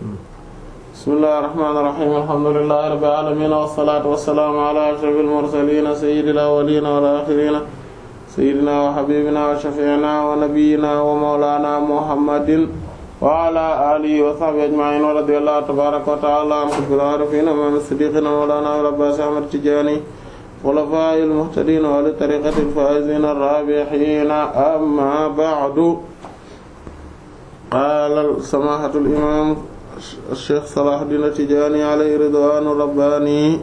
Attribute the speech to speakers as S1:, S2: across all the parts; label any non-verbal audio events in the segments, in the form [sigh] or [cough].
S1: bismillahir rahmanir rahim alhamdulillahi rabbil alamin wassalatu wassalamu ala ashrafil mursalin sayyidil awwalin wal akhirin sayyidina wa habibina wa shafi'ina wa nabiyyina wa mawlana muhammadin wa ala alihi wa sahbihi ajma'in wa radiyallahu tabaraka wa ta'ala an qutbil arifina man siddiqina mawlana rabbana Ahmad Tijani khulafa'il muhtadin wa li tariqatil faizin ar-rabihin amma ba'du qala samahatul imam Cheikh Salahuddin At-Tidjânî alayhi ridwanu rabbani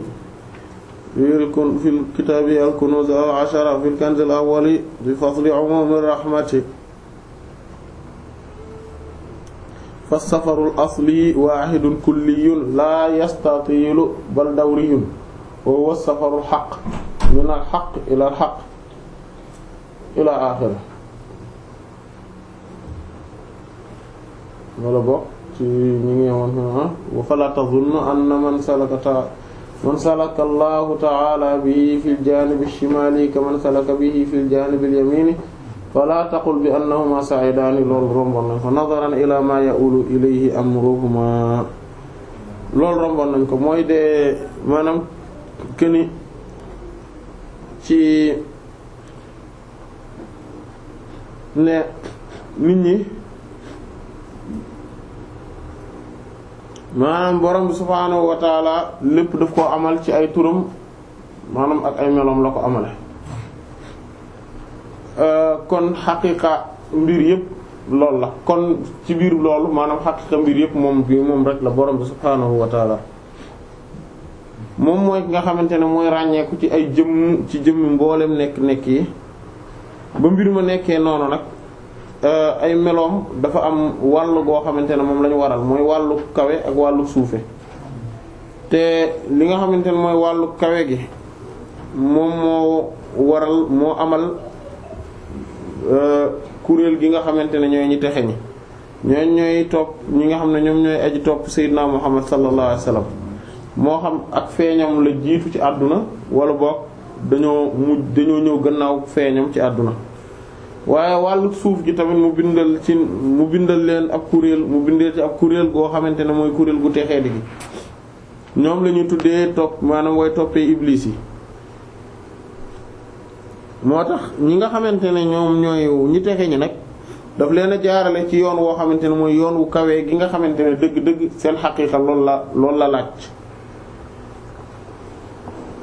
S1: fil kitaabi al-Kunûz al-'Ashara fil kanz al-awwal bi fadli 'umûmi rahmati fassafaru al-asli waahidun kulliyun laa yastatiilu bal dawriyun wa huwa safaru al-haqq min al-haqq ila al-haqq ila aaxiri wala bokk ci ñi ngi yemoon ah. wa fala tazunnu anna man salakata man salaka allahu ta'ala bihi fil janibi shimali ka man salaka bihi fil janibil yamini fala taqul bi annahuma sa'idaani loolu romboon nañ ko nazaran ila ma ya'ulu ilayhi amruhuma loolu romboon nañ ko mooy de maanaam këni ci ne nit maanaam borom subhaanahu wa taala lépp daf koo amal ci ay turam maanaam ak ay meloom la ko amale euh, kon xaqiiqa mbir yépp loolu la kon ci biir loolu maanaam xaqiiqa mbir yépp moom bii moom rek la borom bi subhaanahu wa taala moom mooy nga xamante ne mooy ràññeeku ci ay jëm ci jëmmi mboolem nekk nekk yi ba mbir ma nekkee noonu nag Euh, ay meloom dafa am wàll goo xamante ne moom lañu waral mooy wàllu kawe ak wàllu suufe te li nga xamante ne mooy wàllu kawe gi moom moo waral moo amal euh, kuréel gi nga xamante ne ñooy ñi texe ñi ñooñ ñooy topp ñi nga xam ne ñoom ñooy aji topp Seydina Muhammad sallallahu alayhi wasallam moo xam ak feeñam la jiitu ci àdduna wala boog dañoo mujj dañoo ñëw gannaaw feeñam ci àdduna waaye wàllu suuf gi tamit mu bindal ci mu bindal leen ab kuréel mu bindee ci ab kuréel goo xamante ne mooy kuréel gu texee di gi ñoom la ñu tuddee topp maanaam way toppee iblis yi moo tax ñi nga xamante ne ñoom ñooy ñu texe ñi nag daf leen a jaarale ci yoon woo xamante ne mooy yoon wu kawee gi nga xamante ne dëgg-dëgg seen xaqiiqa loolu la lool la laaj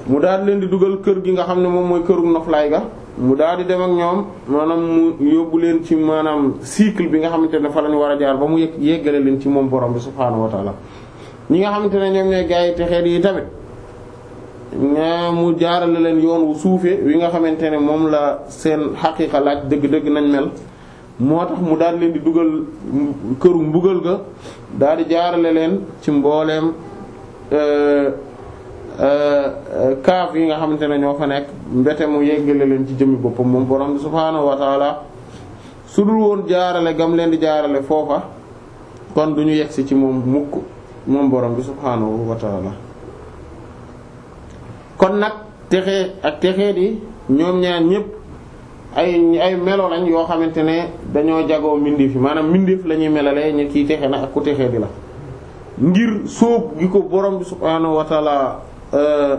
S1: mu daal leen di dugal kër gi nga xam ne moom mooy këru noflaay ga mu daal di dem ak ñoom manam mu yóbbu leen ci maanaam cycle bi nga xamante ne fa lañu war a jaar ba mu yegg yéggalee leen ci moom borom bi subhaanahu wa ñi nga xamante ne ñoom ñooy gaa yi texeet yi tamit nga mu jaarale leen yoon wu suufee wi nga xamante ne moom la seen xaqiiqa laaj dëgg-dëgg nañ mel moo tax mu daal leen di dugal këru mbugal ga daal di jaarale leen ci mbooleem euh, kaaf euh, euh, yi nga xamante ne ñoo fa nekk mbete mu yeggale leen ci jëmmi boppam moom borom bi subhaanahu wa su dul woon jaarale gam leen di jaarale foofa kon du ñu yegsi ci moom mukk moom borom bi subhaanahu wa kon nag texee ak texee di ñoom ñaar ay ay melo yoo xamante ne dañoo jagoo mbindeef maanaam mbindeef la ñuy melalee ñu kiy texe na ak Euh,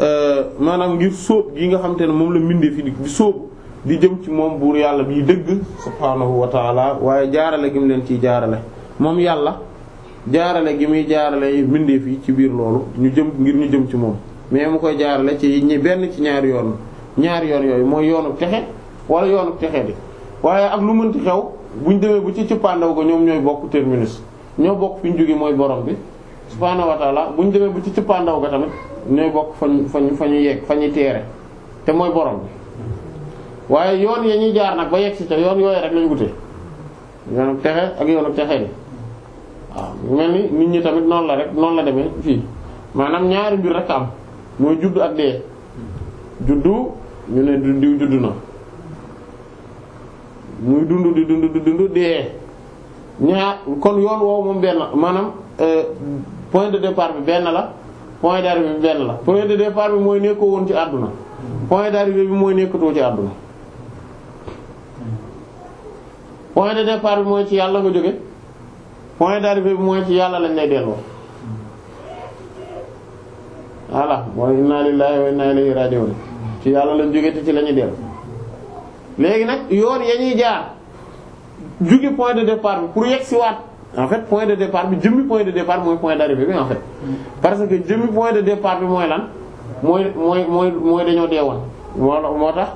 S1: euh, maanaam ngir sóob gi nga xam te ne moom la mbindee fi di sóobu di jëm ci moom buur yàlla bi dëgg subhaanahu wa taala waaye jaarale gi mu leen ciy jaarale moom yàlla jaarale gi muy jaarale mbindee fi ci biir loolu ñu jëm ngir ñu jëm ci moom mais mu koy jaarale ci ñi benn ci ñaari yoon ñaari yoon yooyu mooy yoonu texe wala yoonu texe di waaye ak lu mënti xew buñ demee bu ci ci pàndaw ga ñoom ñooy bokk terminus ñoo bokk fi ñu jóge mooy borom bi subhaanahu wa bu ñu demee ba ci pandaw ga tamit ñooy bokk fañ fañ fa ñu yegg fa ñu teere te mooy borom bi waaye yoon ya ñuy jaar nag ba yegg si ca yoon yooyu rek lañu wutee yoonu ak yoonu texe ni waaw mel ni nit ñi tamit noonu la rek noonu la demee fii maanaam ñaari mbir rek am mooy juddu ak dee juddu ñu ne du diw juddu na di dund di dund dee ñaar kon yoon woowu moom benn maanaam euh, point de départ bi benn la point d'arrivée bi la point de départ bi mooy nekkoo woon ci àdduna point d'arrivée bi mooy nekkatoo ci àdduna point de départ bi mooy ci yàlla nga jóge mooy ci yàlla lañ lay delloo voilà mooy inna lillahi wa inna ilayhi raji'un ci yàlla lañ jóge te ci lañuy ñuy léegi nag yoon ya ñuy jaar jóge point de départ bi pour yegg si waat en fait point de départ bi jëmmi point de départ mooy point d'arrivée bi en fait parce que jëmmi point de départ bi mooy lan mooy mooy mooy mooy dañoo deewoon moo moo tax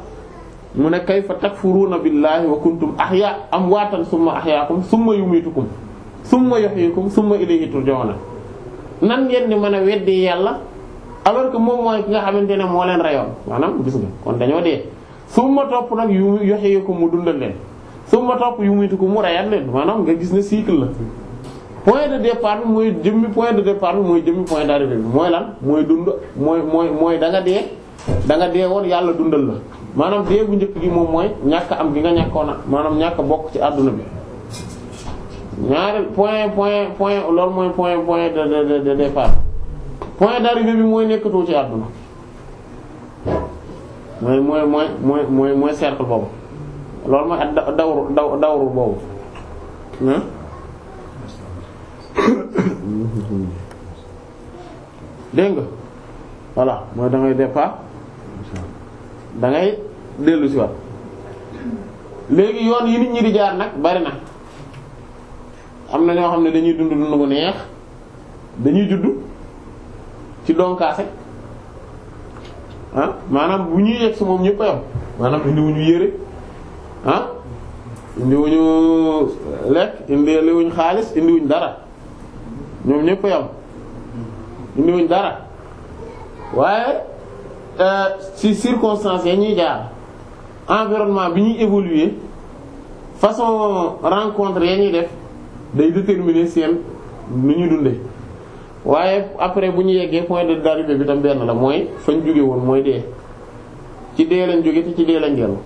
S1: mu ne kayfa takfuruuna billahi wa kuntum ahya amwaatan summa ahyaakum suma yumitukum summa yuhyikum summa ilayhi turja'una nan ngeen di mën a weddi yàlla alors que moom mooy ki nga xamante ne moo leen rayoon maanaam gis nga kon dañoo dee summa topp nag yu yuhyikum mu dundal leen summa topp yu muy ko mu reyal leen maanaam nga gis ne cycle la point de départ bi mooy jëmmi point de départ bi mooy jëmmi point d'arrivée mooy lan mooy dund mooy mooy mooy da nga dee da nga dee woon yàlla dundal la maanaam dee bu njëkk gi moom mooy ñàkk am gi nga ñàkkoon a maanaam ñàkk bokk ci àdduna bi ñaari point point point loolu mooy point point de de départ point d'arrivée bi mooy nekkatoo ci àdduna mooy mooy mooy mooy mooy cercle boobu. loolu mooy ak dawru daw dawru boobu hmm? dégg nga voilà mooy da ngay départ da ngay dellu si waat léegi yoon yi nit ñi di jaar nag bari na am na ñoo xam ne dañuy dund dund bu neex dañuy judd ci donkaase ah maanaam bu ñuy yegg si moom ñëpp a yem maanaam indiwuñu yére. ah indiwuñu lekk indiwuñ xaalis indiwuñ dara ñoom ñépp yam indiwuñ dara waaye ci euh, circonstances ya ñuy jaar environnement bi ñuy évoluer façon rencontre ya ñuy def day déterminer seen nu ñuy dundee waaye après bu ñu yeggee point de d'arrivée bi tam benn la mooy fañ jóge woon mooy dee ci dee jóge te ci dee lañ dellu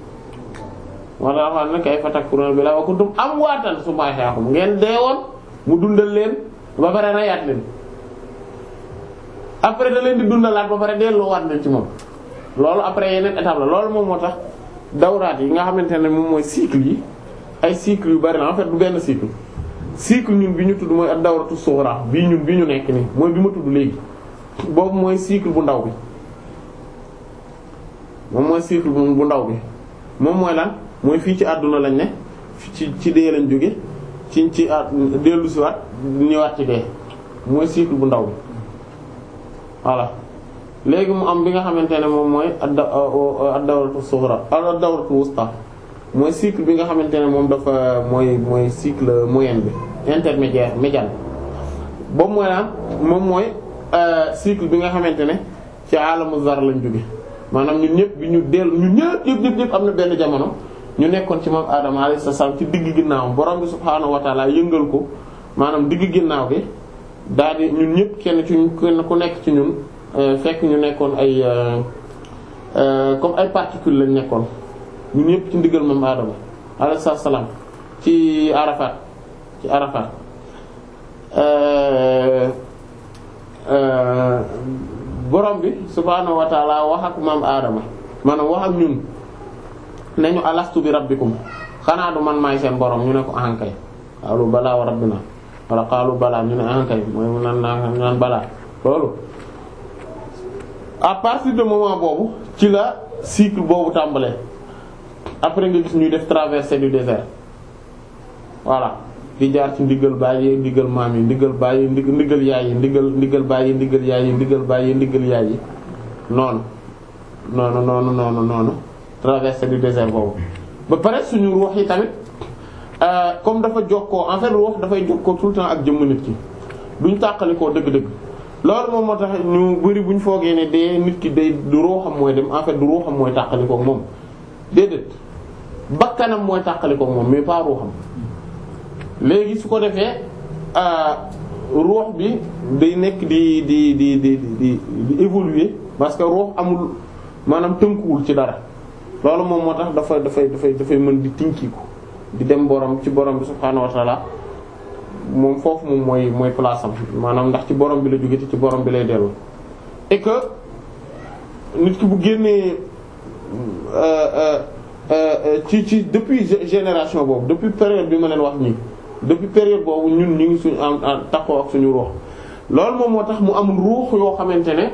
S1: moo tax amaan na kayfa takfuruuna billaahi wa kuntum amwaatan summa ahyaakum ngeen deewoon mu dundal leen ba pare rayaat leen après da leen di dundalaat ba pare delluwaat leen ci moom loolu après yeneen étape la loolu moom moo tax dawraat yi nga xamante ne moom mooy cycle yi ay cycle yu bari la en fait du benn cycle cycle ñun bi ñu tudd mooy ak dawratu sughra bii ñun bi ñu nekk nii mooy bi ma tudd léegi boobu mooy cycle bu ndaw bi moom mooy cycle bu ndaw bi moom mooy mooy fii ci àdduna lañ ne ci ci dee lañ jóge ci ci at dellu si waat ñëwaat ci dee mooy cycle bu ndaw bi voilà léegi mu am bi nga xamante ne moom mooy adda uh, ad-dawratu sughra ad wusta mooy cycle bi nga xamante ne moom dafa mooy mooy cycle moyen bi intermédiaire médiane boobu mooy moom mooy euh, cycle bi nga xamante ne ci alamu zar lañ jóge maanaam ñun ñëpp ñu dellu ñun ñëpp ñëpp ñëpp am na benn jamono ñu nekkoon ci moom Adama alayhi salaam ci digg ginnaaw borom bi subhaanahu wa taala ko maanaam digg ginnaaw gi daal kenn ci kenn ku nekk ci ñun euh, fekk nekkoon ay euh, euh, comme ay particules lañ nekkoon ñun ci ndigal moom Adama alayhi ci Arafat ci Arafat. borom bi subhaanahu wa taala wax ak maam Adama maanaam wax ak ñun. ne ñu alastu bi rabbikum xanaa du man maay seen boroom ñu ne ko ankay qaalu balaa wa rabbina wala qaalu balaa ñu ne ankay mooy mu naan naan balaa loolu à partir de moment boobu ci la cycle boobu tàmbalee après nga gis ñuy def traversée du désert voilà di jaar ci ndigal bàyyi ndigal maam yi ndigal bàyyi ndigal yaay yi ndigal ndigal bàyyi ndigal yaay yi ndigal bàyyi ndigal yaay yi noonu noonu noonu noonu noonu traversée du désert boobu ba pare suñu ruux yi tamit euh, comme dafa jokkoo en fait ruux dafay jokkoo ko le temps ak jëmm nit ki duñ tàqalikoo dëgg-dëgg loolu moom moo tax ñu bari buñ foogee ne dee nit ki day du ruuxam mooy dem en fait du ruuxam mooy tàqalikoo moom déedéet kanam mooy tàqalikoo moom mais pas ruuxam léegi su ko defee euh, ruux bi day nekk di di di di di évoluer parce que ruux amul maanaam tënkuwul ci dara loolu moom moo tax dafa dafay dafay dafay mën di tinkiku di dem borom ci borom bi subhaanahu wa moom foofu moom mooy mooy place maanaam ndax ci borom bi la jóge ci borom bi lay dellu et que nit ki bu génnee euh, euh, euh, ci ci depuis génération boobu depuis période bi ma leen wax nii depuis période boobu ñun ñu ngi suñu am takkoo ak suñu ruux loolu moom moo tax mu am ruux yoo xamante ne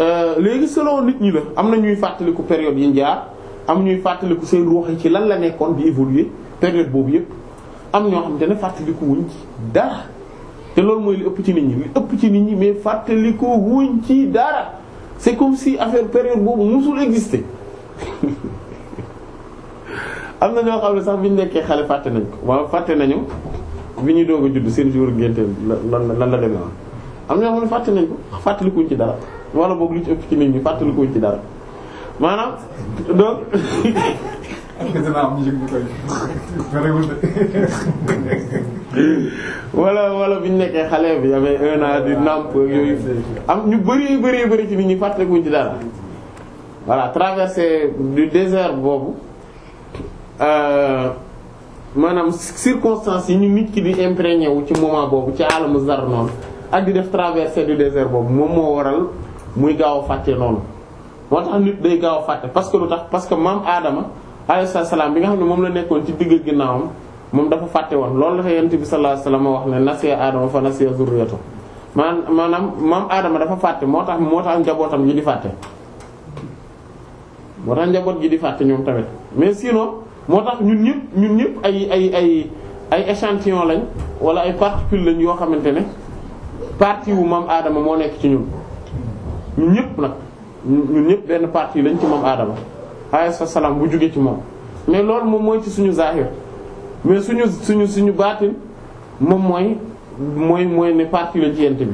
S1: Euh, léegi selon nit ñi la am na ñuy fàttaliku période yi jaar am ñuy fàttaliku seen ruux yi ci lan la nekkoon bi évoluer période boobu yëpp am ñoo xamante ne fàttaliku wuñ ci dara te loolu mooy li ëpp ci nit ñi ëpp ci nit ñi mais fàttaliku wuñ ci dara c'est comme si affaire période boobu musul exister [laughs] am na ñoo xam ne sax bi ñu nekkee xale fàtte nañ ko waaw fàtte nañu bi ñu doog a judd seen jour génte lan lan la demee am na ñoo xam ne fàtte nañ ko fàttalikuñ ci dara. wala boog li ci ëpp ci nit ñi fàttalikuñ ci dara maanaam donc. wala wala bi ñu nekkee xale bi amee un an di nàmp yooyu am ñu bari bari bari ci nit ñi fàttalikuñ ci dara voilà traversée du désert boobu euh, maanaam circonstances yi ñu nit ki di imprégné wu ci moment boobu ci alamu zar noonu ak di def traversée du désert boobu moom moo waral. muy gaaw a fàtte noonu moo tax nit day gaaw a fàtte parce que lu tax parce que maam Adama alayhi salaam bi nga xam ne moom la nekkoon ci digg ginnaawam moom dafa fàtte woon loolu la fa yonent bi a alayhi wasallam wax ne nasiya Adama fa nasiya zurriyatu man maanaam maam Adama dafa fàtte moo tax moo tax njabootam gi di fàtte. moo tax njaboot gi di fàtte ñoom tamit mais sinon moo tax ñun ñëpp ñun ñëpp ay ay ay ay échantillon lañ wala ay particules lañ yoo xamante ne partie wu maam moo nekk ci ñun. ñun ñëpp nag ñun ñëpp benn partie lañ ci moom aadama alayhi salaam bu jógee ci moom mais loolu moom mooy ci suñu zahir mais suñu suñu suñu baatin moom mooy mooy mooy ne partie lañ ci yent bi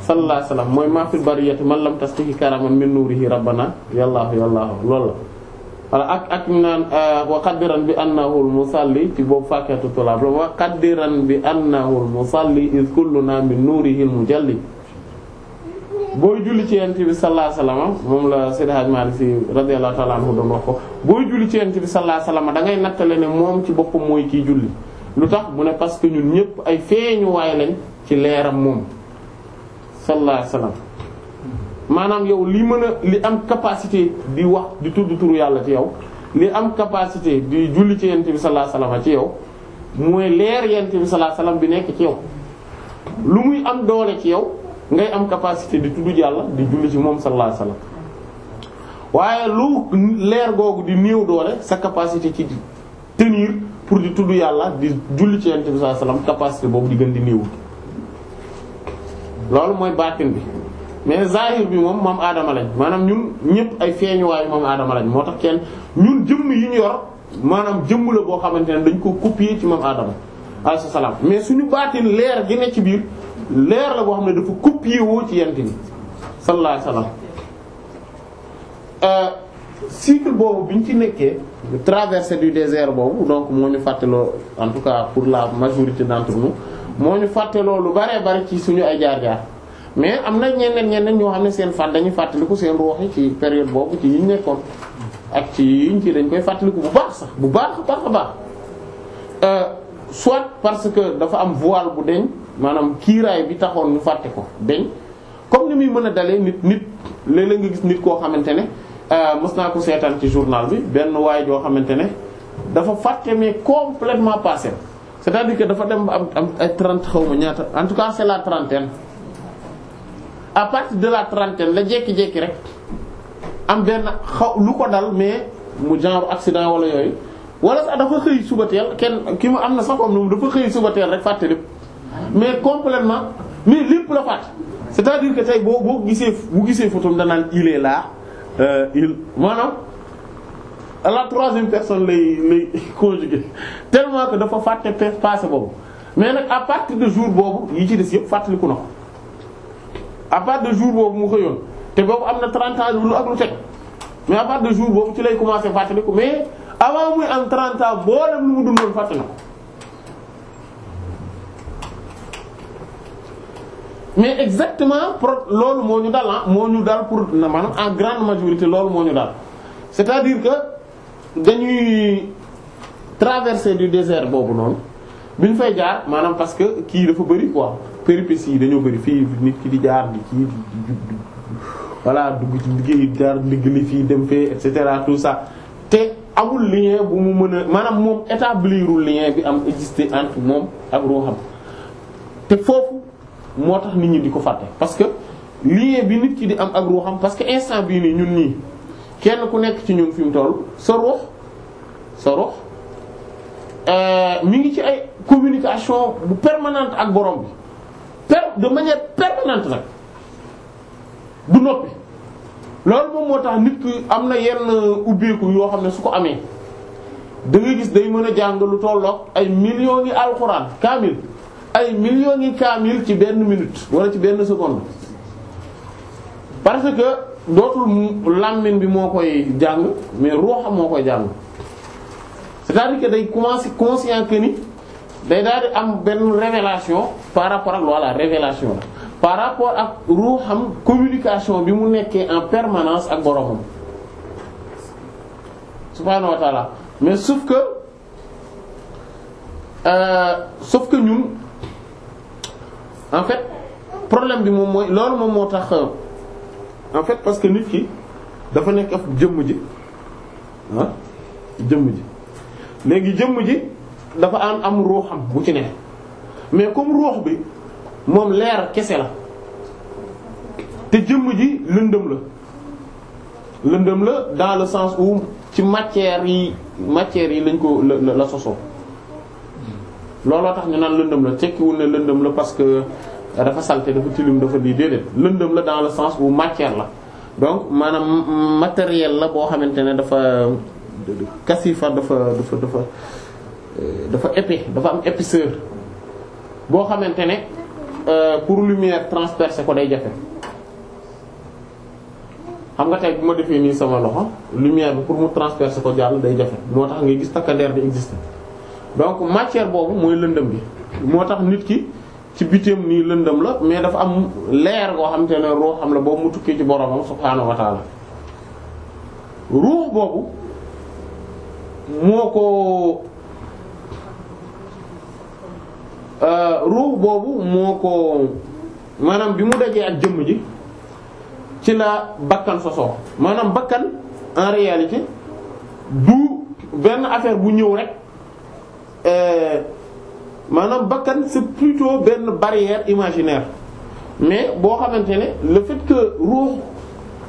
S1: sallallahu alayhi wasallam mooy ma fil bariyati man lam tastihi karaman min nurihi rabbana yallaahu yallaahu loolu la ak ak naan euh, wa qaddiran bi annahu musalli ci boobu faakatu tulaab la wa qaddiran bi annahu al-musalli iz kulluna min nurihi al-mujalli booy julli ci yonent bi sallallahu moom la Seydi Hadji Malick Sy radiyallahu ta'ala anhu doon wax booy julli ci yonent bi sallallahu alayhi wasallam da ngay nattale ne moom ci boppam mooy kii julli lu tax mu ne parce que ñun ñëpp ay waaye lañ ci leeram moom sallallahu alayhi maanaam yow li mën a li am capacité di wax di tudd turu yàlla ci yow li am capacité di julli ci yonent bi sallallahu ci yow mooy leer yonent bi sallallahu alayhi bi nekk ci yow lu muy am doole ci yow ngay am capacité di tudd yàlla di julli ci moom sallallahu alayhi wasallam waaye lu leer googu di néew doole sa capacité ci tenir pour di tudd yàlla di julli ci yonent bi sallallahu capacité boobu di gën di néew loolu mooy baatin bi mais zahir bi moom moom aadama lañ maanaam ñun ñëpp ay feeñuwaay moom aadama lañ moo tax kenn ñun jëmm yi ñu yor maanaam jëmm la boo xamante ne dañ ko copier ci moom aadama alayhi salaam mais suñu baatin leer gi ne ci biir leer la boo xam ne dafa copié woo ci yent bi sallallahu alayhi wasallam euh, cycle boobu bi ñu ci nekkee traversée du désert boobu donc moo ñu fàtteloo en tout cas pour la majorité d'entre nous moo ñu fàtteloo lu baree bari ci suñu ay jaar-jaar mais am na ñeneen ñeneen ñoo xam ne seen fànn dañuy fàttaliku seen ruux yi ci période boobu ci yi ñu nekkoon ak ci yi ñu ci dañ koy fàttaliku bu baax sax bu baax baax a baax. Euh, soit parce que dafa am voile bu deñ maanaam kiiraay bi taxoon ñu fàtte ko deñ comme ni muy mën a dalee nit nit léeg-léeg nga gis nit koo xamante ne euh, mës naa ko seetaan ci journal bi benn waay joo xamante ne dafa fàtte mais complètement passé c'est-à-dire que dafa dem am am ay trente xaw ma ñaata en tout cas c'est la trentaine à partir de la trentaine la jékki-jékki rek am benn xaw lu ko dal mais mu genre accident wala yooyu. wala sax dafa xëy suba teel kenn ki ma am na sax comme moom dafa xëy suba teel rek fàtte lépp mais complètement mais lépp la fàtte c'est-à-dire que tey boo boo gisee bu gisee photo danaan il est là euh, il maanaam à la troisième personne lay lay [laughs] conjugué tellement dafa fàtte passé boobu mais nag à partir de jour boobu yi ci des yëpp fàttaliku na ko à partir de jour boobu mu xëyoon te boobu am na 30 ans lu ak lu teg mais à partir de jour boobu ci lay commencé fàttaliku mais. avant muy am 30 ans boolem lu mu dundoon fàtte na mais exactement pro loolu moo ñu dal ah, moo ñu dal pour na maanaam en grande majorité loolu moo ñu dal c'est-à-dire que dañuy traverser du désert boobu noonu bi ñu fay jaar maanaam parce que kii dafa bari quoi péripéties yi dañoo bari fii nit ki di jaar di kii di voilà dugg ci liggéey jaar liggéey fii dem fee et cetera tout te amul lien bu mu mën a maanaam moom établirul lien bi am existé entre moom ak ruuxam te foofu moo tax nit ñi di ko fàtte parce que lien bi nit ki di am ak ruuxam parce que instant bii nii ñun nii kenn ku nekk ci ñun fi mu toll sa ruux sa ruux euh, mi ngi ci ay communication bu permanente ak borom bi per de manière permanente nag du noppi. loolu moom moo tax nit ki am na yenn ubbeeku yoo xam ne su ko amee da gis day mën a jàng lu tolloog ay million yi alxuraan kaamil ay millions yi kaamil ci benn minute wala ci benn seconde parce que dootul làmmiñ bi moo koy jàng mais ruuxam moo koy jàng c'est-à-dire que day commencer conscient ni day daal am benn révélation par rapport ak voilà révélation la par rapport ak ruuxam communication bi mu nekkee en permanence ak boromam subhaanahu wa mais sauf que euh, sauf que ñun en fait problème bi moom mooy loolu moom moo tax euh, en fait parce que nit ki dafa nekk af jëmm ji ah jëmm ji léegi jëmm ji dafa am am ruuxam bu ci ne mais comme ruux bi. moom leer kese la te jëmm ji lëndëm la lëndëm la dans le sens où ci matière yi matière yi lañ ko la la sosoo looloo tax ñu naan lëndëm la tekkiwul ne lëndëm la parce que dafa saleté dafa tilim dafa di déedéet lëndëm la dans le sens où matière la donc maanaam matériel la boo xamante ne dafa kasifa dafa dafa dafa euh, dafa épais dafa am épaisseur boo xamante ne Euh, pour lumière transpercer ko day jafe xam nga tey bu ma defee nii sama loxo lumière bi pour mu transpercer ko jàll day jafe moo tax ngay gis takkandeer di exister donc matière boobu mooy lëndëm bi moo tax nit ki ci bitim nii lëndëm la mais dafa am leer goo xamante ne ruux xam la boobu mu tukkee ci boromam subhaanahu wa ruux boobu moo ko Euh, ruux boobu moo ko maanaam bi mu dajee ak jëmm ji ci la bakkan sosoo maanaam bakkan en bu benn affaire bu ñëw rek euh, maanaam bakkan c'est plutôt benn barrière imaginaire mais boo xamante ne le fait que ruux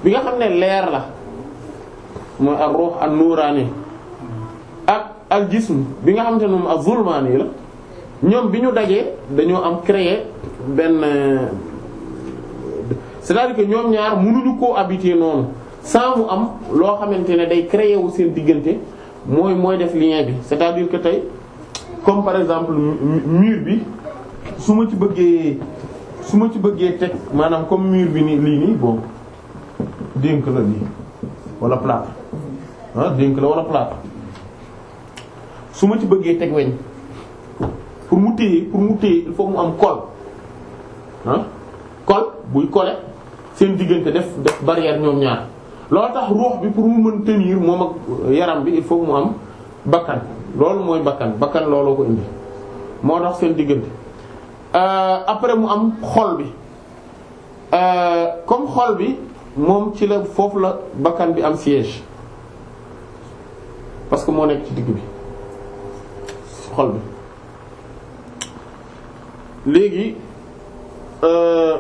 S1: bi nga xam ne leer la mooy ak ruux ak nuuraani ak al jism bi nga xamante ne moom ak zulmaani la ñoom bi ñu dajee dañoo am créer benn c'est-à-dire que ñoom ñaar mënuñu koo habiter noonu sans mu am loo xamante ne day créer wu seen diggante mooy mooy def lien bi c'est-à-dire que tey comme par exemple mur bi su ma ci bëggee su ma ci bëggee teg maanaam comme mur bi nii lii nii bon dénk la lii wala plâtre ah, dénk la wala plâtre su ma ci bëggee teg weñ. pour mu téye pour mu téye il faut mu am col ah col buy cole seen diggante def def barrière ñoom ñaar loolu tax ruux bi pour mu mën tenir moom ak euh, yaram bi il faut mu am bakkan loolu mooy bakkan bakkan looloo ko indi moo tax seen diggante euh, après mu am xol bi euh, comme xol bi moom ci la foofu la bakkan bi am siège parce que moo nekk ci digg bi xol bi léegi euh,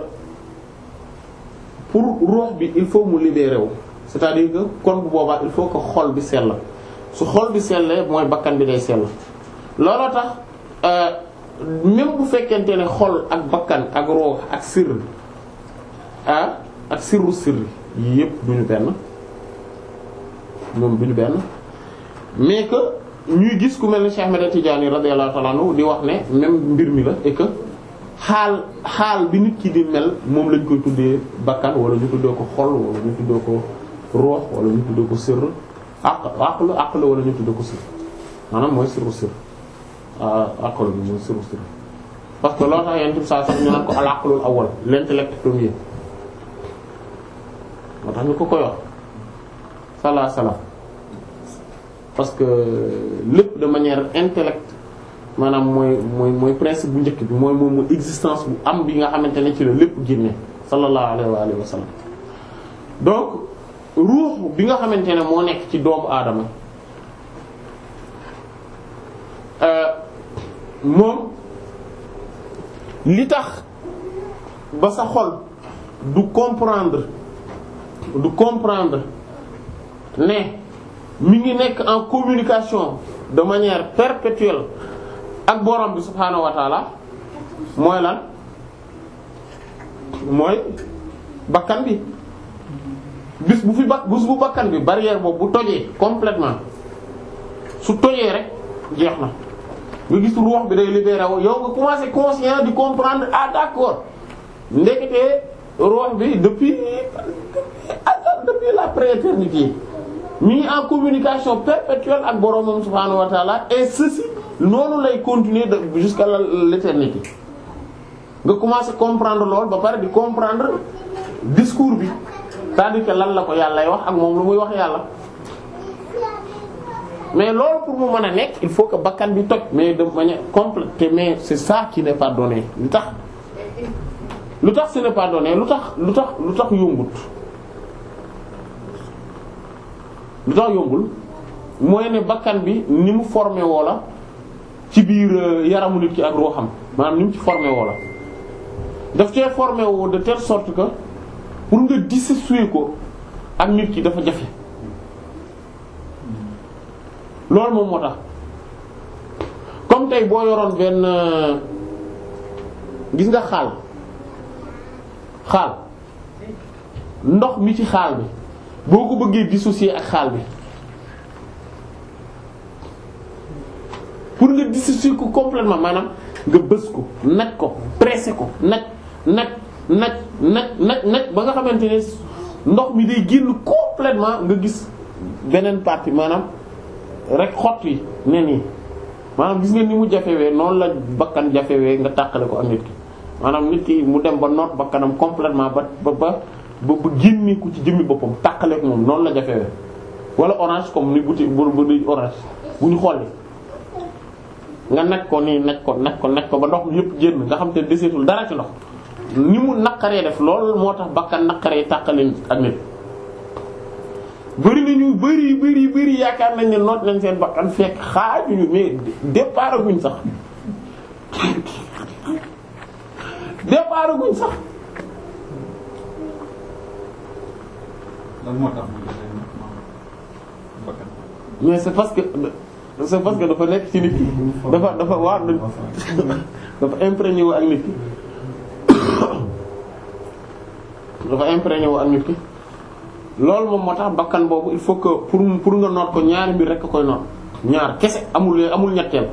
S1: pour ruux bi il faut mu libéré wu c'est-à-dire kon bu boobaa il faut que xol bi sell su xol bi sellee mooy bakkan bi day sell looloo tax euh, même bu fekkente ne xol ak bakkan ak ruux ak sir ah ak sirru sir yii yëpp duñu benn moom duñu benn mais que ñuy gis ku mel ni Cheikh Ahmed Tidiane radiyallahu ta'ala anhu di wax ne même mbir mi la et xaal xaal bi nit ki di mel moom lañ koy tuddee bakkan wala ñu tuddee ko xol wala ñu tuddee ko ruux wala ñu tuddee ko sirr aq aql aql wala ñu tuddee ko sirr ah, parce que loolu tax yentim saa si ñu naan ko al aqlul awwal l'intellect premier moo tax ñu ko koy wax sala sala parce que lépp de manière intellect maanaam mooy mooy mooy principe bu njëkk bi mooy moom mooy existence bu am bi nga xamante ne ci la lépp génne sallallahu alayhi wa alihi wa sallam donc ruux bi nga xamante ne moo nekk ci doomu aadama euh, moom li tax ba sa xol du comprendre du comprendre ne mi ngi nekk en communication de manière perpétuelle ak borom bi subhaanahu wa taala mooy lan mooy bakkan bi bis bu fi bakkan bi barrière boobu bu tojee complètement su tojee rek jeex na nga gis ruux bi day libéré yow nga commencé conscient di comprendre ah d'accord ndeketee ruux bi depuis depuis la prééternité ñu ngi en communication perpétuelle ak boromam subhaanahu wa taala et ceci noonu lay continuer de jusqu'à l'éternité nga commencer comprendre lool ba pare di comprendre discours bi c'est-à-dire lan la ko yàllay wax ak moom lu muy wax yàlla mais loolu pour mu mën a nekk il faut que bakkan bi toj mais de manière complète mais c'est ça qui n'est pas donné lu tax lu tax ce lu tax lu tax lu tax yombut lu tax yombul mooy ne bakkan bi ni mu formé woo la ci biir euh, yaramu nit ki ak ruuxam maanaam ni mu ci formé woo la daf cee formé woo de telle sorte que pour nga dissocier ko ak nit ki dafa jafe loolu moom moo tax comme tey boo yoroon benn euh, gis nga xaal xaal ndox mi ci xaal bi boo ko bëggee dissocier ak xaal bi pour nga dissocier ko complètement maanaam nga bës ko nag ko pressé ko nag nag nag nag nag nag ba nga xamante ne ndox mi day génn complètement nga gis beneen partie maanaam rek xott yi nen yi maanaam gis nga ni mu jafewee noonu la bakkan jafewee nga tàqale ko am nit ki maanaam nit ki mu dem ba noot bakkanam complètement ba ba ba ba ba génne ci jëmmi boppam tàqaleeg moom noonu la jafewee wala orange comme ni buti bu bu orange bu ñu xolli nga nag ko nii nag ko nag ko nag ko ba ndox mi yëpp génn nga xam te deseetul dara ci ndox ni mu naqaree def lool moo tax bakkan naqaree tàqaleen ak nit bëri na ñu bëri bëri bëri yaakaar nañ ne noot nañ seen bakkan fekk xaajuñu mais départ guñ sax [laughs] départ sax lan moo tax mais c'est parce que c'est parce que dafa nekk ci nit ki dafa dafa waa dafa imprégné wu ak nit ki dafa imprégné wu ak nit ki loolu moom moo tax bakkan boobu il faut que pour pour nga noot ko ñaari mbir rek koy noot ñaar kese amul amul ñetteel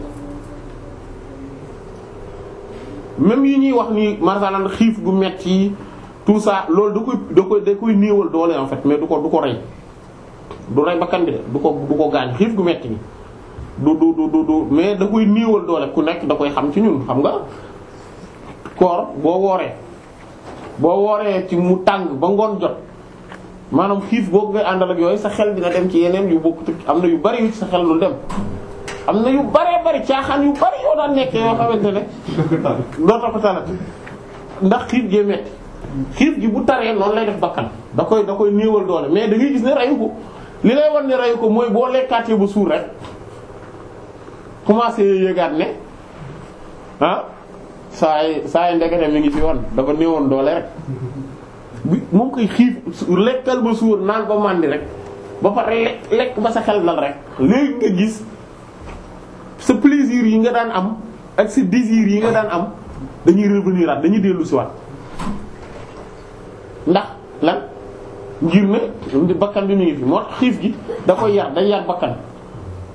S1: même yi ñuy wax ni masalan xiif gu metti yi tout ça loolu da ko da koy da doole en fait mais du ko du ko rey du rey bakkan bi ko du ko gaañ xiif gu metti bi du du du du mais da koy néewal doole ku nekk da koy xam ci ñun xam nga koor boo wooree boo wooree ci mu tàng ba ngoon jot maanaam xiif boo ngay àndal ak yooyu sa xel dina dem ci yeneen yu bokk am na yu bari yu sa xel lu dem am na yu baree bari caaxaan yu bari yoo daan nekkee yoo xamante ne doo topp talat ndax xiif gee metti xiif gi bu taree noonu lay def bakkan da koy da koy néewal doole mais da ngay gis ne reyu ko li lay wan ne reyu ko mooy boo lekkaatee ba suur rek commencé yëgaat ne ah saa yi saa yi ndekete mi ngi ci woon dafa néewoon doole rek bi moom koy ba suur naan ba rek ba pare lekk lekk sa xel dal rek léegi nga gis sa plaisir yi nga daan am ak sa désir yi nga daan am dañuy revenir dañuy dellu si waat ndax lan ngir na bakkan bi mu ngi fi moo tax xiif gi da koy yar day yar bakkan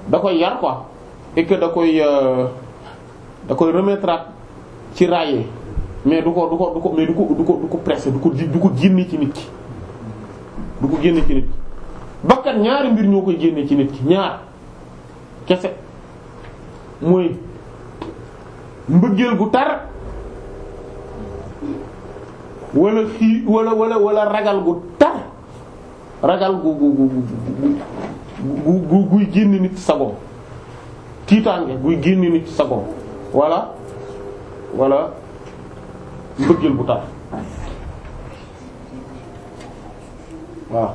S1: da koy yar quoi et da koy euh, da koy remettre ci raay mais du ko du ko du ko mais du ko du ko du ko pressé du ko génne ci nit ki du ko génne ci nit ki bakkan ñaari mbir ñoo koy génne ci nit ki ñaar kese mooy mbëggeel gu tar wala xii wala walla wala ragal gu tar ragal gu gu gu gu gu guy génn nit sagom tiitaange guy génn nit sagom wala wala mbëggeel bu tar waaw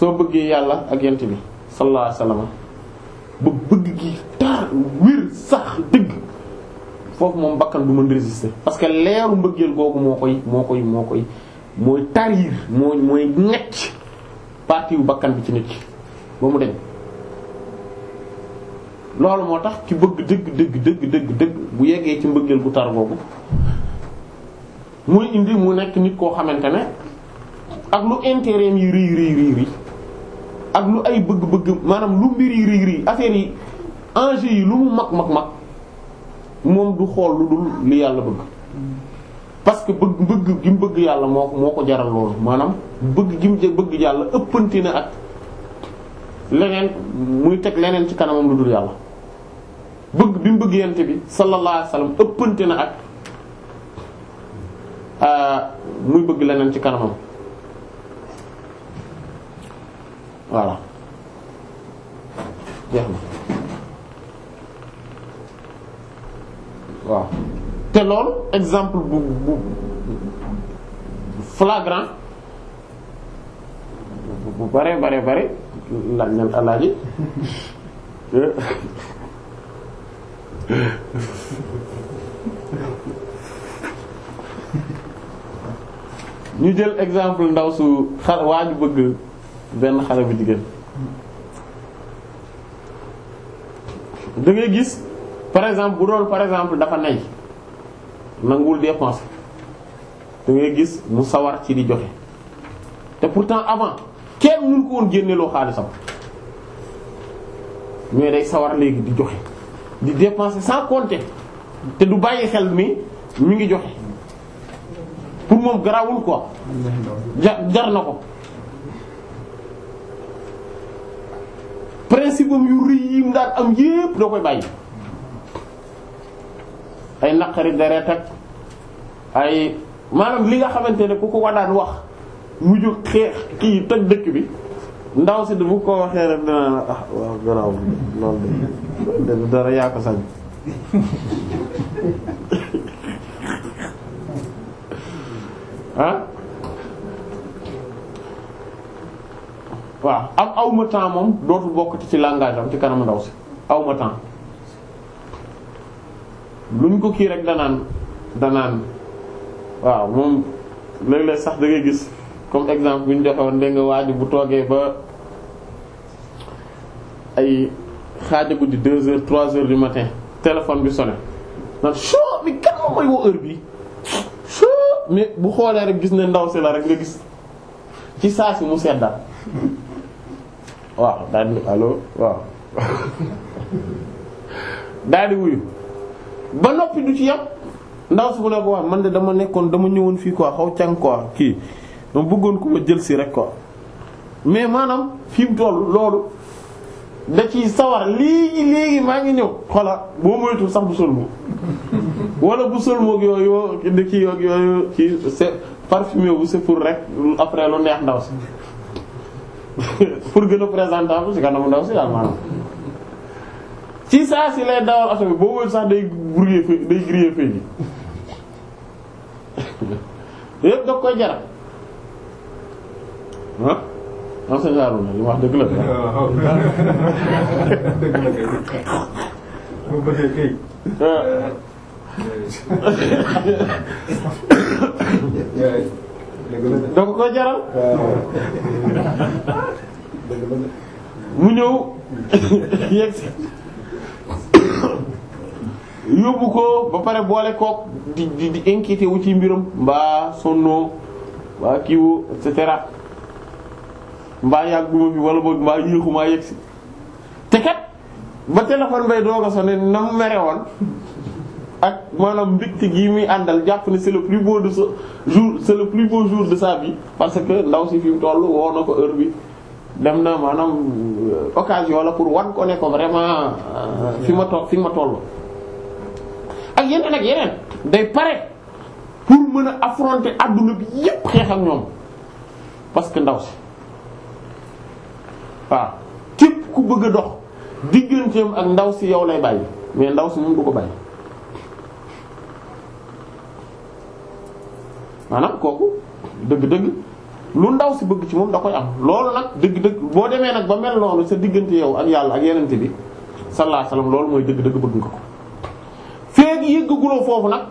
S1: soo bëggee yàlla ak yent bi sallallahu alayhi wasallam ba bëgg gi tar wir sax dëgg foofu moom bakkan du mën résister parce que leeru mbëggeel googu moo koy moo koy moo koy mooy tarir moo mooy ñecc partie bu bakkan bi ci nit ki ba mu dem loolu moo tax ki bëgg dëgg dëgg dëgg dëgg bu yeggee ci mbëggeel bu tar boobu muy indi mu nekk nit koo xamante ne ak lu intérêt yi rii rii ak lu ay bëgg-bëgg maanaam lu mbir yi rii rii affaire yi enjeu yi lu mu mag mag mag moom du xool lu dul li yàlla bëgg parce que bëgg bëgg gi mu bëgg yàlla moo ko moo ko jaral loolu maanaam bëgg gi mu bëgg yàlla ëppanti na ak leneen muy teg leneen ci kanamam lu dul yàlla bëgg bi mu bëgg yente bi sallallahu alayhi wasallam ëppanti na ak euh, muy bëgg leneen ci kanamam voilà jeex waaw te loolu exemple bu bu flagrant bu bare bare bare laaj na alaaji ñu jël exemple ndaw su xale waa ñu bëgg benn xale bu jigéen da gis par exemple bu doon par exemple dafa nay nanguwul dépenser da gis mu sawar ci di joxe te pourtant avant kenn mënu ko woon génneloo xaalisam mais day sawar léegi di joxe di dépenser sans compter te du bàyyi xel mi mi ngi joxe pour moom garawul ko ja jar na ko principe am yu rëy yi mu daan am yépp da koy bàyyi. ay naqari deret ay maanaam li nga xamante ne ku ko daan wax mujj xeex kii toj dëkk bi ndaw si bu ko waxee rek dina la ah waaw garaaw loolu de dara yaa ko sañ [laughs] ah waaw am awma temps moom dootul bokkati ci langage ci kanamu ndaw si awma temps luñ ko kii rek danaan danaan waaw moom léeg-léeg sax dangay gis comme exemple bi ñu joxe woon dégg nga waaj bu toogee ba ay xaaja guddi deux heures trois heures du matin téléphone bi sonné naan soo mi kan moom mooy woo heure bi soo mais bu xoolee rek gis ne ndaw si la rek nga gis ci saa si mu seddal waaw daal di waaw [laughs] daal di wuyu ba noppi du ci yam ndaw si bu ne ko wax man de dama nekkoon dama ñëwoon fii quoi xaw càng quoi kii ma bëggoon ko jël si rek ko mais maanaam fi mu toll loolu da ciy sawar léegi léegi maa ngi ñëw xola boo moytu sax bu solmoo wala bu solmoog yooyu di kii yoog yooyu ci c'est parfumé wu c'est pour rek après lu neex ndaw si [laughs] pour gën a présentable si kanamu ndaw si daal maanaam ci saa si lay dawal oto bi boo wóor sax day griller feu day griller feu yëpp da ko koy jaral. mu ñëw [laughs] yegg yóbbu ko ba pare boole kook di di di wu ci mbiram mbaa sonnoo mbaa kiiwu et cetera mbaa yàgguma bi wala boog mbaa yéexumaa yegg si te kat ba téléphone bay doog a na mu mere woon ak maanaam mbégte gi muy àndal jàpp ni c'est le plus beau de ce jour c'est le plus beau jour de sa vie parce que ndaw si fi toll woo na ko heure bi dem na maanaam euh, occasion la pour wan ko ne ko vraiment euh, fi ma toog fi ma toll ak yeneen ak yeneen day pare pour mën a affronter àdduna bi yépp xeex ak ñoom parce que ndaw si waaw képp ku bëgg a dox digganteem ak ndaw si yow lay bàyyi mais ndaw si moom du ko bàyyi maanaam kooku dëgg-dëgg lu ndaw si bëgg ci moom da koy am loolu nag dëgg-dëgg boo demee nag ba mel noonu sa diggante yow ak yàlla ak yenente bi sallallahu alayhi loolu mooy dëgg-dëgg bëgg nga ko feeg foofu nag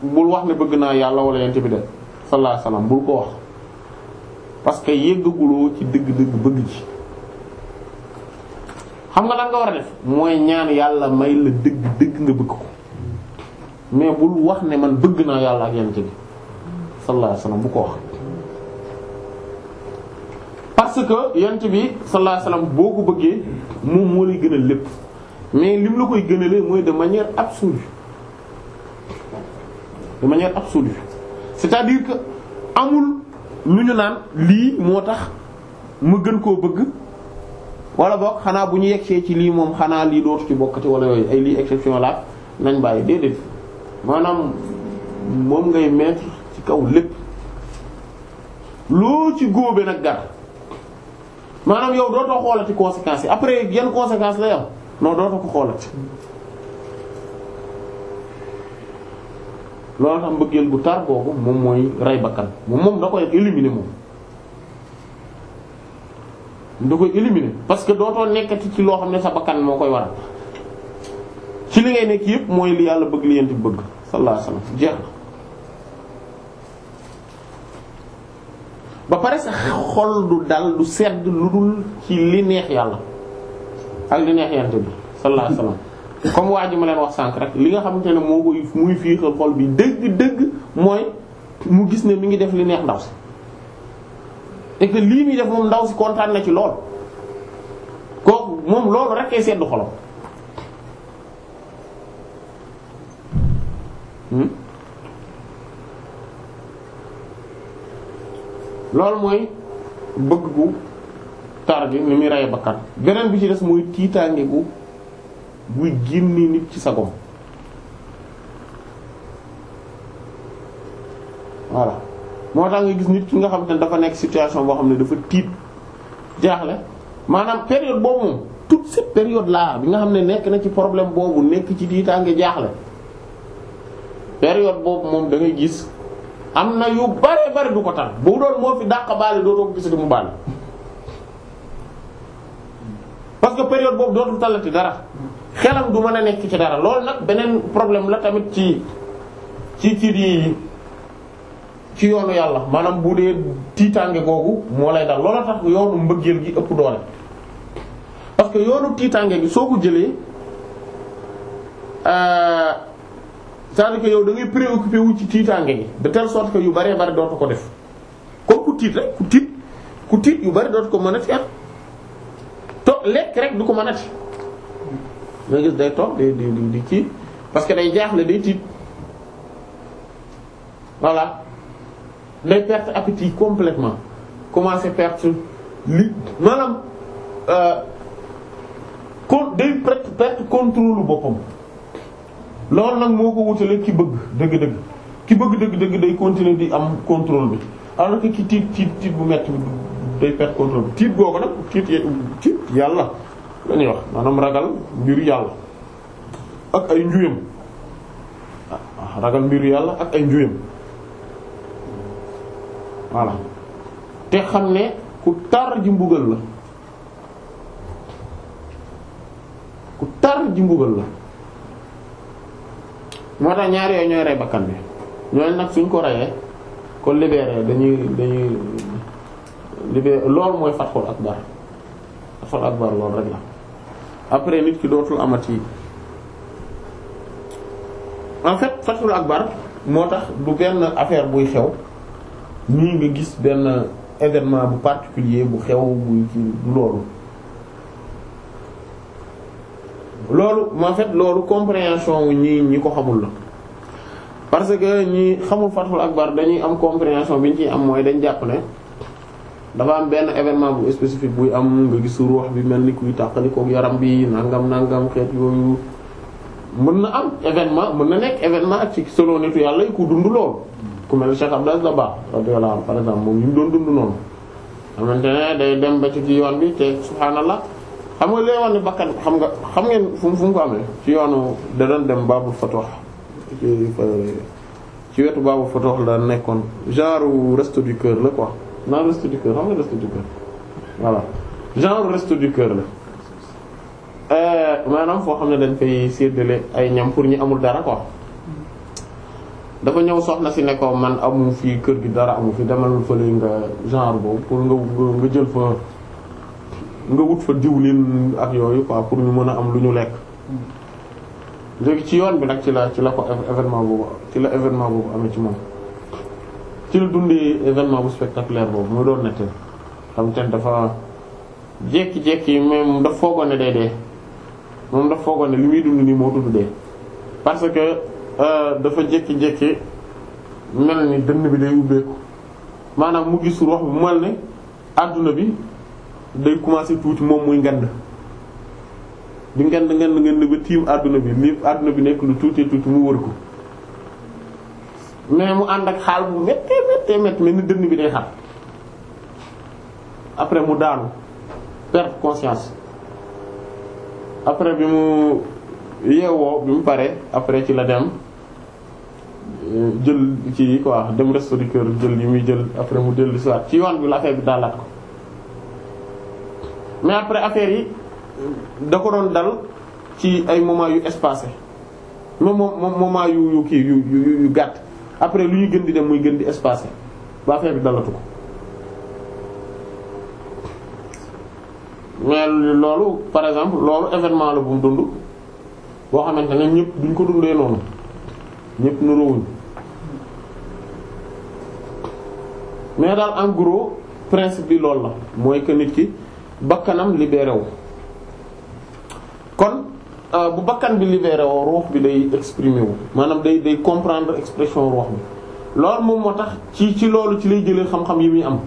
S1: bul wax ne bëgg naa yàlla wala bi de sallallahu alayhi wasallam ko wax parce que yëggaguloo ci dëgg-dëgg bëgg ci xam nga lan nga war a def mooy ñaan yàlla may la nga bëgg ko mais bul wax ne man bëgg naa yàlla ak yenente bi sallallahu alayhi bu ko wax parce que yent bi sallallahu alayhi boo ko bëggee moom moo lépp mais lim la koy gënalee mooy de manière absolue de manière absolue c'est-à-dire que amul lu ñu naan lii moo tax ma gën koo bëgg wala boog xanaa bu ñu yegsee ci lii moom xanaa lii dootu ci bokkati wala yooyu ay lii exception la nañ bàyyi déedéet maanaam moom ngay mettre ci kaw lépp loo ci góobe nag gar maanaam yow dootoo xoolati conséquences yi après yan conséquences lay am non dootoo ko xoolati loolu tax mbëggeel bu tar boobu moom mooy rey bakkan moom moom da koy éliminer moom da koy éliminer parce que dootoo nekkati ci loo xam ne sa bakkan moo koy waral ci li ngay nekk yëpp mooy yàlla bëgg li yent bëgg sallallahu alayhi jeex na ba pare sa xol du dal du sedd lu dul ci li neex yàlla ak li neex yàlla bi sallallahu alayhi comme waa ji ma leen wax sànq rek li nga xamante ne moo koy muy fiixal xol bi dëgg dëgg mooy mu gis ne mi ngi def li neex ndaw si et que lii muy def moom ndaw si kontaan na ci lool kooku moom loolu rek sedd xolam. Hmm? loolu mooy bëgg gu tar gi ni muy rey bakkan beneen bi ci des mooy tiitaange gu buy génnee nit ci sagom voilà moo tax nga gis nit ki nga xam ne dafa nekk situation boo xam ne dafa tiit jaaxle maanaam période boobu moom toute cette période là bi nga xam ne nekk na ci problème boobu nekk ci tiitaange jaaxle période boobu moom dangay gis am na yu bare bare du ko tal bu doon moo fi dàq baale dootoo ko gisati mu baale parce que période boobu dootul talati dara xelam du mën a nekk ci dara lool nag beneen problème la tamit ci ci ci yi ci yoonu yàlla maanaam bu dee tiitaange googu moo lay dal loola tax yoonu mbëggeel gi ëpp doole parce que yoonu tiitaange gi soo ko jëlee. Euh, c'est-à-dire yow da ngay préoccupé wu ci tiitaange gi de telle sorte que yu bëree bëri dootu ko def comme ku tiit rek ku tiit ku tiit yu bëri dootu ko mën a ci to lekk rek du ko mën a ci nga gis day toog day di di kii parce que day jaaxle day tiit voilà day perte appétit complètement commencer perte li maanaam kon euh, day perte perte contrôle boppam. lool nag moo ko wutale ki bëgg dëgg-dëgg ki bëgg dëgg-dëgg day continuer di am contrôle bi alors que ki tiit tiit bu metti bi day perdre contrôle bi tiit googu nag tiit tiit yàlla la wax maanaam ragal mbiru yàlla ak ay njuyam ah, ragal te xam ne ku tar ji mbugal la ku tar ji mbugal la moo tax ñaar yooyu ñooy rey bakkan bi ñooñu nag suñ ko reyee kon libéré dañuy dañuy libéré loolu mooy fatxul akbar fatxul akbar loolu rek la après nit ki dootul amati en fait ak akbar moo tax du benn affaire buy xew nii nga gis benn événement bu particulier bu xew buy ci loolu loolu en fait loolu compréhension wu ñi ñi ko xamul la parce que ñi xamul Fathul Akbar dañuy am compréhension bi ñu ciy am mooy dañ jàpp ne dafa am benn événement bu spécifique buy am nga gis ruux bi mel ni kuy tàqalikoog yaram bi nangam nangam xeet yooyu mën na am événement mën na nekk événement ak ci solo nitu yàlla yi ku dund loolu ku mel Cheikh Abdou Dabakh radiyallahu anhu par exemple moom ñu doon dundu noonu xamante ne day dem ba ci yoon bi te subhaanallah xam nga léegi wax ne bakkan xam nga xam ngeen fu mu ko amee ci yoonu da doon dem Babou Fatouh ci wetu Babou Fatouh la nekkoon genre resto du cœur la quoi naan resto du cœur voilà genre resto du cœur la euh, maanaam foo xam ne dañ fay séddale ay ñam pour ñu amul dara ko dafa ñëw soxna si ne man amu fii kër gi dara amu fi demal fële nga genre boobu pour nga nga jël fa. nga wut fa diwlin ak yooyu quoi pour ñu mën a am lu ñu lekk léegi ci yoon bi nag ci la ci la événement boobu ci la événement boobu amee ci moom ci la dundee événement bu spectaculaire boobu muy doon nettali xam dafa jékki-jékki même foogoon ne day dee moom foogoon ne li muy dund nii moo tudd parce que euh, dafa jékki-jékki mel ni dënn bi day ubbeeku maanaam mu gis ruux bu mel ne adduna bi. day commencé tuuti moom muy ngand di ngand ngand ngand ba tiim àdduna bi lépp àdduna bi nekk lu tuutee tuuti mu wër ko mais mu ànd ak xaal bu méttee méttee méttee mais ni dënn bi day xat après mu daanu perte conscience après bi mu yeewoo bi mu paree après ci la dem jël ci quoi dem resto du cœur jël yi muy jël après mu dellu si ci yoon bi la affaire bi daalaat ko mais après affaire yi da ko doon dal ci ay moment yu espacé même yu yu kii yu yu yu gàtt après lu ñuy gën di dem muy gën di espacé ba affaire bi dalatu ko mais loolu par exemple loolu événement la bu mu dund boo xamante ne ñëpp duñ ko dundee noonu ñëpp nuroowuñ mais daal en gros principe bi lool la mooy que nit ki. bakkanam libéré wu kon euh, bu bakkan bi libéré wu ruux bi day exprimer wu maanaam day day comprendre expression ruux bi lool moom moo tax ci ci loolu ci lay jëlee xam-xam yi muy am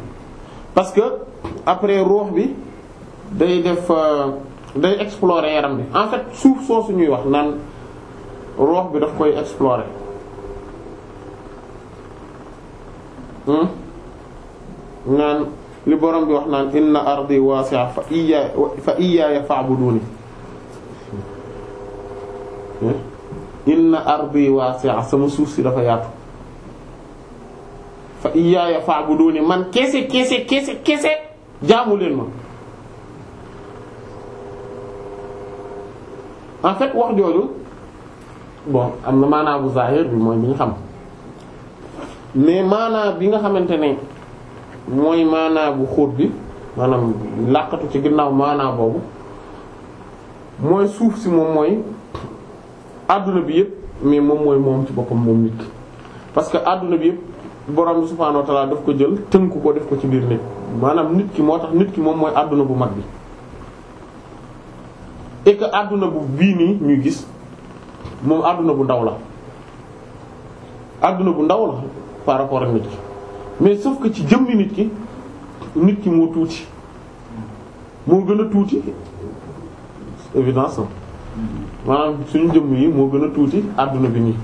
S1: parce que après ruux bi day def euh, day explorer yaram bi en fait suuf soosu ñuy wax naan ruux bi daf koy explorer hmm? naan. li borom bi wax naan na ardi wasi'a fa iya fa iyaaya fa'buduni inna ardi wasi'a sama suuf si dafa yaatu fa iyaaya fa'buduni man kese kese kese kese jaamu leen ma en fait wax jooju bon am na maanaa bu zahir bi mooy bi ñu xam mais maanaa bi nga xamante ne mooy maanaa bu xóot bi maanaam làqatu ci ginnaaw maanaa boobu mooy suuf si moom mooy àdduna bi yëpp mais moom mooy moom ci boppam moom nit parce que àdduna bi yëpp borom bi subhaanahu daf ko jël tënku ko def ko ci biir nit maanaam nit ki moo tax nit ki moom mooy àdduna bu mag bi et que àdduna bu bii nii ñuy gis moom àdduna bu ndaw la àdduna bu ndaw la par rapport ak nit ki mais sauf que ci jëmm nit ki nit ki moo tuuti moo gën a tuuti évidence am maanaam suñu jëmm yi moo gën a tuuti àdduna bi nii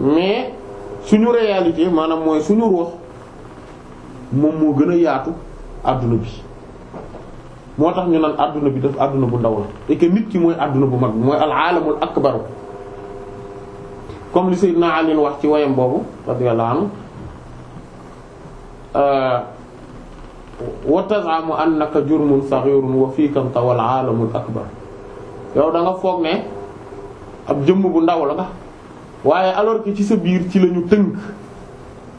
S1: mais suñu réalité maanaam mooy suñu ruux moom moo gën a yaatu àdduna bi moo tax ñu naan àdduna bi def àdduna bu ndaw la et nit ki mooy àdduna bu mag mooy al-aalamul akbar comme li Seydina Ali wax ci wayam boobu radiyallahu wa taz'amu annaka jurmun saghirun wa fika tawal akbar yow da foog ne ab jëmm bu ndaw la nga waaye alors que ci sa biir ci lañu tënk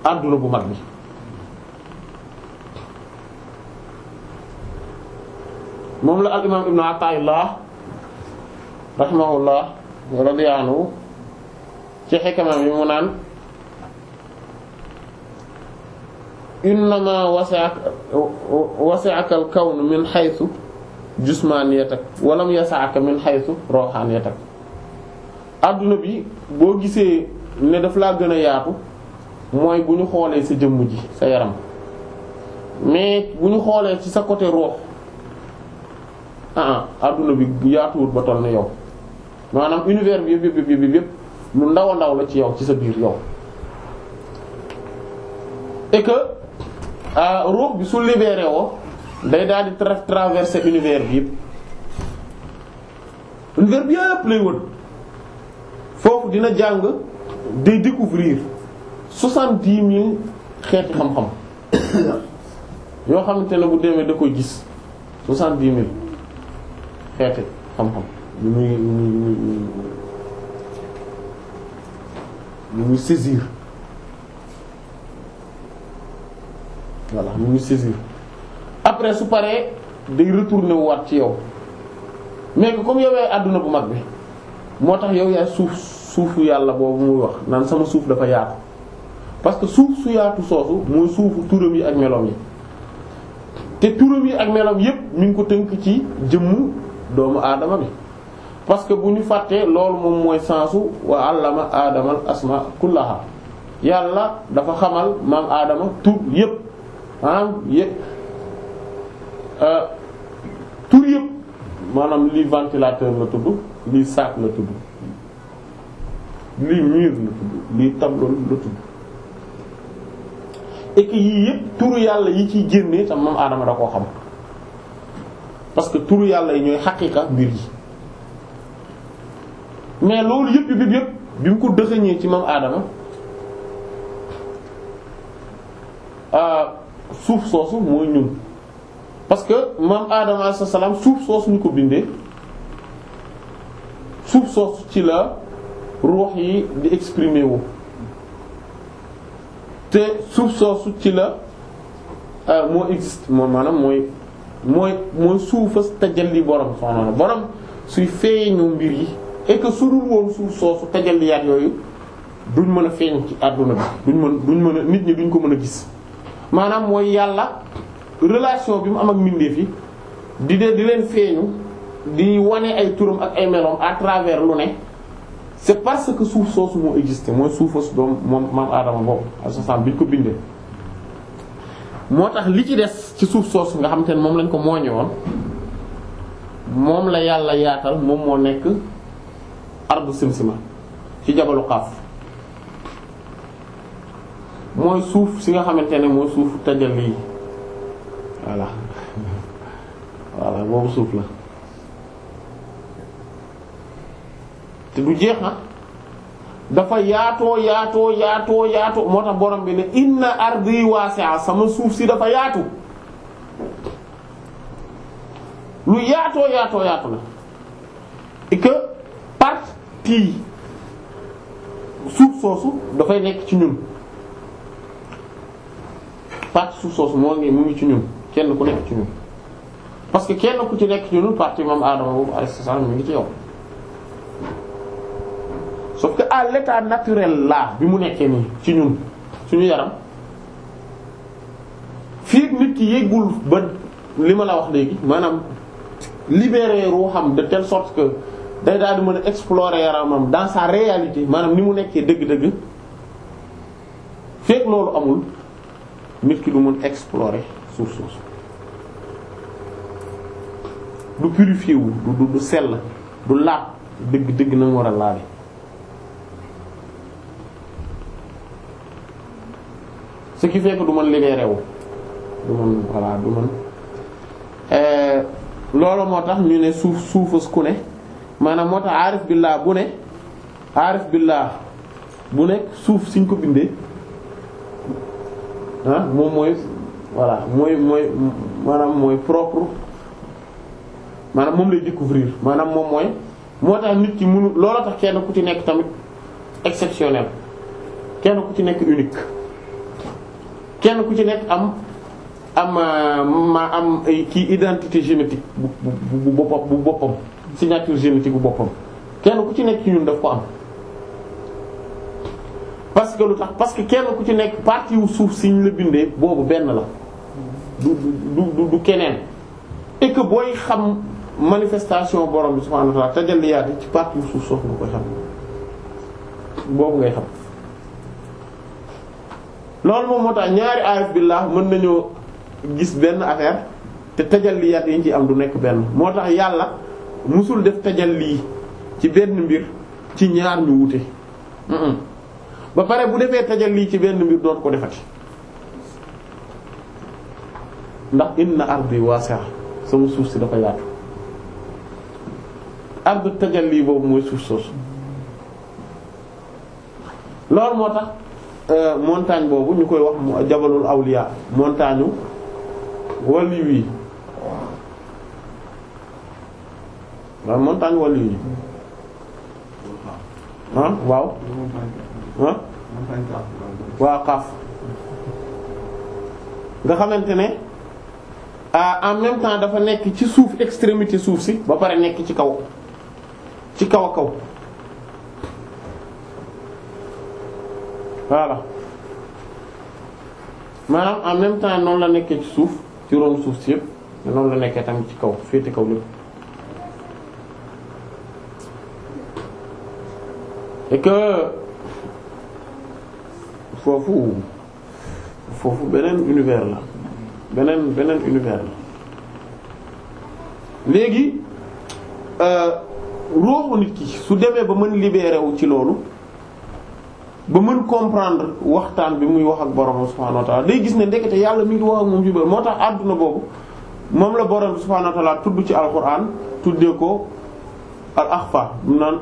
S1: àdduna bu mag bi moom la al imaam ibnu Ataa'illah rahimahullah radiyallahu anhu ci xikmam yi mu naan na innama wasi'aka wasi'aka al-kawnu min haythu jismaniyatak wa lam yas'aka min haythu ruhaniyatak adduna bi boo gisee ne daf laa gën a yaatu mooy bu ñu xoolee sa jëmm ji sa yaram mais bu ñu xoolee ci sa côté ruux ah adduna bi yaatuwul ba toll na yow maanaam univers bi yëpp yëpp yëpp yëpp lu ndaw la ci yow ci sa biir yow Ah, ruux bi su libéré woo day daal di tra traversé univers bi yëpp univers bi yëpp lay wër foofu dina jàng day découvrir soixante-dix mille xeeti xam-xam [coughs] yoo xamante ne bu demee da koy gis soixante-dix mille xeeti xam-xam yu muy yu muy yu voilà mu ngi saisir après su paree day retourner wu waat ci yow mais comme yow yowee àdduna bu mag bi moo tax yow yaay suuf suufu yàlla boobu muy wax naan sama suuf dafa yaatu parce que suuf su yaatu soosu mooy suufu turam yi ak meloom yi te turam yi ak meloom yépp mu ngi ko tënk ci jëmm doomu aadama bi parce que bu ñu fàttee loolu moom mooy sensu wa allama aadamal asma kullaha yàlla dafa xamal maam aadama tur yépp ah euh, yëpp tur yëpp maanaam lii ventilateur la tudd lii sac la tudd lii mur la tudd lii tableau la tudd et yii yëpp turu yàlla yi ciy génnee tam moom aadama da ko xam parce que turu yàlla yi ñooy xaqiqa mbir yi mais loolu yëpp yëpp yëpp bi mu ko dëxëñee ci moom aadama euh, suuf soosu mooy ñun parce que maam Adama alayhi salaam suuf soosu ñu ko bindee suuf soosu ci la ruux yi di exprimer wu te suuf soosu ci la euh, moo existe moom maanaam mooy mooy mooy suufas tajalli borom subhaanahu borom suy feeñoo mbir yi et que su dul woon suuf soosu tajalliyaat yooyu duñ mën a feeñ ci àdduna bi duñ mën duñ mën a nit ñi duñ ko mën a gis maanaam mooy yàlla relation bi mu am ak mbindeef yi di de di leen feeñu di wane ay turam ak ay meloom à travers lu ne c'est parce que suuf soosu moo existé mooy suufas doom moom maam aadama boobu asosam bi ñu ko bindee moo tax li ci des ci suuf soosu nga xam te ne moom lañ ko mooñe woon moom la yàlla yaatal moom moo nekk ardu simsima ci jabalu xaaf mooy suuf si nga xamante ne mooy suuf tajal yi voilà [laughs] voilà boobu suuf la te du jeex na dafa yaatoo yaatoo yaatoo yaatoo moo tax borom bi ne inna ardi wasi'a sama suuf si dafa yaatu lu yaatoo yaatoo yaatu la et que suuf soosu dafay nekk ci ñun partie suuf soosu moo ngi mu ngi ci ñun kenn ku nekk ci ñun parce que kenn ku ci nekk ci ñun partie moom Adama boobu alayhi salaam ngi ci yow sauf que à l'état naturel là bi mu nekkee nii ci ñun suñu yaram fii nit ki ba li ma la wax léegi maanaam libérer ruuxam de telle sorte que day daal di mën a explorer yaramam dans sa réalité maanaam ni mu nekkee dëgg-dëgg fekk loolu amul. nit ki du mën explorer suuf soosu du purifier wu du du sell du laab dëgg dëgg na war a laal ce qui fait que du mën libéré wu du mën voilà du mën euh, loolu moo tax ñu ne suuf suufas ku ne maanaam moo tax aarif billah bu ne aarif billah bu nekk suuf siñ ko bindee ah moom mooy voilà mooy mooy maanaam mooy propre maanaam moom lay découvrir maanaam moom mooy moo tax nit ki mënu loola tax kenn ku ci nekk tamit exceptionnel kenn ku ci nekk unique kenn ku ci nekk am am ma am ay kii identité génétique bu bu bu boppam bu boppam signature génétique bu boppam kenn ku ci nekk ci ñun daf ko am. parce que lu tax parce que kenn ku ci nekk partie wu suuf si ñu la bindee boobu benn la du du du keneen et booy xam manifestation borom bi subhaanahu wa ta'aala tajalliyaat yi ci partie wu suuf soof loolu moom moo tax ñaari aarif billah mën nañoo benn affaire te tajalliyaat yi ci am du nekk benn moo tax yàlla musul def lii ci benn mbir ci ñaar ñu wute ba pare bu defee lii ci benn mbir doot ko defati ndax inna ardi wasi'a sama suuf si dafa yaatu ardu tajalli boobu mooy suuf soosu loolu moo tax euh, montagne boobu ñu koy wax jabalul awliya montagne wàllu waaw montagne wàllu ah waaw ah waa xaaf nga xamante ne ah, en même dafa nekk ci suuf extrémité suuf si ba pare nekk ci kaw ci kaw a kaw voilà maanaam en même temps noonu la nekkee ci suuf ci ron suuf si yëpp noonu la nekkee tamit ci kaw féete kaw lépp et foofu foofu beneen univers la beneen beneen univers la léegi euh, ruuxu nit ki su demee ba mën libéré ci loolu ba mën comprendre waxtaan bi muy wax ak borom subhaanahu wa ta'aala day gis ne ndekete yàlla mi ngi wax ak moom jubal moo tax àdduna boobu moom la borom subhaanahu wa ta'aala tudd ci alxuraan tuddee ko al axfa naan.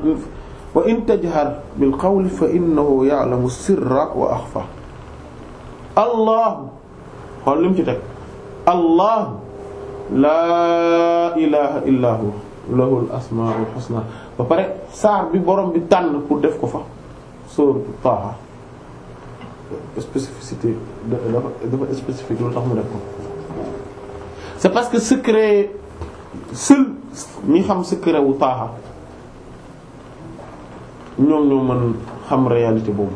S1: wa in tajhar bil qawli fa innahu ya'lamu sirra wa akhfa allahu xool lim ci teg allahu laa ilaha illa hu lahul asmaul husna ba pare saar bi borom bi tànn pour def ko fa sourate Taha spécificité dafa dafa spécifique lu tax mu def ko c'est parce que secret seul ñi xam secret wu Taha ñoom ñoo mën xam réalité boobu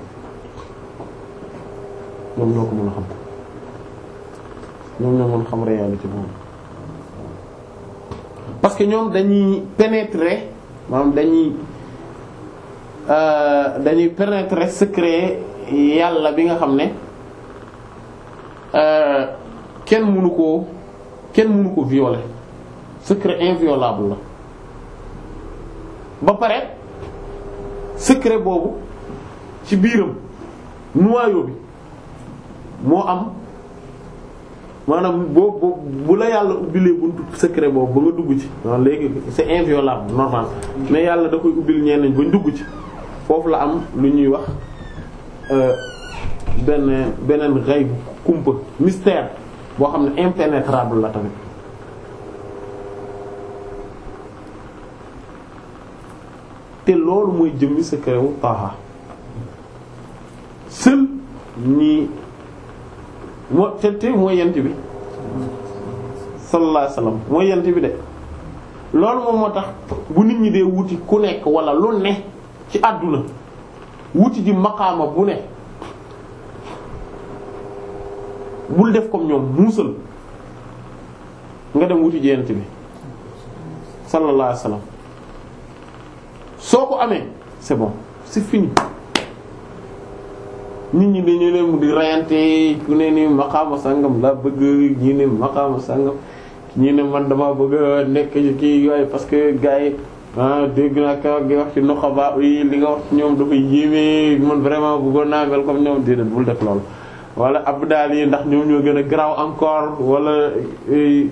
S1: ñoom ñoo ko mën a xam ñoom ñoo mën xam réalité boobu parce que ñoom dañuy pénétrer maanaam dañuy euh, dañuy pénétrer secret yàlla bi nga xam ne euh, kenn mënu koo kenn mënu ko violer secret inviolable la ba pare secret boobu ci biiram noyau bi moo am maanaam boo boo bu la yàlla ubbilee buntu secret boobu ba nga dugg ci waaw léegi c'est inviolable normal mais yàlla da koy ubbil ñeneen ba ñu dugg ci foofu la am lu ñuy wax euh, benn beneen xaybu kumpa mystère boo xam ne impénétrable la tamit te loolu mooy jëmmi secret wu Taha sël ñii moo te te mooy yent bi sallallahu alayhi wasallam mooy yent bi de loolu moom moo tax bu nit ñi dee wuti ku nekk wala lu ne ci àdduna wuti ji maqaama bu ne bul def ko ñoom muusal nga dem wuti ji yent bi sallallahu alayhi soo ko amee c'est bon c'est fini nit ñi dañu leen di reyante ku ne ni maqaama sàngam laa bëgg ñii ne maqaama sàngam ñii ne man dama bëgg nekk ci kii yooyu parce que gars yi ah dégg naa kawak gi wax ci nuxaba yi li nga wax ci ñoom dafay yéeme man vraiment buggoon naa mel comme ñoom déedéet bul def loolu wala daal yi ndax ñoom ñoo gën a garaaw encore walla eh,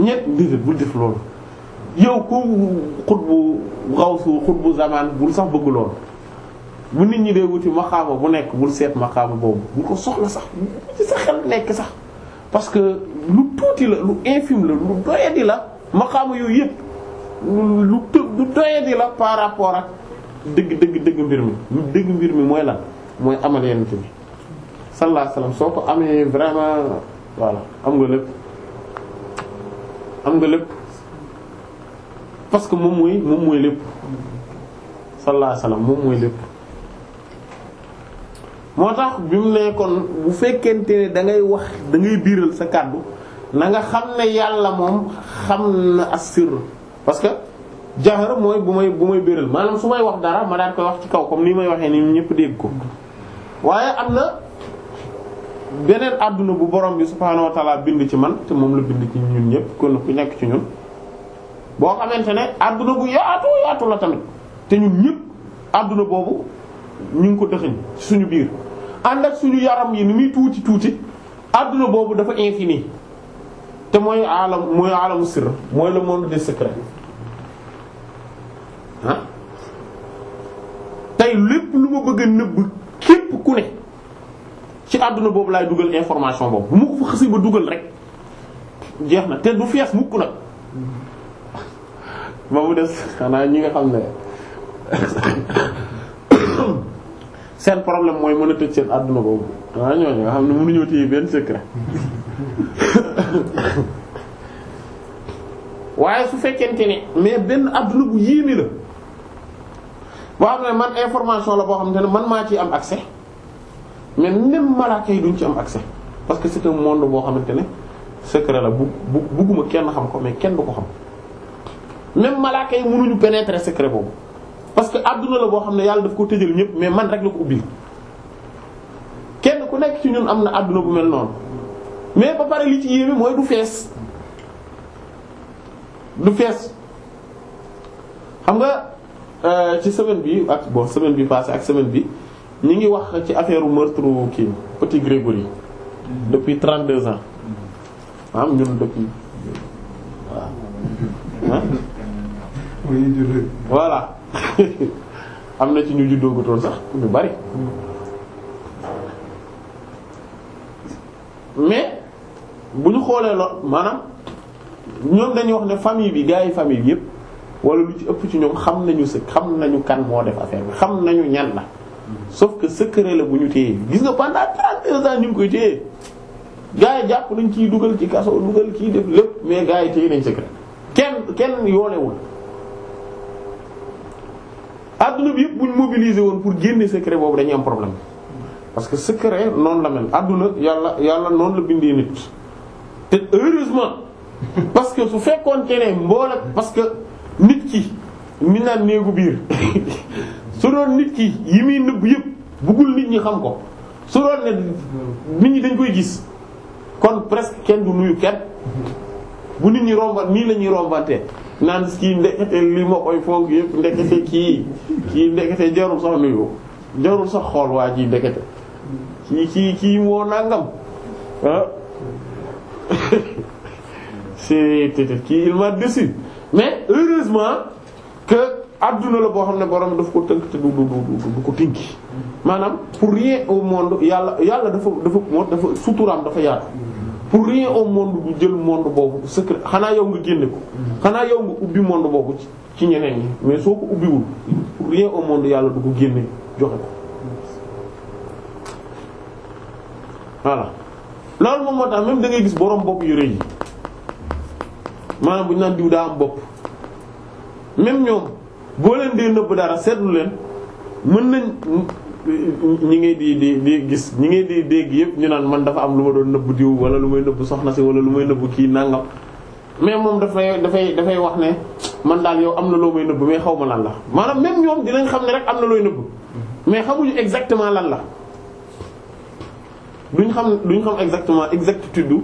S1: ñett déedéet bul def loolu yow ku xutbu xawsu xutbu zaman bul sax bëgg bu nit ñi dee wuti maqaama bu nekk bul seet maqaama boobu bul ko soxla sax ci sa xel nekk sax parce que lu tuuti la lu infime la lu doyadi la maqaama yooyu yëpp lu lu doyadi la par rapport ak dëgg dëgg dëgg mbir mi lu dëgg mbir mi mooy lan mooy amal yenn bi sallallahu soo ko amee vraiment voilà am nga lépp am nga lépp parce que moom mooy moom mooy lépp sallallahu alayhi wasallam moom mooy lépp moo tax bi mu ne kon bu fekkente ne da ngay wax dangay biiral sa kàddu na nga xam ne yàlla moom xam na assir parce que jahra mooy bu may bu may biiral maanaam su may wax dara ma daan koy wax ci kaw comme ni may waxee nii ñëpp dégg ko waaye am na beneen àdduna bu borom bi subhaanahu wa ta'ala bind ci man te moom la bind ci ñun ñëpp kon ku nekk ci ñun boo xamante ne àdduna bu yaatu yaatu la tamit te ñun ñëpp àdduna boobu ñu ngi ko dëxëñ suñu biir ànd ak suñu yaram yi ni muy tuuti tuuti àdduna boobu dafa infini te mooy alam mooy alamu sir mooy la monde des secrets ah tey lépp lu ma bëgg nëbb képp ku ne ci àdduna boobu laay dugal information boobu bu ma ko fa xësi ba dugal rek jeex na te du fees mukk nag ba mu des xanaa ñi nga xam ne seen problème mooy mën a tëj seen àdduna boobu xanaa ñooñu nga xam ne mu mënuñoo téye benn secret waaye su fekkente ne mais benn àdduna bu yéeme la boo xam ne man information la boo xam ne man maa ci am accès mais même malaaka yi duñ ci am accès parce que c'est un monde boo xamante ne secret la bu bu bugguma kenn xam ko mais kenn du ko xam. même malaaka yi mënuñu pénétrer secret boobu parce que adduna la boo xam ne yàlla daf ko tëjal ñëpp mais man rek la ko ubbil kenn ku nekk ci ñun am na adduna bu mel noonu mais ba pare li ci yéeme mooy du fees du fees xam nga euh, ci semaine bi ak bon semaine bi passée ak semaine bi ñu ngi wax ci affaire meurtre kii petit Grégory depuis 32 ans maanaam mm-hmm. ñun depuis waaw. voilà [laughs] am na ci ñu juddoogutoon sax ñu bari mais bu ñu xoolee lool maanaam ñoom dañuy wax ne famille bi gars yi famille bi yépp wala lu ci ëpp ci ñoom xam nañu sëkk xam nañu kan moo def affaire bi xam nañu ñan la sauf que secret la bu ñu téye gis nga pendant 32 ans ñu koy téye gars yi jàpp nañ ciy dugal ci kaso dugal ciy def lépp mais gars yi téye nañ secret kenn kenn yoolewul adduna bi yëpp bu ñu mobiliser woon pour génne secret boobu dañu am problème parce que secret noonu la mel adduna yàlla yàlla noonu la bindee nit. te heureusement parce que su fekkoon ne mboole parce que nit ki mi naan néegu biir [laughs] su doon nit ki yi muy nëbb yëpp bëggul nit ñi xam ko su doon ne nit ñi dañ koy gis kon presque kenn du nuyu kenn bu nit ñi romba nii la ñuy rombantee naan kii ndekete lii moo koy foog yëpp ndekete kii kii ndekete jarul sax nuyu jarul sax xool waa ji ndekete kii kii kii moo nangam ah [laughs] c'est kii il m'a déçu mais heureusement que adduna la boo xam ne borom daf ko tënk te du du du du ko tinki maanaam pour rien au monde yàlla yàlla dafa dafa dafa suturaam dafa yaatu. pour rien au monde bu jël monde boobu secret xanaa yow nga génne ko xanaa yow nga ubbi monde boobu ci ñeneen ñi mais soo ko ubbiwul pour rien au monde yàlla du ko génne joxe ko voilà loolu moom moo tax même da ngay gis borom bopp yu rëy yi maanaam bu naan diw daa am bopp même ñoom boo leen dee nëbb dara seetlu leen mën nañ ñi ngay di di di gis ñi ngay di dégg yëpp ñu naan man dafa am lu ma doon nëbbu diw wala lu may nëbb soxna si wala lu may nëbb kii nangam mais moom dafay dafay dafay wax ne man daal yow am na loo may nëbb mais xaw ma lan la maanaam même ñoom dinañ xam ne rek am na looy nëbb mais xamuñu exactement lan la duñ xam duñ xam exactement exactitude du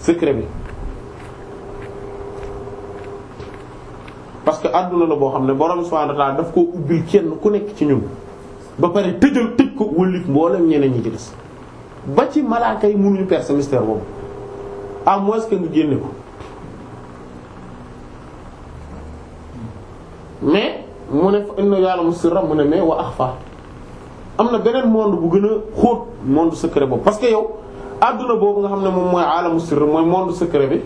S1: secret bi parce que àdduna la boo xam ne borom subhanahu wa ta'ala daf koo kenn ku nekk ci ñun. ba pare tëjal tëj ko wëllit mboolem ñeneen ñi ci ba ci malaaka yi mënuñu percer mystère boobu à moins que nga génne ko mais mu ne inna ya'lamu sirra mu ne mais wa fa am na beneen monde bu gën a xóot monde secret boobu parce que yow adduna boobu nga xam ne moom mooy alamu sirr mooy monde secret bi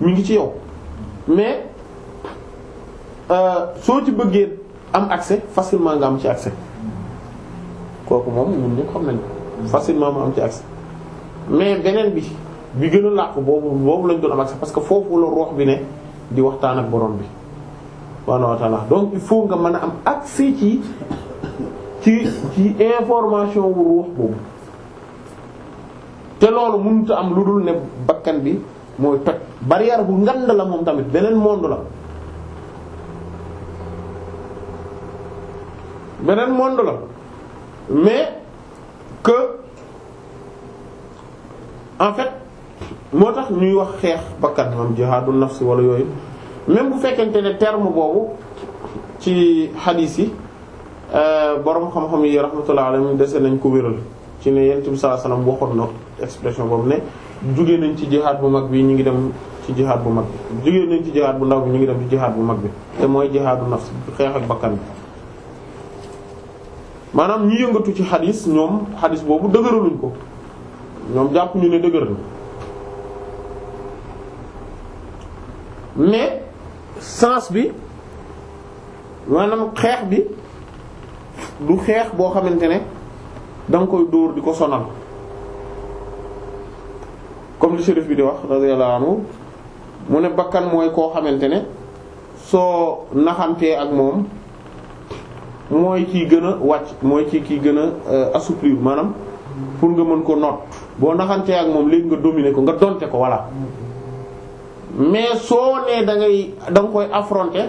S1: mu ngi ci yow mais euh, soo ci bëggee am accès facilement nga am ci accès kooku moom ñun ñëpp xam nañ facilement mu am ci accès mais beneen bi bi gën a làqu boobu boobu lañ doon am accès parce que foofu la roox bi ne di waxtaan ak borom bi subhaanahu wa ta'aala donc il faut nga mën a am accès ci ci ci information wu ruux boobu te loolu mënut am lu dul ne bakkan bi mooy toj barrière bu ngand la moom tamit beneen monde la beneen monde la mais que en fait moo tax ñuy wax xeex bakkan am jihaadu nafsi wala yooyu même bu fekkente ne terme boobu ci xadiis yi euh, borom xam-xam yi rahmatullah alayhi dese nañ ko wéral ci ne yonent saa sallallahu alayhi wasallam waxoon na expression boobu ne jugee nañ ci jihaad bu mag bi ñu ngi dem ci jihaad bu mag bi jugee nañ ci jihaad bu ndaw bi ñu ngi dem ci jihaad bu mag bi te mooy jihaadu nafs xeex ak bakkan bi maanaam ñi yëngatu ci xadis ñoom xadis boobu dëgëraluñ ko ñoom jàpp ñu ne dëgëral mais sens bi maanaam xeex bi du xeex boo xamante ne danga koy dóor di ko sonal comme li shérif bi di wax radiyallahu anhu mu ne bakkan mooy koo xamante ne soo naxantee ak moom mooy kii gën a wàcc mooy ci kii gën a euh, assouplir maanaam pour nga mën ko noot boo naxantee ak moom léegi nga dominer ko nga donte ko voilà mais soo nee da ngay da koy affronter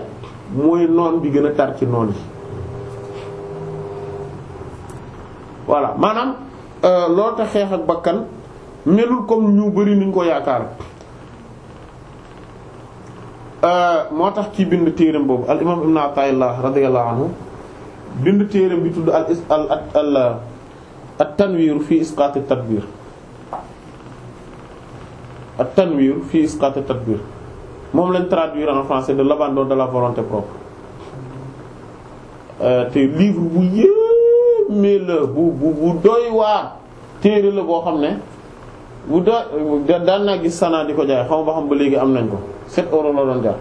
S1: mooy noon bi gën a tar ci noon yi voilà maanaam euh, loolu tax xeex ak bakkan melul comme ñu bari niñ ko yaakaar euh, moo tax ci bind téeram boobu al imam ibn Ata'illah radiyallahu anhu bind téere bi tudd al al al al tanwiir fi isqaat al tadbiir al tanwiir fi isqaat al tadbiir moom lañ traduire en français de l'abandon de la volonté propre euh, te livre bu yéeme la bu bu bu doy waar téere la boo xam ne bu doy daan naa gis sanaa di ko jaay xaw ba xam ba léegi am nañ ko 7 euros la doon jar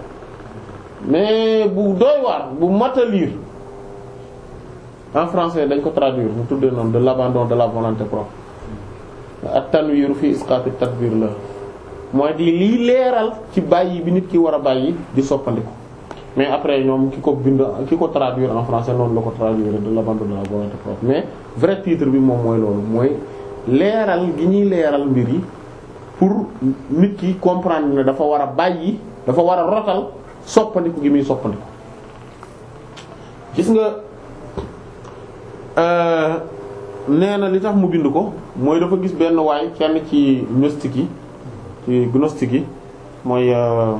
S1: mais bu doy waar bu mat a en français dañ ko traduire mu tuddee noonu de l'abandon de la volonté propre ak tanwiir fi isqatu tadbir la mooy di lii leeral ci bàyyi bi nit ki war a bàyyi di soppandiku mais après ñoom ki ko bind ki ko traduire en français noonu la ko traduire de l'abandon de la volonté propre mais vrai titre bi moom mooy loolu mooy leeral gi ñuy leeral mbir yi pour nit ki comprendre ne dafa war a bàyyi dafa war a rotal soppandiku gi muy soppandiku gis nga. Euh, nee na li tax mu bind ko mooy dafa gis benn waay kenn ci gnostique yi ci gnostique yi mooy euh,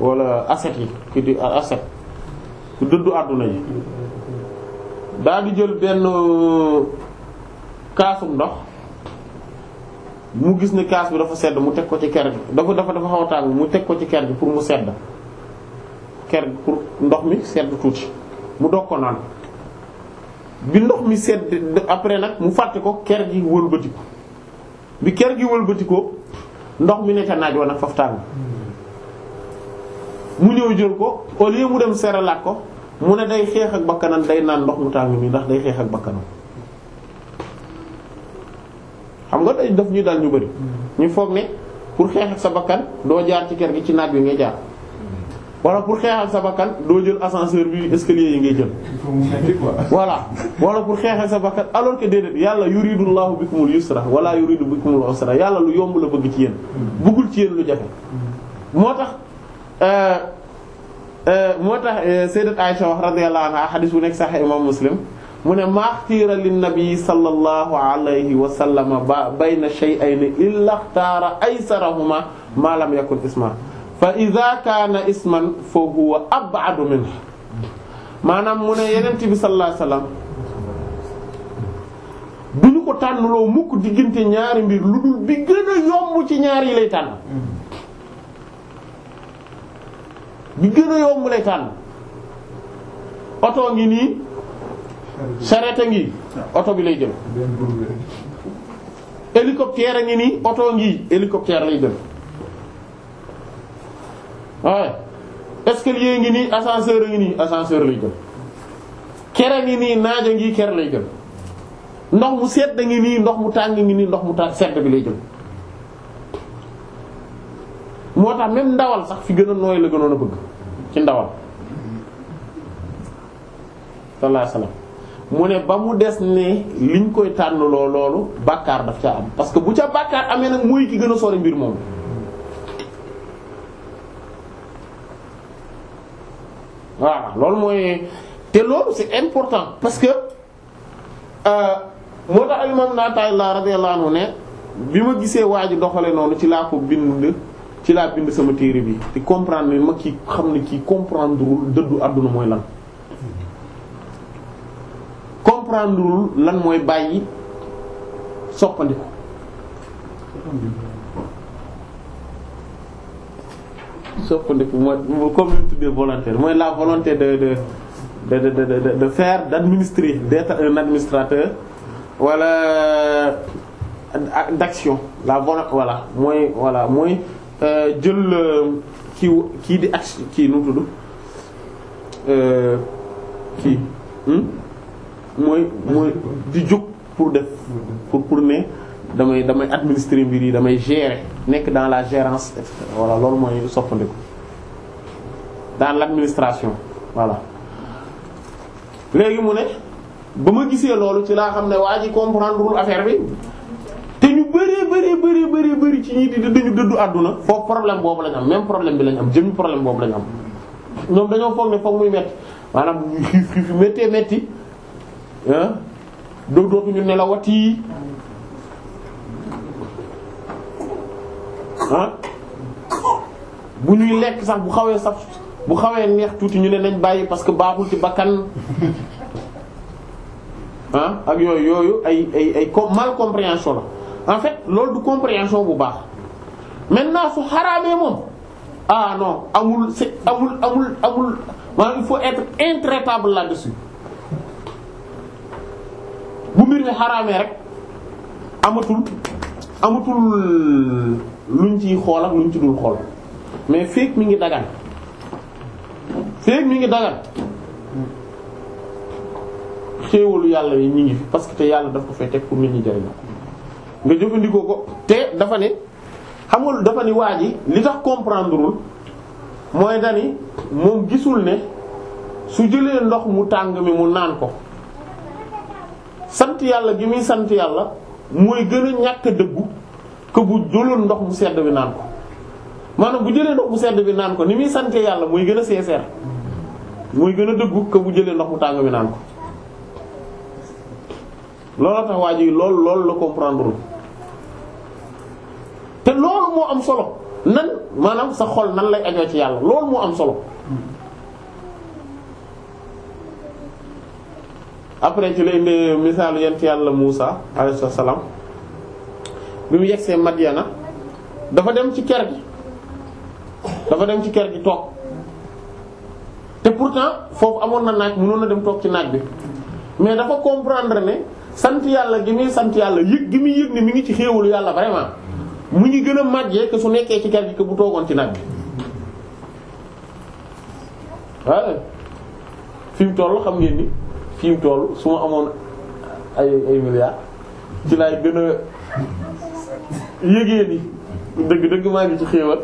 S1: wala ascètes yi ki di ascète ku dëddu àdduna yi dal di jël benn euh, kaasum ndox mu gis ne kaas bi dafa sedd mu teg ko ci ker gi dafa dafa dafa xaw a tàng mu teg ko ci ker gi pour mu sedd ker pour ndox mi sedd tuuti mu doog ko naan bi ndox mi sedd après nag mu fàtte ko ker gi wëlbati bi ker gi wëlbati ndox mi ne ca naaj wa nag faf tàng mu ñëw jël ko au lieu mu dem seralaat ko mu ne day xeex ak bakkanam day naan ndox mu tàng nii ndax day xeex ak bakkanam xam nga day daf ñuy dal ñu bari mm. ñu foog ne pour xeex ak sa bakkan doo jaar ci ker gi ci naaj wi ngay jaar wala pour xeexal sa bakkan doo jël ascenseur bi escalier yi ngay jël. voilà wala pour xeexal sa bakkan alors que déedéet yàlla yuridu llahu bikumul yusra wala yuridu bikumul usra yàlla lu yomb la bëgg ci yéen. Hmm. bëggul ci yéen lu jafe. Hmm. moo tax euh, euh, moo tax euh, sayyidat Aisha wax radiyallahu anha hadith bu nekk sahih imam muslim mu ne maxtiira lin nabi sallallahu alayhi wa sallam bayna shay'ayn illa ikhtara aysarahuma ma lam yakun isma fa idha kaana isman fa huwa ab'adu minhu maanaam mu ne yenent bi sallallahu du ñu ko tànnloo mukk diggante ñaari mbir lu dul bi gën a yomb ci ñaar yi lay tànn bi gën a yomb lay tànn oto ngi nii charrette ngi oto bi lay jël hélicoptère ngi nii oto ngi hélicoptère lay jël waaye escalier ngi nii ascenseur a ngi nii ascenseur lay jël kere ngi nii naajo ngi ker lay jël ndox mu sedd ngi nii ndox mu tàng ngi nii ndox mu tàng sedd bi lay jël moo tax même ndawal sax fi gën a nooy la gënoon a bëgg ci ndawal sallallahu alayhi wasallam mu ne ba mu des ne liñ koy tànn loo loolu bàkkaar daf ca am parce que bu ca bàkkaar amee nag yi ki gën a sori mbir moom voilà loolu mooy te loolu c'est important parce que euh, moo tax al imam Naataay la radiyallahu anhu ne bi ma gisee waa ji doxale noonu ci laa ko bind ci laa bind sama téere bi te comprendre ni ma ki xam ne kii comprendrewul dëddu àdduna mooy lan comprendrewul lan mooy bàyyi soppandi soppandiku mooy comme li ñu tuddee mooy la volonté de de de de de de faire d'administrer administrateur wala euh, d'action la volonté voilà mooy voilà mooy euh, jël euh, kii kii di action kii nu mu tudd hmm? mooy mooy di jóg pour def pour pour ne. damay damay administrer mbir yi damay gérer nekk dans la gérance et cetera loolu mooy soppandiku dans l'administration voilà léegi mu ne ba ma gisee loolu ci laa xam ne waa ji comprendrewul affaire bi te ñu bëree bëree bëree bëri bëri ci ñi di dañu dëddu àdduna foofu problème boobu lañ am même problème bi lañ am jëmmi problème boobu lañ am ñoom dañoo foog ne foog muy metti maanaam xiif xiif méttee métti ah doo dootuñu nelawati bu ñuy lekk sax bu xawee saf bu xawee neex tuuti ñu ne nañ bàyyi parce que baaxul ci bakkan ak yooyu yooyu ay ay ay mal compréhension la en fait loolu du compréhension bu baax maintenant su xaraamee moom ah non amul c'est amul amul amul maa il faut être intraitable là-dessus bu mbir mi xaraamee rek amatul. amatul luñ ci xool ak luñ ci dul xool mais feek mi ngi dagan feek mi ngi dagan xéewalu yàlla yi ñu ngi fi parce que te yàlla daf ko fay teg pour nit ñi jariñoo nga jëfandikoo ko te dafa ne xam dafa ni waa ji li tax comprendrewul mooy dani moom gisul ne su jëlee ndox mu tàng mi mu naan ko sant yàlla gi muy sant yàlla mooy gën a ñàkk dëggu que bu ndox mu sedd bi naan ko maanaam bu jëlee ndox mu sedd bi naan ko ni muy sante yàlla mooy gën a sincère mooy gën a dëggu que bu jëlee ndox mu tàng bi naan ko looloo tax waa ji lool loolu la comprendre te loolu moo am solo nan maanaam sa xol nan lay ajoo ci yàlla loolu moo am solo après ci lay indee misaalu yent yàlla Muusa alayhi salaam bi mu yegsee Madyana dafa dem ci ker gi dafa dem ci kër gi toog te pourtant foofu amoon na naaj mënoon na dem toog ci naaj bi mais dafa comprendre ne sant yàlla gi muy sant yàlla yëg gi muy yëg ne mi ngi ci xéewalu yàlla vraiment mu ngi gën a màggee que su nekkee ci kër gi que bu toogoon ci naaj bi waaye fi mu toll xam ngeen fii mu toll su ma amoon ay ay milliards ci laay gën a yëgee ni dëgg dëgg maa ngi ci xéewal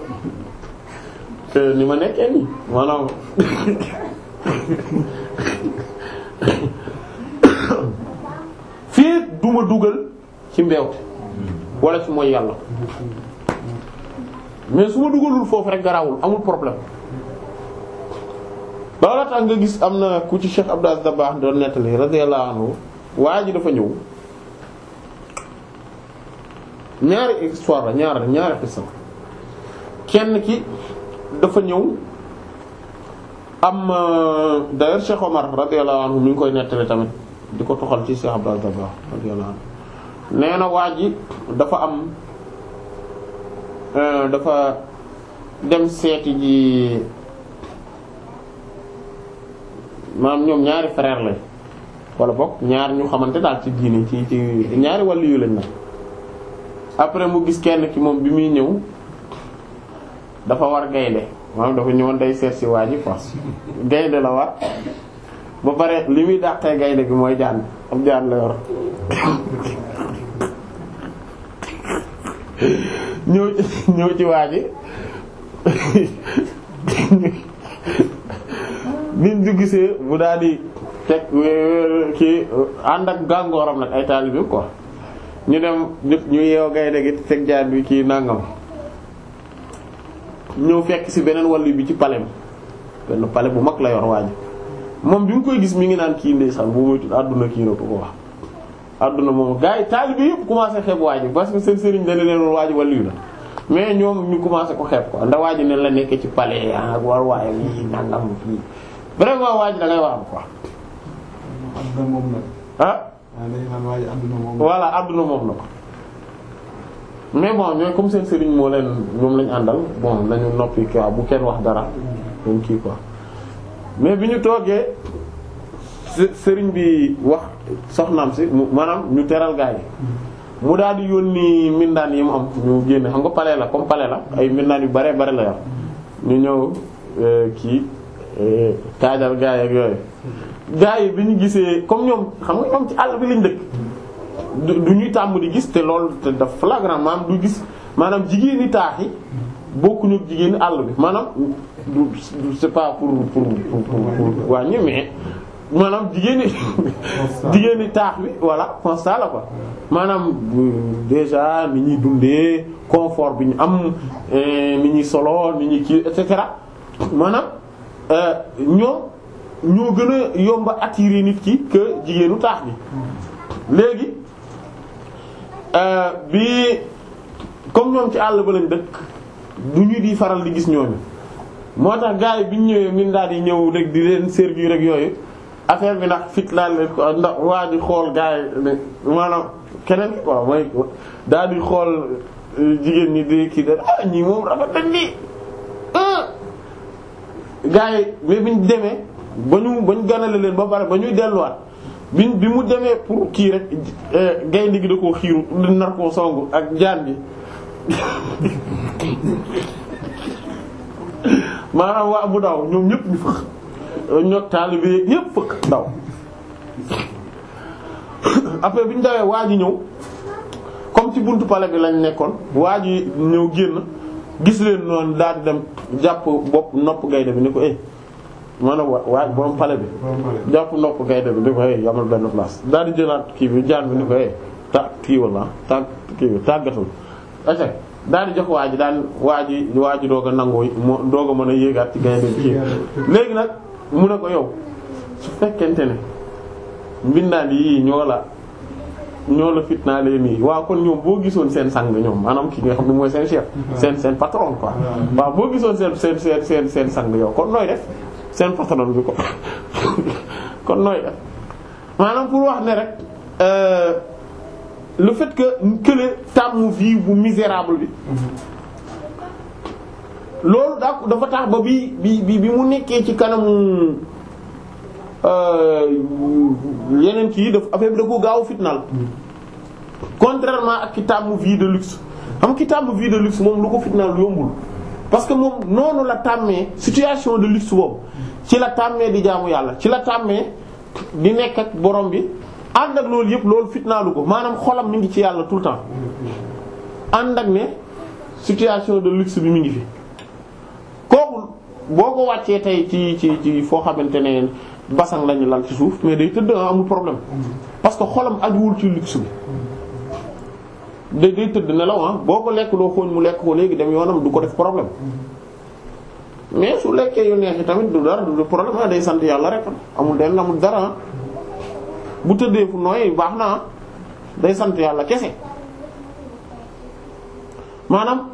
S1: que ni ma nekkee nii maanaam fii du dugal ci mbeewte wala ci mooy yàlla mais su ma dugalul foofu rek garawul amul problème looloo tax nga gis am na ku ci Cheikh Abdou baax doon nettali radiyallahu anhu waa ji dafa ñëw ñaari histoire la ñaar ñaari xissa kenn ki dafa ñëw am euh, d'ailleurs Cheikh Omar radiyallahu anhu mi ngi koy nettali tamit di ko toxal ci Cheikh Abdou Dabakh radiyallahu anhu nee na waa ji dafa am euh, dafa dem seeti ji maanaam ñoom ñaari frère lañ wala bokk ñaar ñu xamante daal ci diini ci ci ñaari wàllu yu lañ na après mu gis kenn ki moom bi muy ñëw dafa war gaynde maanaam dafa ñëwoon day seet si waa ji force gaynde la war ba pare li muy dàqee gaynde bi mooy jaan am jaan la yor ñëw ñëw ci waa ji biñ ju gisee mu daal di teg kii ànd ak gàngooram nag ay taalibe ko ñu dem ñu yeew gaynde gi teg jaar bi kii nangam ñëw fekk si beneen wàllu bi ci pale palais benn pale bu mag la yor waaj moom bi mu koy gis mu ngi naan kii ndeysaan bu moytu àdduna kii na ko ko wax àdduna moom gars yi taalibe yëpp commencé xeeb waaj parce que seen sëriñ dañ leen waaj wàllu la mais ñoom ñu commencé ko xeeb ko ndax waaj ne la nekkee ci palais ak ah, war waaye vraiment waaj da ngay war am quoi. adduna moom la. ah. dañuy adduna moom la. ko. mais bon ñooy comme seen sëriñ moo leen moom lañ àndal bon nañu noppi quoi bu kenn wax dara. moom kii ko mais bi ñu toogee sëriñ bi wax soxnaam si maanaam ñu teral gaa yi mu daal di yónni mindaan yi mu am ñu génne xam nga palais la comme palais la ay mindaan yu bare bare la yor ñu ñëw euh, kii. taajal eh, gaay ak yooyu gaay yi bi ñu gisee comme ñoom xam nga ñoom ci àll bi lañ dëkk du ñuy tàmm di gis te loolu te daf flagrant maanaam du gis maanaam jigéeni taax yi bokkuñu ak jigéeni àll bi maanaam du c'est pas pour pour pour wàññi mais maanaam jigéeni jigéeni taax bi voilà constat la quoi maanaam déjà ni ñuy dundee confort bi ñu am eh, ni ñuy solo ni ñuy kii et cetera maanaam Euh, ñoom ñoo gën a yomba attirer nit ki que jigéenu taax bi léegi euh, bi comme ñoom ci àll ba lañ dëkk du ñu di faral di gis ñooñu moo tax gars yi bi ñu ñëwee min daal di ñëw rek di leen servir rek yooyu affaire bi ndax fit laal leen ko ndax waa di xool gars keneen quoi mooy daal xool euh, jigéen ñi di kii ah, moom rafet nañ gaa yi mais bi ñu demee ba ñu ba ñu ganale leen ba pare ba ñuy delluwaat bi bi mu demee pour kii rek eh, gaynde gi da koo xiiru nar koo songu ak jaan bi [laughs] maanaam waa bu daw ñoom ñëpp ñu fëkk ñoog taalibe yi ñëpp fëkk daw [coughs] après bi ñu dawee waa ñëw comme ci buntu palais bi lañ nekkoon waa ji ñëw génn gis leen noonu daal di dem jàpp bopp nopp gaynde bi ni ko eh a ne waaj borom pale bi. jàpp nopp gaynde bi ni ko eh yamal benn place daal di jëlaat kii bi jaan bi ni ko eh ta kii wala tàgg kii bi tàggatul. acca daal di jox waa ji daal waa ji waa ji doog a nangoo moo doog a mën a yéegaat ci gaynde bi kii léegi nag mu ne ko yow su fekkente ne mbindaan yii ñoo la. ñoo la fitnaalee nii waaw kon ñoom boo gisoon seen sang ñoom maanaam ki nga xam ne mooy seen chef. seen seen patron quoi. waaw boo gisoon seen seen seen seen seen sang yow kon nooy def seen patron bi ko [laughs] kon nooy def maanaam pour wax ne rek euh, le fait que kële tàmm vie bu misérable bi. Mm-hmm. loolu daa dafa tax ba bi bi bi mu nekkee ci kanamu. Euh, yeneen kii daf affaire bi da ko gaaw fitnaal contrairement ak kitaabu vie de luxe xam kitaabu vie de luxe moom lu ko fitnaal yombul parce que moom noonu la tàmmee situation de luxe boobu ci la tàmmee di jaamu yàlla ci la tàmmee di nekk ak borom bi ànd ak loolu yëpp loolu fitnaalu ko maanaam xolam mi ngi ci yàlla tout le temps ànd ak ne situation de luxe bi mi ngi fi kooku boo ko wàccee tey ci ci ci foo xamante ne. basang lañu lal ci suuf mais day tëdd ah, amul problème parce que xolam ajuwul ci luxe bi day tëdd nelaw ah boo ko lekk doo xooñ mu lekk ko léegi dem yoonam du ko def problème mais su lekkee yu neex tamit du dara du problème ah day sant yàlla rek ah, amul den amul dara ah. bu tëddee fu nooy baax na day sant yàlla kese maanaam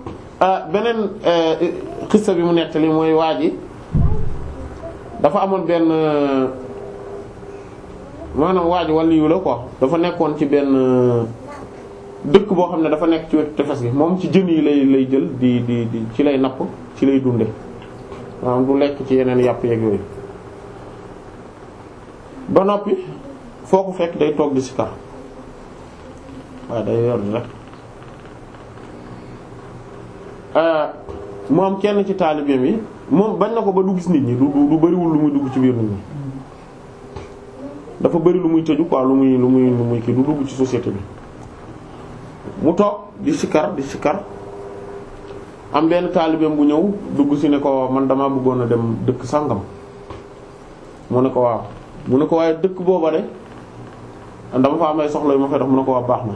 S1: beneen eh, xissa bi mu nettali mooy waa ji dafa amoon benn euh, maanaam waaj waliyu la quoi dafa nekkoon ci benn euh, dëkk boo xam ne dafa nekk ci wetu tefes gi moom ci jën yi lay lay jël di di di ci lay napp ci lay dunde maanaam du lekk ci yeneen yàpp yeeg yooyu ba noppi foo ko fekk day toog di sikar waaw day yor rek euh, mu am kenn ci taalibeem yi moom bañ na ko ba du gis nit ñi du lu bariwul lu muy dugg ci biir nit ñi dafa bari lu muy tëju quoi lu muy lu muy lu muy kii du dugg ci société bi mu toog di sikar di sikar am benn taalibeem bu ñëw dugg si ne ko man dama bëggoon a dem dëkk sàngam mu ne ko waaw mu ne ko waaye dëkk booba de dama fa amee soxla yu ma fay dox mu ne ko waaw baax na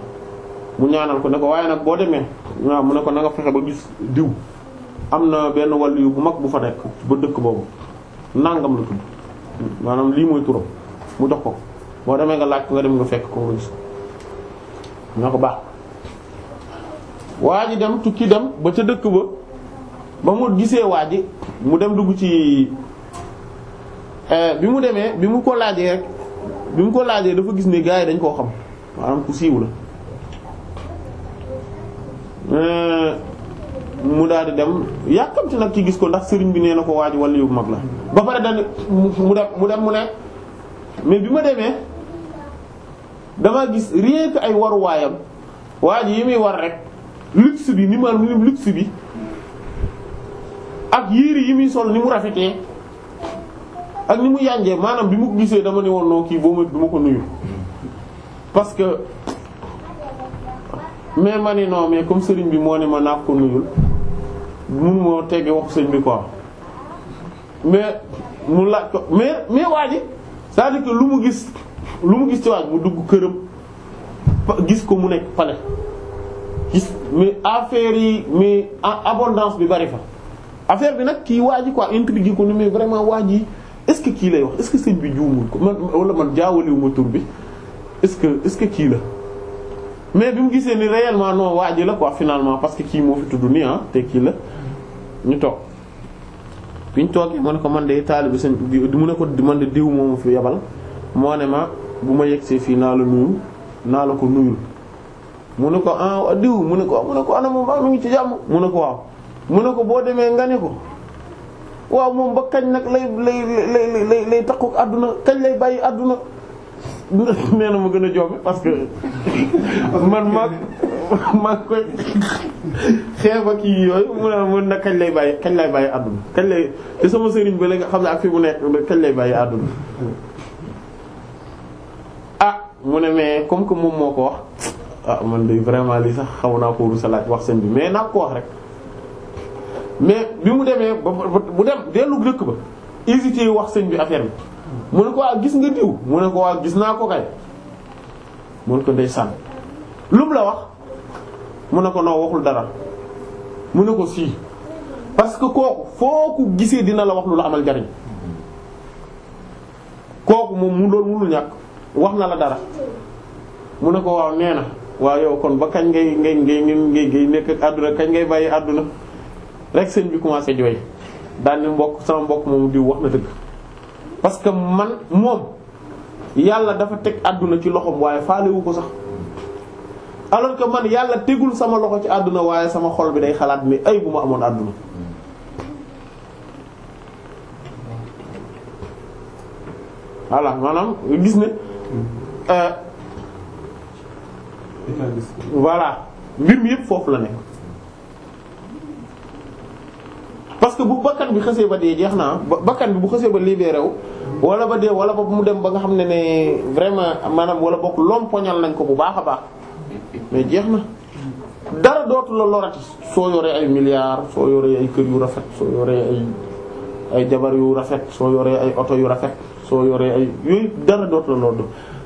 S1: mu ñaanal ko ne ko waaye nag boo demee waaw mu ne ko na fexe ba gis diw am na benn wàllu bu mag bu fa nekk ba dëkk boobu nangam la tudd maanaam lii mooy turam mu jox ko boo demee nga laaj ko nga dem nga fekk ko nga gis na ko baax waa ji dem tukki dem ba ca dëkk ba ba mu gisee waa ji mu dem dugg ci eh, bi mu demee bi mu ko laajee rek bi mu ko laajee dafa gis ne gars yi dañ koo xam maanaam ku siiw la eh, mu daal di dem yàkkamti nag ci gis ko ndax sëriñ bi nee na ko waaj wala yu mag la ba pare dañ mu dem mu dem mu ne mais bi ma demee damaa gis rien ay waruwaayam waaj yi muy war rek luxe bi ni ma luxe ak yére yi muy sol ni mu rafetee ak ni mu yànjee maanaam bi mu gisee dama ne woon noo kii boobu du ma ko nuyu parce que mais ma ne non mais comme sëriñ bi moo ne ma naa ko nuyul mënu moo tegge waxu sëñ bi quoi mais mu laaj ko mais mais waa ji cest à lu mu gis lu mu gis ci waaj mu dugg këram gis ko mu nekk pale gis mais affaire yi mais abondance bi bari fa affaire bi nag kii waa ko quoi intrigue ko ni mais vraiment waa ji est-ce kii lay wax est-ce bi juumul ko man wala man jaawaliwu ma tur bi est-ce que est-ce kii la mais bi mu gisee ni réellement non waa ji la quoi finalement parce que kii moo fi tudd nii ah te kii la ñu toog bi ñu toogee mu ne ko man de taalibe sëñ mu ne ko man de diw moomu fi yebal moo ma bu ma yegsee fii naa la nuyu naa la ko nuyul mu ne ko ah, diw mu ne ko mu ne ko moom baa ah, mi ngi ci jàmm mu ne ko waaw mu ne ko boo demee nga ne ko waaw moom ba kañ nag lay lay lay lay lay takku àdduna kañ lay bàyyi àdduna [laughs] nee na ma gën a joobe parce que man maa [laughs] maa koy xeeb ak kii yooyu mun na kañ lay bàyyi kañ lay bàyyi àdduna kañ lay te sama sëriñ ba la nga xam ne ak fi mu nekk kañ lay bàyyi àdduna ah mu ne mais comme que moom moo ko wax ah man de vraiment lii sax xaw naa ko rusalaat wax sëñ bi mais naa ko wax rek mais bi mu demee ba bu dem dellu dëkk ba hésité wax sëñ bi affaire bi mu ne ko waa gis nga diw mu ne ko waa gis naa ko kay mu ne ko ndeysaan lum la wax mu ne ko noo waxul dara mu ne ko sii parce que kooku foo ko gisee dina la wax lu la amal jariñ kooku moom mu doon munul ñàkk wax na la dara mu ne ko waaw nee na waaw yow kon ba kañ ngay ngay ngay ngay ngay nekk àdduna kañ ngay bàyyi àdduna rek sëñ bi commencé jooy daal mbokk sama mbokk moom diw wax na dëkk parce que man moom yàlla dafa teg àdduna ci loxoom waaye faalewu ko sax alors que man yàlla tegul sama loxo ci àdduna waaye sama xol bi day xalaat mi ay bu ma amoon àdduna voilà maanaam gis ne euh, voilà mbir mi yëpp foofu la nekk parce que bu bakkan bi xësee ba dee jeex ba bakkan bi bu xësee ba libéré wu wala ba dee wala ba mu dem ba nga xam ne ne vraiment maanaam wala bokk lompoñal nañ ko bu baax a baax mais jeex na dara dootu la lorati soo yoree ay milliards soo yoree ay kër yu rafet soo yoree ay ay jabar yu rafet soo yoree ay oto yu rafet soo yoree ay yooyu dara dootu la lorati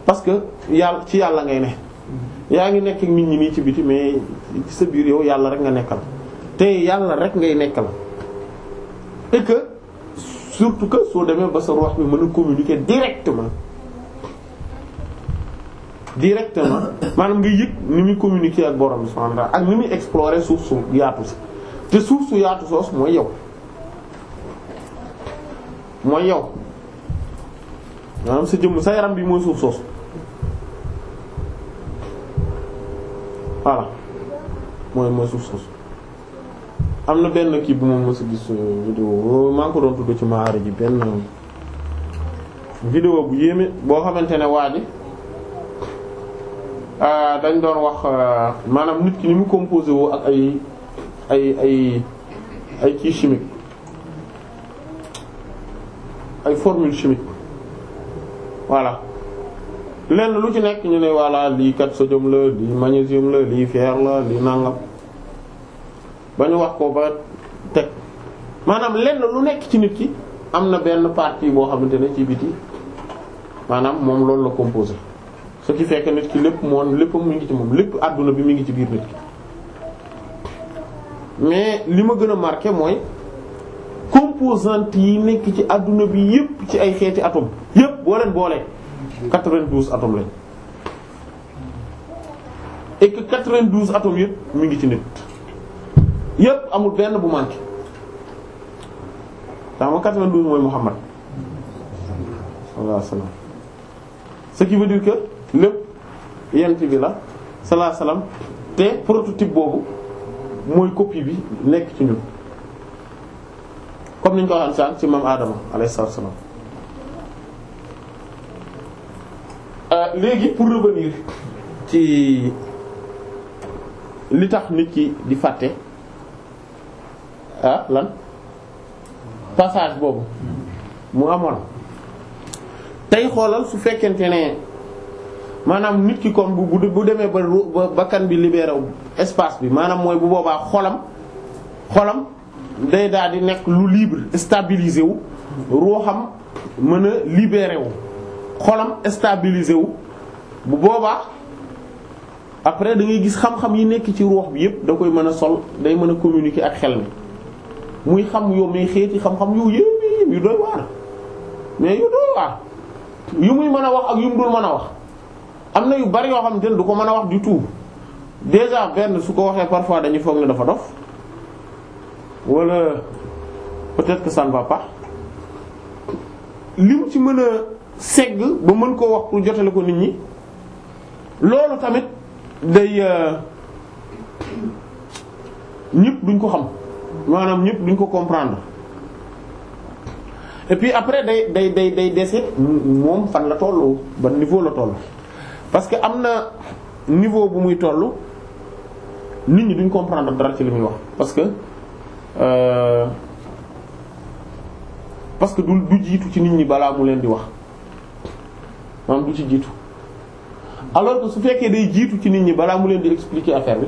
S1: parce que yàlla ci yàlla ngay ne yaa ngi nekk nit ñi ci biti mais sa biir yow yàlla rek nga nekkal te yàlla rek ngay nekkal. et que surtout que soo demee ba sa ruux bi mën a communiquer directement directement maanaam nga yëg ni muy communiquer ak borom bi subhaanahu ak ni muy explorer suuf su yaatu si te suuf su yaatu soos mooy yow mooy yow maanaam sa jëmm sa yaram bi mooy suuf soos voilà mooy mooy suuf soos am na benn kii bu ma mës a gis euh, vidéo euh, maa ngi ko doon tudd ci maari ji benn vidéo bu yéeme boo xamante ne waa ji euh, dañ doon wax maanaam nit ki ni mu composé woo ak ay ay ay ay kii chimique ay formule chimique voilà lenn lu ci nekk ñu ne voilà lii kat sodium la lii magnésium la lii fer la lii nangam ba ñu wax koo ba teg maanaam lenn lu nekk ci nit ki am na benn partie boo xamante ne ci biti maanaam moom loolu la composé ce qui fait que nit ki lépp moom léppam mu ngi ci moom lépp àdduna bi mu ngi ci biir nit ki mais li ma gën a marqué mooy composant yi nekk ci àdduna bi yépp ci ay xeeti atome yépp boolee leen boolee 92 atomes lañ et que 92 atomes yépp mu ngi ci nit. yépp amul benn bu manqué daa ma 92 mooy Muhammad sallallahu alayhi wasallam ce qui veut dire que lépp yent bi la sallallahu alayhi te prototype boobu mooy copie bi nekk ci ñun comme ni ñu ko waxee saan ci maam Adama alayhi salaam euh, léegi pour revenir ci li tax nit ki di fàtte. ah lan passage boobu mu amoon tey xoolal su fekkente ne maanaam nit ki kon bu bu bu demee ba ba bakkan bi libéré espace bi maanaam mooy bu boobaa xolam xolam day daal di nekk lu libre stabilisé wu ruuxam mën a libéré wu xolam stabilisé wu bu boobaa après da ngay gis xam-xam yi nekk ci ruux bi yépp da koy mën a sol day mën a communiquer ak xel mi muy xam yow muy xeeti xam-xam yow yéen yu doy waar mais yu doy waar yu muy mën a wax ak yu mu dul mën a wax am na yu bari yoo xam ne du ko mën a wax du tout déjà benn su ko waxee parfois dañuy foog ne dafa dof wala peut-être que ça ne va pas li mu ci mën a segg ba mën koo wax pour jotale ko nit ñi loolu tamit day euh, ñépp duñ ko xam. maanaam ñëpp duñ ko comprendre et puis après day day day day dese moom fan la tollu ban niveau la toll parce que am na niveau bu muy toll nit ñi duñ comprendre dara ci li muy wax parce que euh, parce que du du jiitu ci nit ñi balaa mu leen di wax maanaam du ci jiitu alors que su fekkee day jiitu ci nit ñi balaa mu leen di expliquer affaire bi.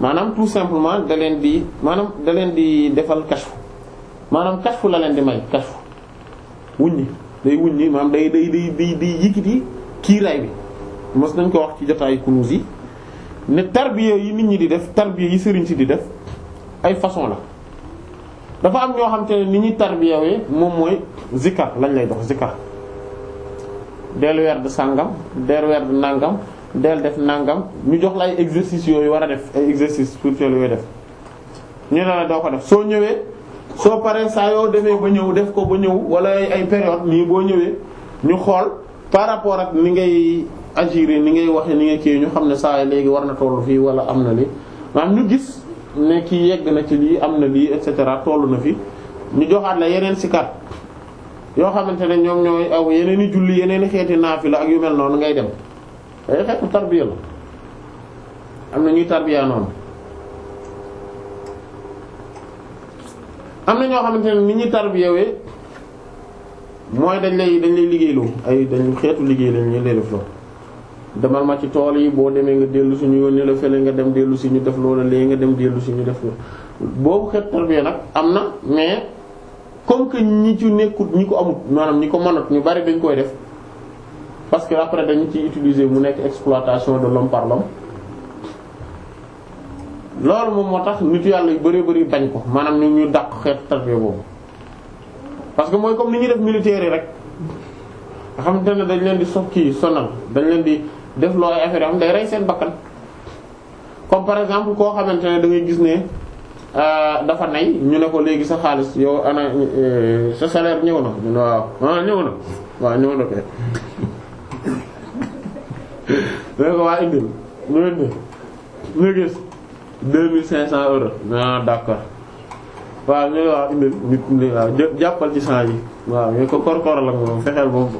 S1: maanaam tout simplement daleen leen di maanaam da leen di defal kashfu maanaam kashfu la leen di may kashfu wuññi day wuññi maanaam day day day day day yëkkati kiiraay bi mos nañ ko wax ci jotaayu kunuz yi ne tarbiya yi nit ñi di def tarbiya yi sëriñ si di def ay façon la dafa am ñoo xam te ne ni ñuy tarbiyawee moom mooy zikar lañ lay dox zikar del weer de sàngam del weer de nàngam del def nangam ñu jox la ay exercices yooyu war a def ay exercices spirituels yooyu def ñu ne la doo ko def soo ñëwee soo paree saa yoo demee ba ñëw def ko ba ñëw wala ay période nii boo ñëwee ñu xool par rapport ak ni ngay agir ni ngay waxe ni nga kii ñu xam ne saa léegi war na tollu fii wala am na li maanaam ñu gis ne kii yegg na ci lii am na lii et cetera tollu na fi ñu joxaat la yeneen sikar yoo xamante ne ñoom ñooy aw yeneen i julli yeneen i xeeti naafila ak yu mel noonu ngay dem. day eh, xeetu tarbiya la am na ñuy tarbiya noonu am na ñoo xamante ne ni ñuy tarbiyawee mooy dañ lay dañ lay liggéeyloo ay dañu xeetu liggéey lañ ñu lay def loo demal ma ci tool yi boo demee nga dellu si yoon yónnee la fële nga dem dellu si ñu def loola léegi nga dem dellu si ñu def loola boobu xeetu tarbiya nag am na mais comme que ñi ci nekkut ñi ko amut maanaam ñi ko mënut ñu bari dañ koy def. parce que après dañu ciy utiliser mu nekk exploitation de l'homme par moom moo tax nitu yàlla yu bari bari bañ ko maanaam ñu ñu dàq xeetu tarbiya boobu parce que mooy comme ni ñuy def militaire yi rek nga xamante ne dañ leen di sox kii sonal dañ leen di def loo ay affaire yoo xam day rey seen bakkan comme par exemple koo xamante ne dangay gis ne euh, dafa nay ñu ne ko léegi sa xaalis yow ana euh, sa salaire ñëw na waaw ah, ñëw na waaw ñëw na kay [laughs] dina ko waa indil ñu indil ñu gis deux mille cinq cents euros ah d'accord waaw ñu waa indil nit ñi waaw jàppal ci saa yi waaw ñu ko korkor la moom fexeel boobu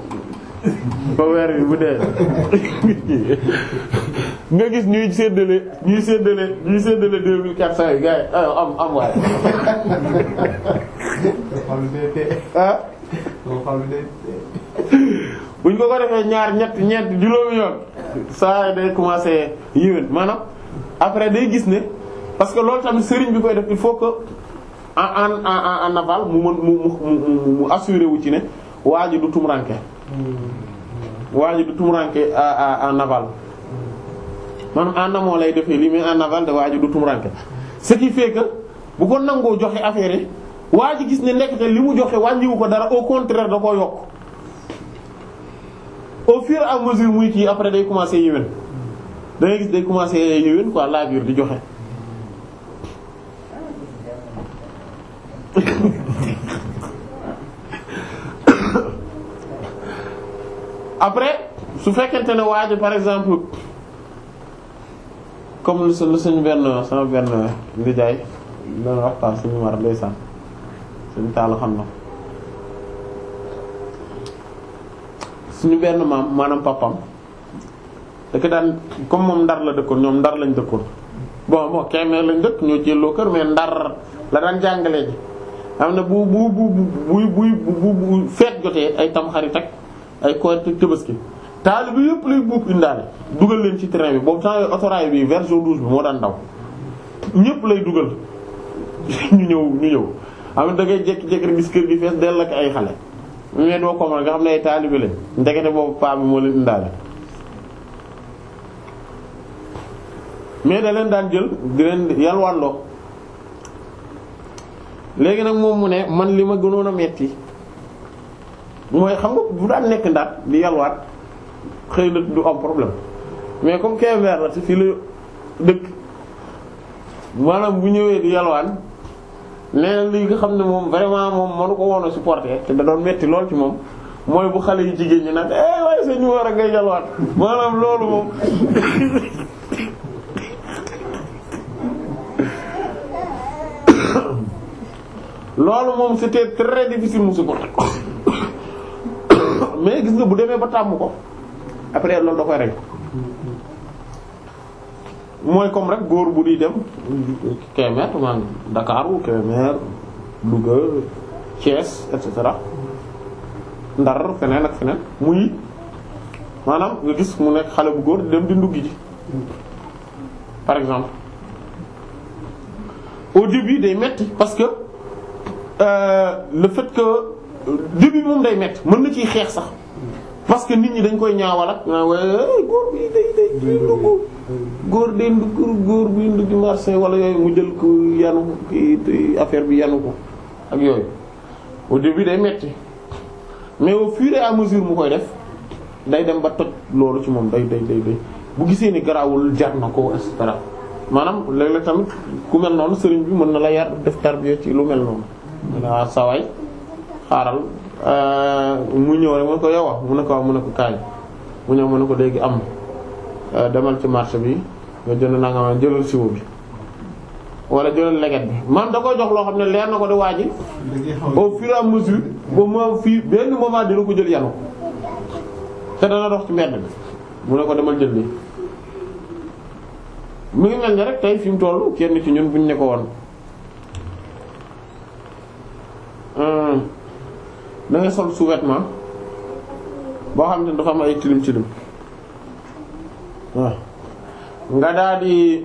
S1: ba weer bi bu dee [laughs] nga gis ñuy séddale ñuy séddale ñuy séddale deux mille quatre cents yi gars yi ah, am am waaye [laughs] ah buñ ko ko defee ñaar ñett ñeent juróomi yoon saa day commencé yéwén maanaam après day gis ne parce que loolu tamit sëriñ bi koy def il faut que en en en en aval mu assuré wu ci ne waa du tumuranke du tumuranke en aval en amont lay defee lii mais en aval de waa du tumuranke ce qui fait que bu ko nangoo joxe affaire yi waa ji gis ne nekk te li mu joxe wàññiwu ko dara au contraire da koo yokk. au fur et à mesure muy kii après day commencer yéwén da ngay gis day commencer yéwén quoi laa biir di joxe. après su fekkente ne waa ji par exemple comme lu suñ benn sama benn nijaay dana waxtaan suñu mar ndeysaan suñu taal xam na ñu benn maam maanaam papam dëkk daan comme moom ndar la dëkkoon ñoom ndar lañ dëkkoon bon bon Kébémer lañ dëkk ñoo loo kër mais ndar la daan jàngalee ji am na bu bu bu bu bu bu bu feet jotee ay tamxarit ak ay koor Tabaski taalibe bi yëpp lay buub indaale dugal leen ci train bi boobu temps yooyu bi version douze bi moo daan daw ñëpp lay dugal [laughs] ñu ñëw ñu ñëw am na da ngay jékki-jékki gis kër gi fees dell ak ay xale. ñee doo comprendre nga xam ne ay taalibe lañ ndekete boobu paa bi moo leen indaale mais da leen daan jël di leen yalwaan loo léegi nag moom mu ne man li ma gënoon a metti mooy xam nga bu daan nekk ndaat di yalwaat xëy na du am problème mais comme Kébémer la ci fii la dëkk maanaam bu ñëwee di yalwaan leneen li nga xam ne moom vraiment moom mënu ko woon a supporter te da metti lool ci moom mooy bu xale yu jigéen ñi naan eh waaye seen ñu war a ngay jalwaat maanaam loolu moom loolu moom c'était très difficile mu supporter [coughs] mais gis nga bu demee ba tàmm ko après loolu da koy rek mooy comme rek góor bu di dem Kebemer maanaam Dakar Kebemer Louga Thiès et cetera Ndar feneen ak feneen muy maanaam nga gis mu nekk xale bu góor di dem di nduggi ji par exemple au début day metti parce que euh, le fait que début moom day metti mën na ciy xeex sax. parce que nit ñi dañ koy ñaawal ak naan waaye góor bi day day day dugg góor day dugg góor bi yooyu mu jël ko yanu kii affaire bi yanu ko ak yooyu au début day metti mais au à mesure mu koy def day dem ba toj loolu ci moom day day day day bu gisee ni garaawul jar na ko et maanaam léeg-léeg tamit ku mel noonu sëriñ bi mën na la yar def tarbiya ci lu mel noonu. waaw sawaay xaaral Euh, mu ñëw rek mu ne ko yow mu ne ko waaw mu ne ko kaay mu ñëw mu ne ko léegi am euh, demal ci marché bi nga jënd naa nga ma jëlal siwo bi wala jëlal leget bi man da koy jox loo xam ne leer na ko di waaj au fur et à mesure ba mu fii benn moment dina ko jël yanu te dana dox demal jël lii mu ngi mel ni rek tey fi mu toll kenn ci ñun buñ ne ko woon euh, da sol sous-vêtement boo xam ne dafa am ay tilim tilim waaw nga daal di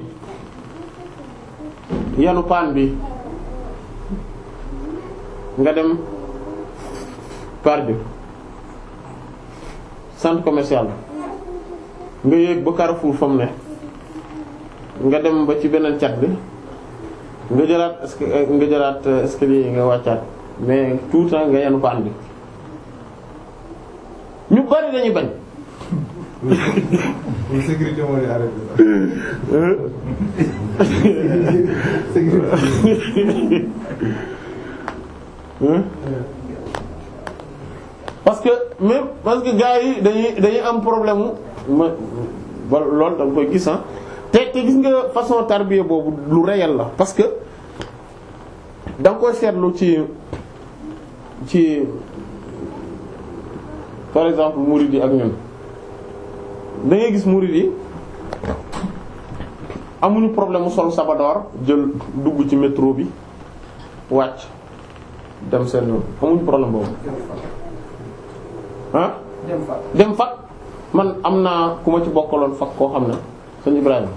S1: yanu paan bi nga dem Pardieu centre commercial nga yéeg ba Carrefour fa ne nga dem ba ci beneen cat bi nga jëlaat nga jëlaat escalier yi nga wàccaat. mais tout ça nga yenu ko andi ñu bari dañuy bañ. [laughs] sécurité moo di arrêté [laughs] que même parce que gars yi dañuy dañuy am problème mu ma loolu da nga koy gis ah te te gis nga façon tarbiya boobu lu réel la parce que da nga koy ci. ci par exemple murid yi ak ñun da ngay gis murid yi amuñu problème mu sol sabadoor jël dugg ci metro bi wàcc dem seen yoon amuñu problème boobu. ah dem fat man am naa ku ma ci bokkaloon fak koo xam ne sëñ Ibrahima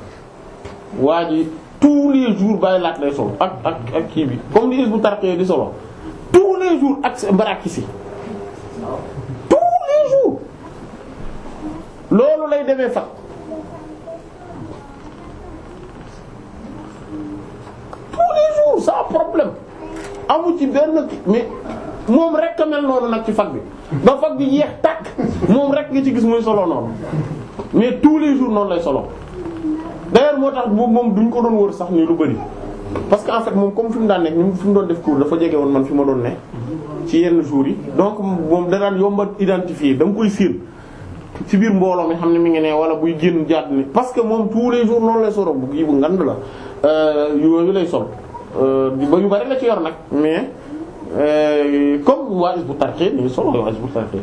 S1: waa ji tous les jours bàyyi laat lay sol ak ak ak kii bi comme ni is bu tarqee di solo tous les jours ak Mbarakisi
S2: tous les jours
S1: loolu lay demee fat tous les jours sans problème amu ci benn mais moom rek ka mel noonu nag ci fag bi ba fag bi yeex tàkk moom rek nga ci gis muy solo noonu mais tous les jours noonu lay solo d'ailleurs moo tax moom duñ ko doon wër sax ni lu bari parce que en fait moom comme fi mu daan nekk ñun fi mu doon def cours dafa jege woon man fi ma doon ne ci yenn jours yi donc moom da daan yomba identifier da nga koy siin ci biir mbooloo mi xam ne mi ngi ne wala buy génn jaat ni parce que moom tous les jours soro bu yi la euh, yooyu lay sol euh, ba yu bari la ci yor nag mais euh, comme waa is bu tarxee ni solo waa is bu tarxee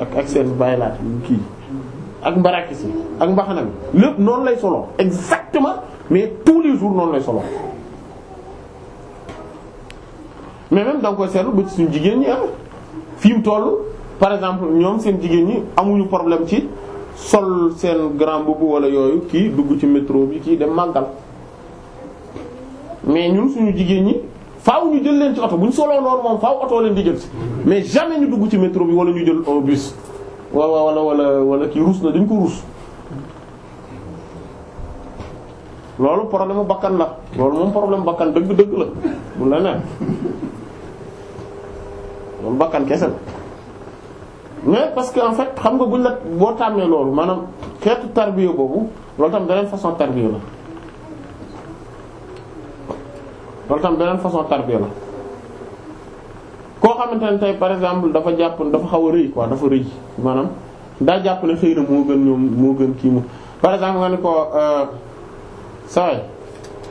S1: ak ak seen bàyyi laat kii ak mbarakis yi ak mbaxana lépp noonu lay solo exactement mais tous les jours noonu lay solo mais même da nga koy seetlu ba ci suñu jigéen ñi am fi mu toll par exemple ñoom seen jigéen ñi amuñu problème ci sol seen grand boubou wala yooyu kii dugg ci métro bi kii dem màggal mais ñun suñu jigéen ñi faaw ñu jël leen ci oto bu ñu soloo loolu moom faaw oto leen di jël mais jamais ñu dugg ci métro bi wala ñu jël un bus wala wala wala ruus na dañ ko ruus loolu problème bakkan la loolu moom problème bakkan dëgg-dëgg la bu la ne loolu bakkan kese mais parce que en fait xam nga buñ la boo tàmmee loolu maanaam xeetu tarbiya boobu loolu tam beneen façon tarbiya la loolu tam beneen façon tarbiya la koo xamante ne tey par exemple dafa jàpp dafa xaw a rëy quoi dafa rëy maanaam daa jàpp ne xëy na moo gën ñoom moo gën kii mu par exemple nga ne ko saay euh,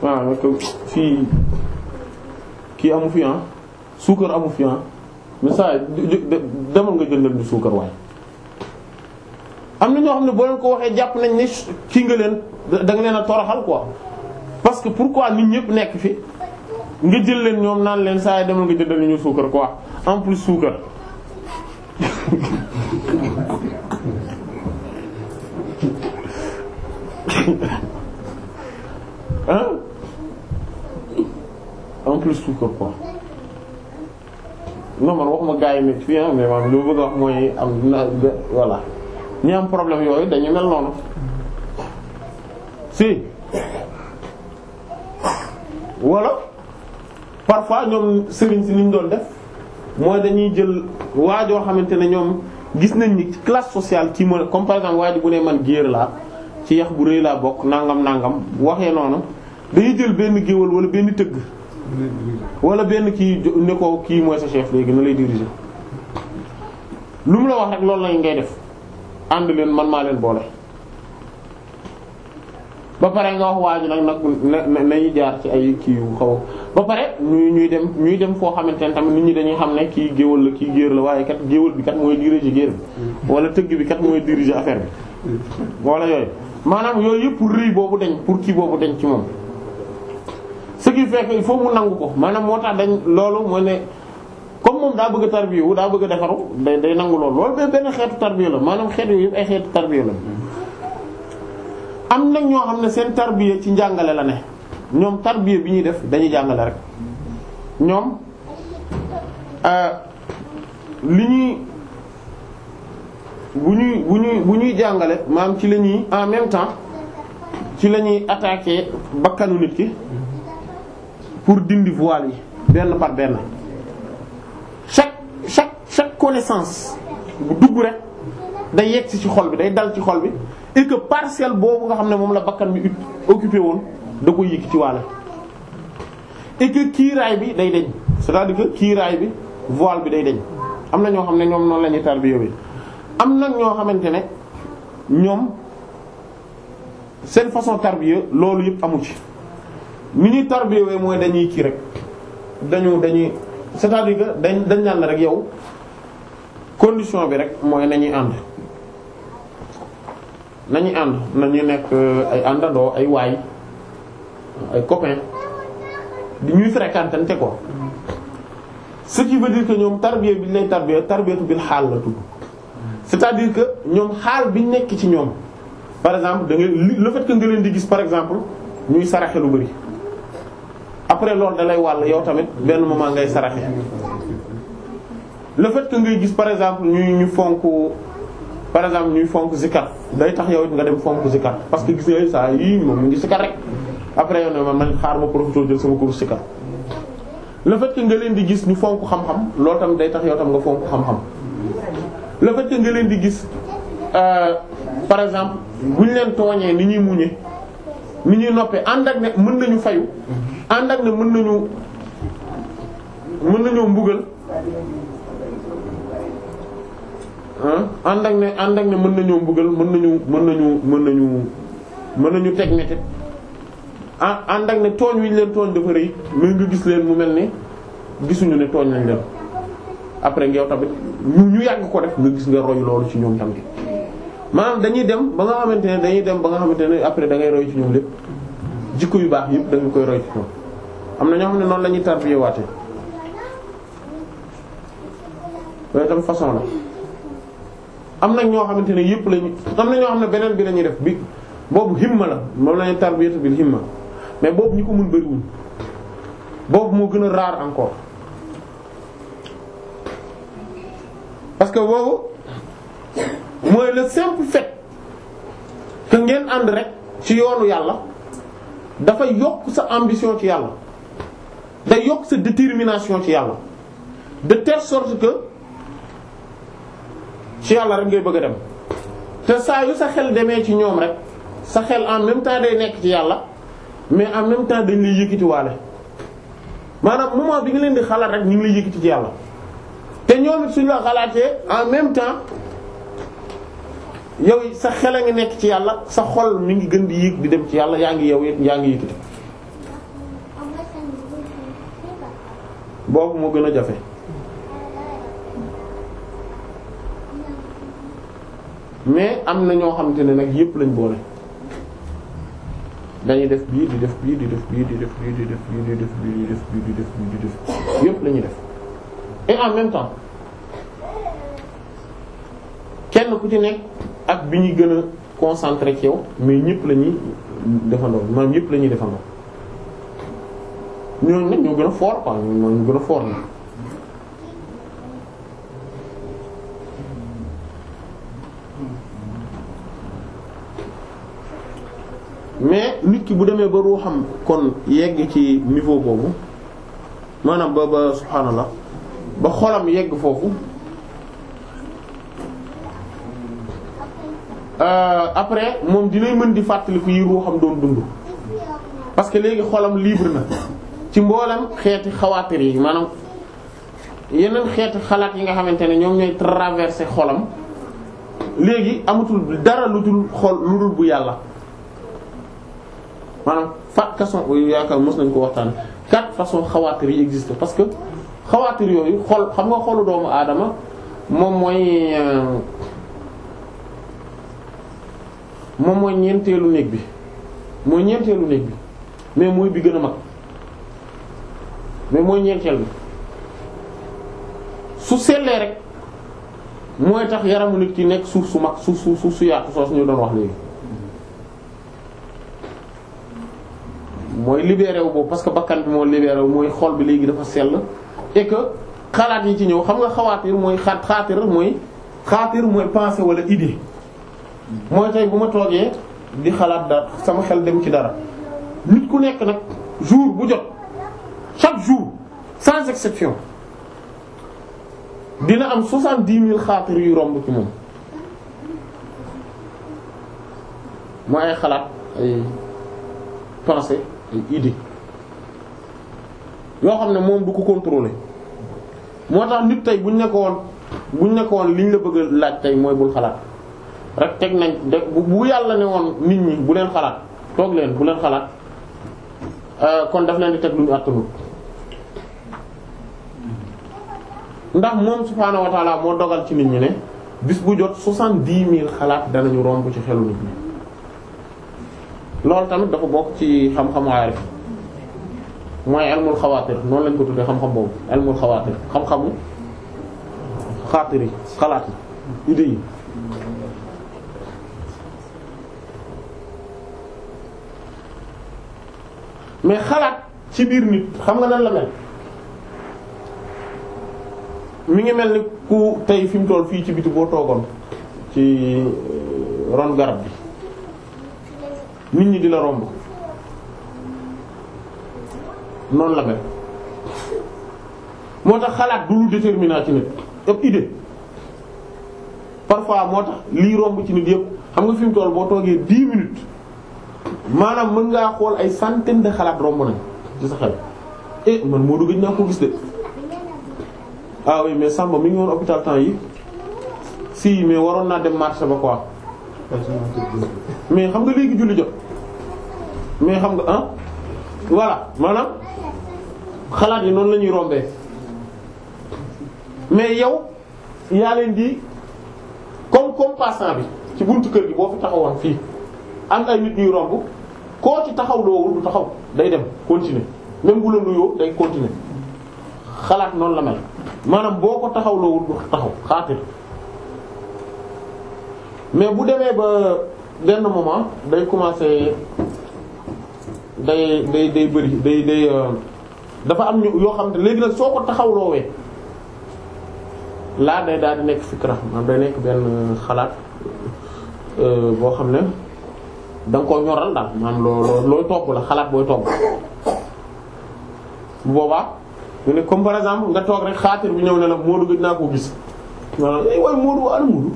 S1: waaw nga fii kii amu fi ah suukar amu fi ah. mais saa demal nga jëndal du suukar waaye am na ñoo xam ne boo leen ko waxee jàpp nañ ne kii nga leen da leen a toroxal ko parce que pour pourquoi nit ñëpp nekk fi nga jël leen ñoom naan leen saa demal nga jëndal ñu suukar quoi en plus suukar. ah [laughs] plus suukar non man ma gars yi nekk fii ah mais maanaam li bëgg a wax mooy am na voilà ñi am problème yooyu dañu mel noonu si wala parfois ñoom sëriñ si li doon def mooy dañuy jël waa joo xamante ne ñoom gis nañ ni classe sociale kii moo comme par bu ne man géer laa ci yax bu rëy laa bokk nangam nangam bu waxee noonu dañuy jël benn géwël wala benn tëgg. wala benn kii ni ko kii mooy sa chef léegi na lay diriger lu mu la wax rek loolu lañ ngay def ànd leen man maa leen boole. ba pare nga wax waa ji nag nag nañu jaar ci ay kii yu xaw ba pare ñuy ñuy dem ñuy dem foo xamante ne tamit nit ñi dañuy xam ne kii géwël la kii géer la waaye kat géwël bi kat mooy diriger géer bi wala tëgg bi kat mooy diriger affaire bi wala yooyu maanaam yooyu yëpp rëy boobu dañ pour kii boobu deñ ci moom ce qui fait foofu mu nangu ko maanaam moo tax dañ loolu mooy ne comme moom daa bëgg a tarbiya wu daa bëgg a defaru day day nangu loolu loolu ba benn xeetu tarbiya la maanaam xeet yooyu ay xeetu tarbiya la nag ñoo xam ne seen tarbiya ci njàngale la ne ñoom tarbiya bi ñuy def dañuy jàngale rek ñoom euh, li ñuy bu ñuy bu ñuy bu ñuy jàngale maam ci la ñuy en même temps ci la ñuy attaquer bakkanu nit ki pour dindi voile yi benn par benn chaque chaque chaque connaissance bu dugg rek day yegg si ci xol bi day dal ci xol bi et que parcelle boobu nga xam ne moom la bakkan bi ut occupé woon da koy yëg ci waale et que kiiraay bi day deñ c'est-à-dire que kiiraay bi voile bi day deñ am na ñoo xam ne ñoom noonu lañuy ñuy tarbiya bi am na ñoo xamante ne ñoom seen façon tarbiya loolu yëpp amu ci. ni ñuy tarbiyee mooy dañuy kii rek dañu dañuy c'est-à-dire dañ dañ naan rek yow condition bi rek mooy nañuy ànd nañuy ànd nañu nekk ay àndandoo ay waay ay copains di ñuy fréquentante ko ce qui veut dire que ñoom tarbiya bi ñu lay tarbiya tarbiyatu bil xaal la tudd c'est-à-dire que ñoom xaal bi nekk ci ñoom par exemple da nga le fait que nga leen di gis par exemple ñuy saraxe lu bari lool loolu dalay wàll yow tamit benn moment ngay saraxe le fait ngay gis par exemple ñuy ñu fonk par exemple ñuy fonk zikar day tax yow it nga dem fonk zikar parce que gis nga yii moom mu ngi zikar rek après yow ne ma man xaar ma profité jël sama cours si le fait que nga leen di gis ñu fonk xam-xam loolu tamit day tax yow tam nga fonk xam-xam le fait nga leen di gis euh, par exemple buñ leen tooñee ni ñuy muñe mi ñuy noppee ànd ak ne mën nañu fayu ànd ak ne mën nañu mën nañoo mbugal ah, ànd ak ne ànd ak ne mën nañoo mbugal mën nañu mën nañu mën nañu mën nañu teg métit ah, ànd ak ne tooñ wi leen tooñ dafa rëy mais nga gis leen mu mel ni gisuñu ne tooñ lañ leen après nga yow tamit ñu ñu yàgg ko def nga gis nga roy loolu ci ñoom tamit maanaam dañuy dem ba nga xamante ne dañuy dem ba nga xamante ne après da ngay roy ci ñoom lépp jikko yu baax yëpp da nga koy roy ci am na ñoo xam ne noonu la ñuy tarbiye waate loolu itam façon la am na ñoo xamante ne yëpp lañu am na ñoo xam ne beneen bi la def bi boobu himma la moom la ñuy tarbiyatu bil himma mais boobu ñu ko mun bëriwul boobu moo gën a rare encore parce que boobu mooy le simple fait que ngeen ànd rek ci yoonu yàlla dafa yokk sa ambition ci yàlla day yokk sa détermination ci yàlla de telle sorte que ci yàlla rek ngay bëgg a dem te saa yu sa xel demee ci ñoom rek sa xel en même temps day nekk ci yàlla mais en même temps dañ lay yëkkati waale maanaam moment bi nga leen di xalaat rek ñu ngi lay ci yàlla te ñoom it suñu la xalaatee en même temps yow sa xel a ngi nekk ci yàlla sa xol mu ngi gën di yéeg di dem ci yàlla yaa ngi yow yaa ngi yëkkati boobu moo gën a jafe mais am na ñoo xamante ne nag yëpp lañ boole dañuy def bii di def bii di def bii di def bii di def bii di def bii di def bii di def bii di def yépp lañuy def et en même temps kenn ku ci nekk ak bi ñuy gën a concentré ci yow mais ñëpp la ñuy defandoo maanaam ñëpp la ñuy defandoo ñooñu nag ñoo gën a fort quoi ñoo gën a fort na mais nit ki bu demee ba ruuxam kon yegg ci niveau boobu maanaam ba ba subhaanallah ba xolam yegg foofu Euh, après moom dinay mën di fàttaliku yi ruuxam doon dund parce que léegi xolam libre na ci mboolem xeeti xawaatir yi maanaam yeneen xeeti xalaat yi nga xamante ne ñoom ñooy traverser xolam léegi amatul dara lu dul xol lu dul bu yàlla maanaam fat façon yaakaar mos nañ ko waxtaan quatre façon xawaatir yi existe parce que xawaatir yooyu xol xam nga xolu doomu aadama moom mooy euh, moom mooy ñeenteelu néeg bi mooy ñeenteelu néeg bi mais mooy bi gën a mag mais mooy ñeenteel bi su sellee rek mooy tax yaramu nit ki nekk suuf su mag suuf su suuf su yaatu soos ñu doon wax léegi mooy libéré wu boobu parce que bakkan bi moo libéré mooy xool bi léegi dafa sell et que xalaat yi ci ñëw xam nga xawaatir mooy xaat xaatir mooy xaatir mooy pensée wala idée mooy tey bu ma toogee di xalaat dara sama xel dem ci dara nit ku nekk nag jour bu jot chaque jour sans exception dina am soixante-dix mille xaatir yu romb ci moom mooy ay xalaat ay pensée ay idée yoo xam ne moom du ko contrôler moo tax nit tey buñ nekkoon buñ nekkoon liñ la bëgg a laaj tey mooy bul xalaat rek teg nañ de bu yàlla ne woon nit ñi bu leen xalaat toog leen bu leen xalaat euh, kon daf leen di teg lu ñu àttanut ndax moom subhaanahu wa moo dogal ci nit ñi ne bis bu jot soixante-dix mille xalaat danañu romb ci xelu nit ñi loolu tamit dafa bokk ci xam-xamu aarif mooy elmul xawaatir noonu lañ ko tuddee xam-xam boobu elmul xawaatir xam-xamu xaatir xalaat yi idées yi mais xalaat ci biir nit xam nga nan la mel mi ngi mel ni ku tey fi mu toll fii ci biti boo toogoon ci euh, ron garab bi nit ñi di la romb noonu la mel moo tax xalaat du lu déterminant ci nit ëpp idée parfois moo tax lii romb ci nit yëpp xam nga fi mu toll boo toogee dix minutes maanaam mën ngaa xool ay centaine de xalaat romb nañ ci sa xel eh man Modou gëj naa ko gis de ah mais Samba mi ngi woon hôpital temps yi si mais waroon naa dem marché ba quoi mais xam nga léegi julli jot mais xam nga ah voilà maanaam xalaat yi noonu la ñuy rombee mais yow yaa leen di comme comme passant bi ci buntu kër gi boo fi taxawoon fii. am ay nit ñuy romb koo ci taxaw loowul du taxaw day dem continuer même bu la nuyoo day continuer xalaat noonu la mel maanaam boo ko taxaw loowul du taxaw xaatir mais bu demee ba benn moment day commencer day day day bëri day day euh, dafa am ñu yoo xam ne léegi nag soo ko taxaw loowee laa day daal di nekk fikra maanaam day nekk benn xalaat euh, boo xam ne da nga koo ñoral daal maanaam loo looy togg la xalaat booy togg boobaa ñu ne comme par exemple nga toog rek xaatir bi ñëw ne la Moodu gëj naa koo gis maanaam eh waaye Moodu ana Moodu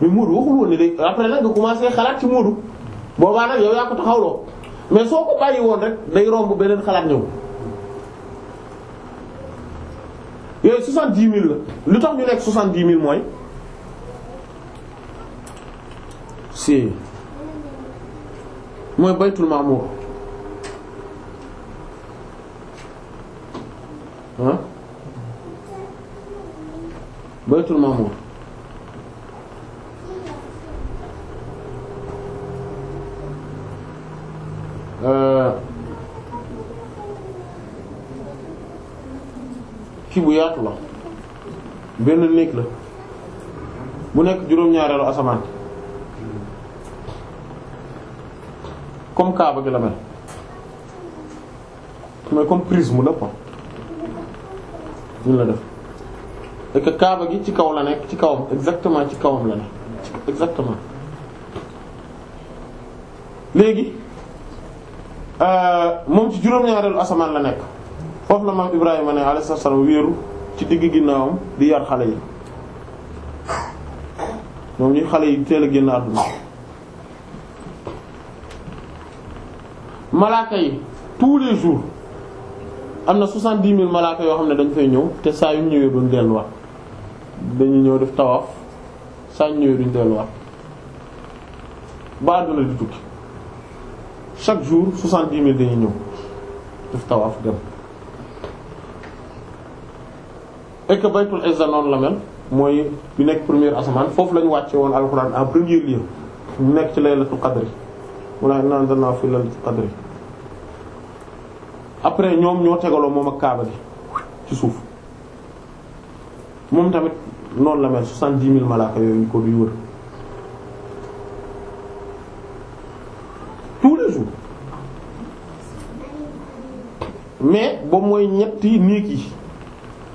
S1: mais waxul woon ne de après nag nga commencé xalaat ci Moodu boobaa nag yow yaa ko taxawloo mais soo ko bàyyi woon rek day romb beneen xalaat ñëw. yooyu soixante-dix mille la lu tax ñu nekk soixante-dix mille mooy mooy baytul maamuur ah baytul maamuur euh, kii yaatu la benn néeg la bu nekk juróom-ñaareelu asamaan comme Kaaba gi la mel mais comme prisme mu quoi ñu la def et que Kaaba gi ci kaw la nekk ci kawam exactement ci kawam la nekk exactement léegi euh, moom ci juróom-ñaareelu asamaan la nekk foofu la maam Ibrahima ne sa salaam wéeru ci digg ginnaawam di yar xale yi moom ñuy xale yi teel a génn àdduna malaaka yi tous les jours am na soixante-dix mille malaaka yoo xam ne dañ fay ñëw te saa yu ñëwee duñ delluwaat dañuy ñëw def tawaaf saa yu ñëwee duñ delluwaat ba àdduna di tukki chaque jour soixante-dix mille dañuy ñëw def tawaaf dem et que baytul izza noonu la mel mooy bi nekk premier asamaan foofu la ñu wàcce woon alxuraan en premier lieu ñu nekk ci laylatul qadri walla inna anzalnaahu fi laylatul qadr après ñoom ñoo tegaloo moom ak kaaba gi ci suuf moom tamit noonu la mel soixante-dix mille malaaka yooyu ko duy wër mais ba mooy ñetti néeg yi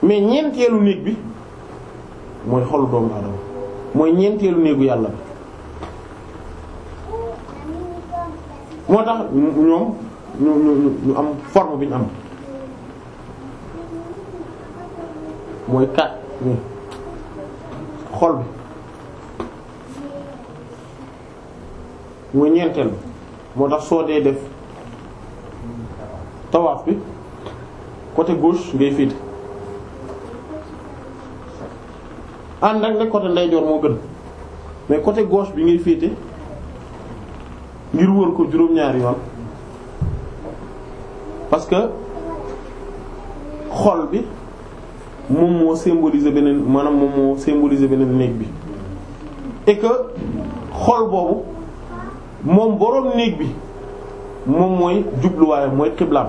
S1: mais ñeenteelu néeg bi mooy xolu doomu aadama mooy ñeenteelu néegu yàlla bi moo tax ñoom ñu ñu ñu am forme bi ñu am mooy kat xol bi mooy ñeenteel bi moo tax soo dee def tawaaf bi côté gauche ngay fiit ànd ak ne côté ndeyjoor moo gën mais côté gauche bi ngay féete ngir wër ko juróom-ñaari yoon parce que xol bi moom moo symboliser beneen maanaam moom moo symboliser beneen néeg bi et que xol boobu moom boroom néeg bi moom mooy jubluwaay mooy xiblaam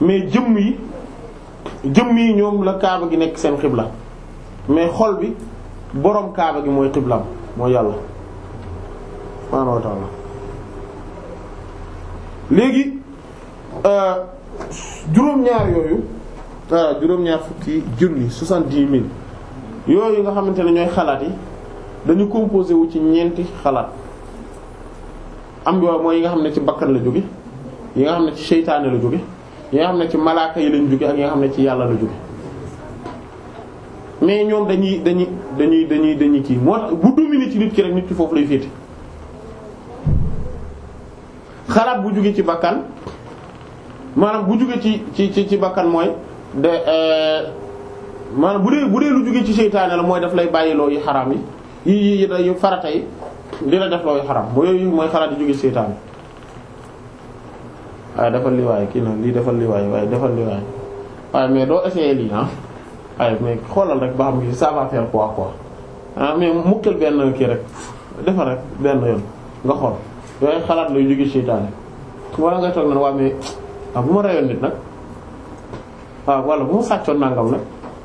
S1: mais jëm yi jëmm yi ñoom la kaaba gi nekk seen xibla mais xol bi boroom kaaba gi mooy xiblaam moo yàlla subhaanahu wa ta'aala léegi euh, juróom-ñaar yooyu voilà euh, juróom-ñaar fukki junni soixante-dix mille yooyu nga xamante ne ñooy xalaat yi dañu composé wu ci ñeenti xalaat am yoo mooy yi nga xam ne ci bakkan la jóge yi nga xam ne ci seytaane la jóge yi nga xam ne ci malaaka yi lañ jóge ak yi nga xam ne ci yàlla la jóge mais ñoom dañuy dañuy dañuy dañuy dañuy ci moo tax bu dominer ci nit ki rek nit ki foofu lay féete xalaat bu jóge ci bakkan maanaam bu jóge ci ci ci ci bakkan mooy de euh, maanaam bu dee bu dee lu jóge ci seytaane la mooy daf lay bàyyiloo yu xaraam yi yi yi yu farata yi di la def loo yu xaraam mooy yooyu mooy xalaat yu jóge ci seytaane waaye defal li waaye kii na lii defal li waaye waaye defal li waaye waaye mais doo essayer lii ah waaye mais xoolal rek ba xam ngi ça va faire quoi quoi ah mais benn kii rek defal rek benn yoon nga xool yooyu xalaat lay jóge seytaane wala nga toog nag waa mais ah bu ma rayoon nit nag ah wala bu ma sàccoon nangam nag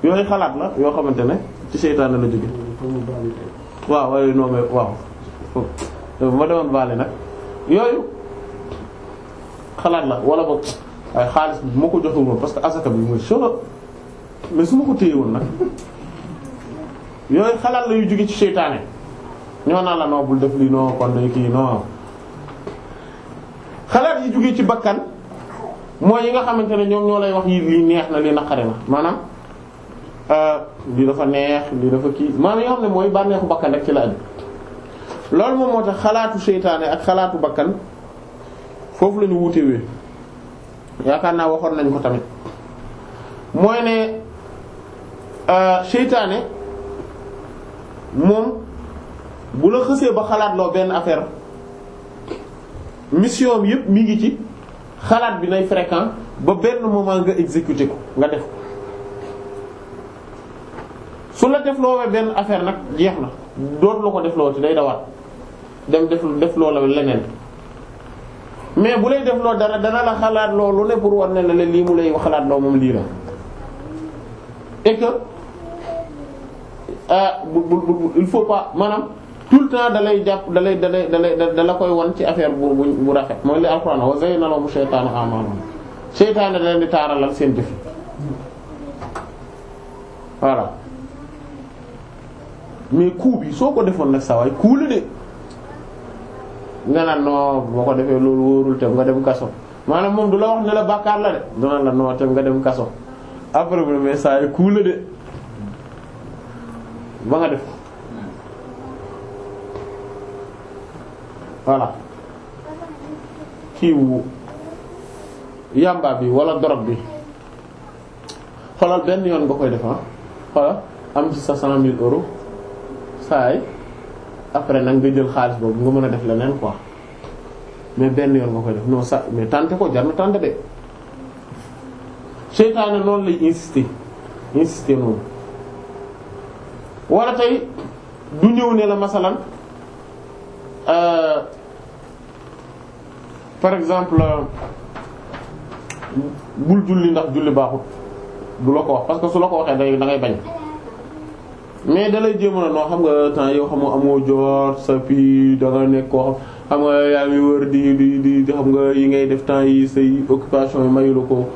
S1: yooyu xalaat la yoo xamante ne ci seytaane la jóge waaw waaye oh, wala boog xaalis bi ma ko joxul woon parce que asaka bi mooy solo mais su ma ko téye woon nag yooyu xalaat la yu jóge ci seytaane ñoo naa la noo bul def lii noo kon day kii non xalaat yi jógee ci bakkan mooy yi nga xamante ne ñoom ñoo lay wax yi lii neex na lii naqare na maanaam euh, lii dafa neex lii dafa kii maanaam yoo xam ne mooy bànneexu bakkan rek ci la aju loolu moom moo tax xalaatu seytaane ak xalaatu bakkan foofu lañu ñu wutewee yaakaar naa waxoon nañ ko tamit mooy ne euh, seytaane moom bu la xësee ba xalaat loo benn affaire mission bi yëpp mi ngi ci xalaat bi nay fréquent ba benn moment nga exécuter ko nga def ko su la def loowee benn affaire nag jeex na doot la ko def loo ci day dawaat dem def def loola leneen mais bu lay def loo dara dana la xalaat loolu ne pour war ne la lii mu lay xalaat loo moom lii la et ah bu bu il faut pas maanaam. tout le temps dalay jàpp dalay lay da lay da koy won ci affaire bu bu bu rafet mooy li alxuraan wa zayyana lahum shaytaanu a'maalahum seytaane da leen di taaralal seen jëf voilà mais coup bi soo ko defoon nag saa waay la de nga naan non boo ko defee loolu wóorul te nga dem kaso maanaam moom du la wax ne la la de dana la non nga dem kaso après mais saa yi la de ba nga def. voilà kiiwu yamba bi wala dorog bi xoolal benn yoon nga koy defar ah. xoolal am ci sa cent mille euros saay après nag nga jël xaalis boobu nga mën a def leneen quoi mais benn yoon nga koy def non sa mais tànte ko jar na tànte de seytaane noonu lay insister insister noonu wala tey du ñëw ne la masalan euh, par exemple euh, bul julli ndax julli baaxut du la ko wax parce que su la ko waxee da ngay bañ mais dalay lay jéem noo xam nga temps yow xam nga amoo jot sa pi da nga nekk koo xam nga yaa ngi wër di di di xam nga yi ngay def temps yi say occupation yi mayu ko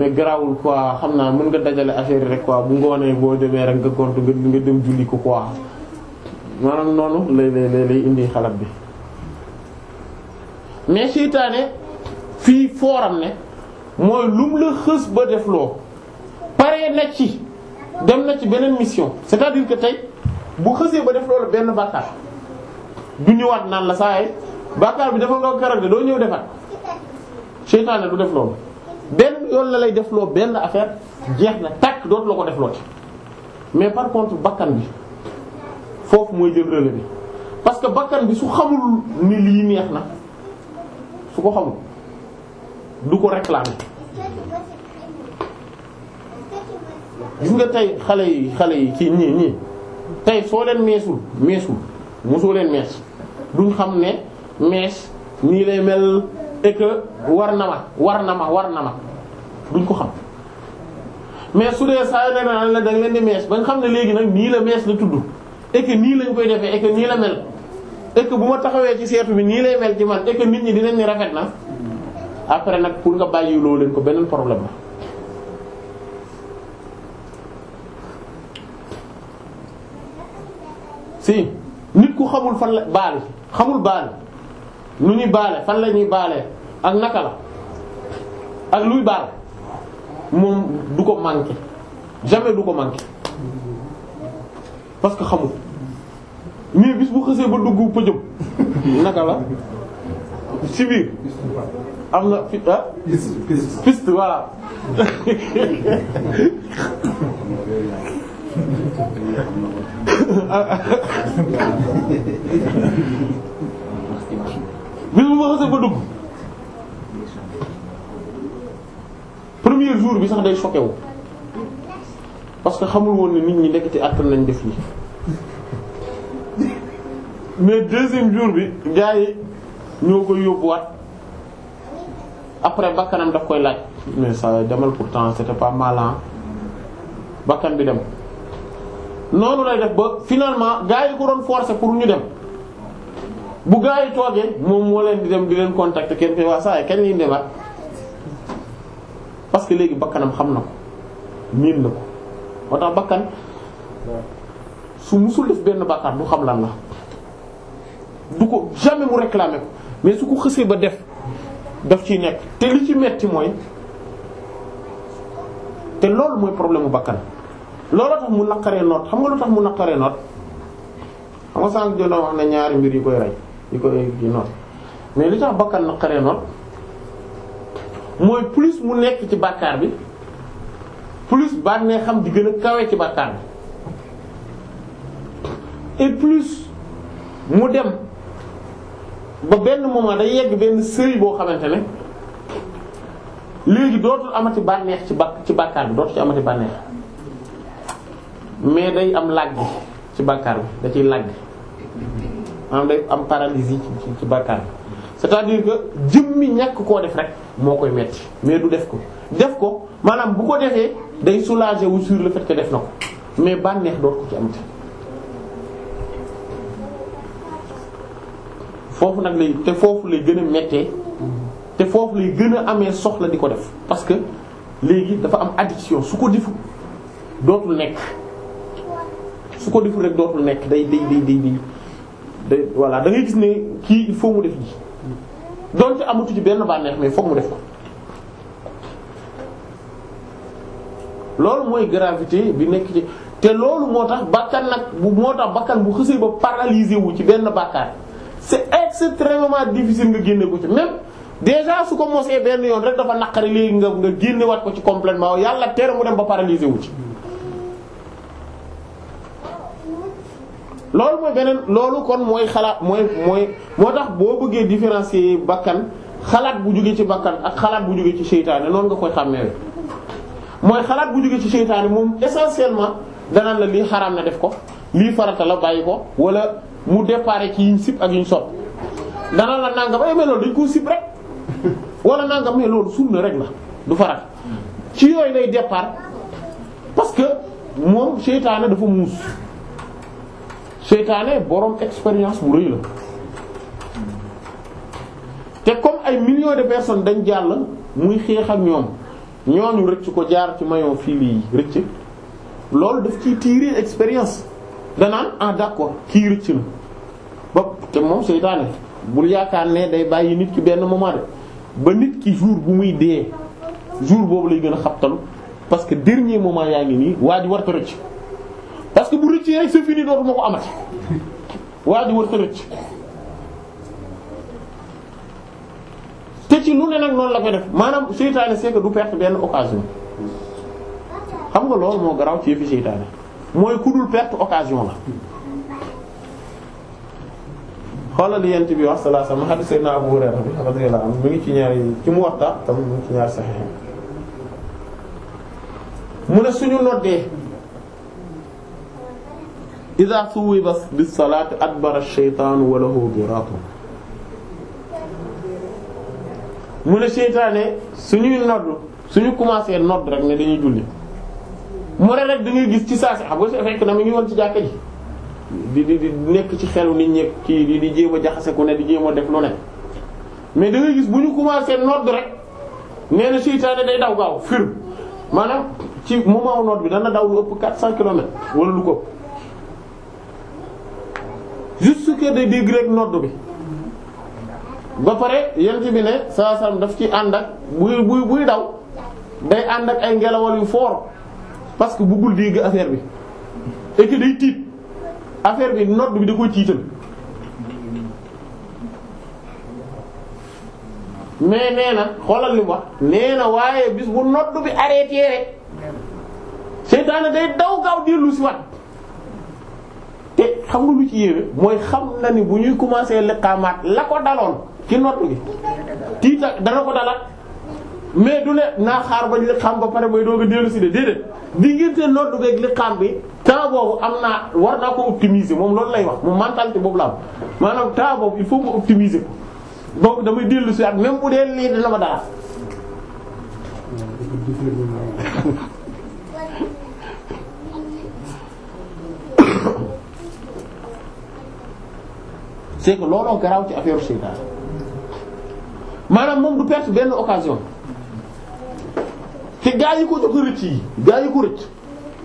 S1: mais garaawul koi xam naa mën nga dajale affaire rek quoi bu ngoonee boo demee rek nga compte nga dem julli ko quoi maanaam noonu lay lay lay indi xalaat bi. mais seytaane fii fooram ne mooy lum la xës ba def loo paree na ci dem na ci beneen mission c'est-à-dire que tey bu xësee ba def loolu benn bàkkaar du ñëwaat naan la saa yi bàkkaar bi dafa nga keroog de doo ñëw defaat seytaane du def loolu benn yoon la lay def loo benn affaire jeex na tàkk dootu la ko def loo ci mais par contre bakkan bi foofu mooy jël relais bi parce que bakkan bi su xamul ni lii neex na su ko xamul du ko réclamer gis nga tey xale yi xale yi ci ñii ñii tey soo leen meesul meesul mosoo leen mees duñ xam ne mees nii lay mel et que war na ma war na ma war na ma duñ ko xam mais su dee saa yu a da nga leen di mees ba nga xam ne léegi nag nii la mees la tudd et que nii lañ koy defee et nii la mel. et que bu ma taxawee ci seetu bi nii lay mel ci man et que nit ñi dinañ ni rafet na après nag pour nga bàyyi loo leen ko benn problème la. si nit ku xamul fan la baale xamul baale nu ñuy baale fan la ñuy baale ak naka la ak luy baale moom du ko manqué jamais du ko manqué parce que xamul. mais bis bu xësee ba duggu pëjëm naka la ci biir am na fi ah piste bis bu ma xasee ba dugg premier jour bi sax day choqué parce que xamul woon ne nit ñi nekkati àttan lañ def nii mais deuxième jour bi gars yi ñoo koy yóbbuwaat après bakkanam daf koy laaj mais ça demal pourtant c'était pas mal bakkan bi dem noonu lay def ba finalement gars yi ko doon forcer pour ñu dem bu gaa yi toogee moom moo leen di dem di leen contacter kenn fi waa saa yi kenn liy demaat ah? parce que léegi bakkanam xam na ko miin na ko moo bakkan su musul def benn bakkan du xam lan la. du ko jamais mu réclamer ko mais su ko xësee ba def daf ci nekk te lu ci metti mooy te loolu mooy problème mu bakkan looloo tax mu naqaree noot xam nga lu tax mu naqaree noot xam nga sànq jël wax ne ñaari mbir yi koy rey yi koy di noot mais li tax bakkan naqaree noot mooy plus mu nekk ci bàkkaar bi plus bànnee xam di gën a kawe ci bàkkaar bi et plus mu dem ba benn moment day yegg benn sëy boo xamante ne léegi dootul amati bànneex ci ba ci bàkkaar bi dootul ci amati bànneex mais day am làgg ci bàkkaar bi da ciy làgg maanaam day am paralysie ci ci bàkkaar bi c'est-à-dire que jëmmi ñàkk koo def rek moo koy metti mais du def ko def ko maanaam bu ko defee day soulager wu sur le fait que def na ko mais bànneex dootu ko ci amati. foofu nag lay te foofu lay gën a mettee te foofu lay gën a amee soxla di ko def parce que léegi dafa am addiction su ko deful dootul nekk su ko deful rek dootul nekk day day day day day day voilà da ngay gis ne kii il mu def ji donte amatu ci benn bànneex mais foog mu def ko loolu mooy gravité bi nekk ci te loolu moo tax bakkan nag bu moo tax bakkan bu xësee ba paralysé wu ci benn bàkkaar c'est extrêmement difficile nga génne ko ci même déjà su ko mosee benn yoon rek dafa naqari léegi nga nga génne wat ko ci complètement yàlla tere mu dem ba paralysé wu ci. loolu mooy beneen loolu kon mooy xalaat mooy mooy moo tax boo bëggee différencier bakkan xalaat bu jóge ci bakkan ak xalaat bu jóge ci seytaane noonu nga koy xàmmee mooy xalaat bu jóge ci seytaane moom essentiellement danaan la lii xaraam na def ko lii farata la bàyyi ko wala. mu départ ci yiñ sib ak yiñ sopp dana la nangam ay eh, mais loolu dañ koo sib rek wala nangam mais loolu sunna rek la du farat ci yooyu lay départ parce que moom seytaane dafa muus seytaane borom expérience bu rëy la te comme ay millions de personnes dañ jàll muy xeex ak ñoom ñooñu rëcc ko jaar ci maillon fii yi rëcc loolu daf ci tirer expérience danaan ah d'accord kii rëcc na ba te moom seytaane bul yaakaar ne day bàyyi nit ki benn moment de ba nit ki jour bu muy dee jour boobu lay gën a xabtalu parce que dernier moment yaa ngi nii waa ji war ko rëcc parce que bu rëccee rek c'est fini dootuma ko amati waa ji war ko rëcc te ci lu ne nag noonu la koy def maanaam seytaane c'est que du perte benn occasion xam nga loolu moo garaaw ci yëfi seytaane mooy ku dul perte occasion la xoolal yent bi wax sallallahu alayhi wasallam hadith sayyidina Abu Hurayra bi radiyallahu ngi ci ñaari ci mu tam mi ngi mu ne suñu noddee iza suwiba bis salaati adbara ash-shaytaanu wa lahu diraatun mu ne seytaane suñuy nodd suñu commencé nodd rek ne dañuy julli mu rek da ngay gis ci saa si xam nga fekk na mu ngi woon ci jàkka ji di di di nekk ci xelu nit ñi kii di di jéem a jaxase ku ne di jéem a def lu ne mais da ngay gis bu ñu commencé nodd rek nee na seytaane day daw gaaw fir maanaam ci mu wu nodd bi dana daw lu ëpp 400 kilomètres wala lu ko juste que day dégg rek nodd bi ba pare yent bi ne saa saam daf ci ànd ak buy buy buy daw day ànd ak ay ngelawal yu fort. parce que buggul dégg affaire bi et que day tiit affaire bi nodd bi da koy tiital mais nee na xoolal li mu wax na waaye bis bu nodd bi arrêté rek seytaane day daw gaaw dellu si wat te xam nga lu ci yéeme mooy xam na ni bu ñuy commencer liqaamaat la ko daloon ci nodd gi tiita dana ko dalat mais du ne naa xaar bañ liqaam ba pare mooy doog a dellu si de déedéet diggante noddu beeg liqaam bi temps boobu am naa war naa ko optimiser moom loolu lay wax moom mentalité boobu la maanaam temps boobu il faut que optimiser ko damay dellu ak même bu dee lii dina ma dara. c'est que looloo ci affaire maanaam moom du perte benn occasion. te gaa yi ko jot a rëcc yi gaa yi ko rëcc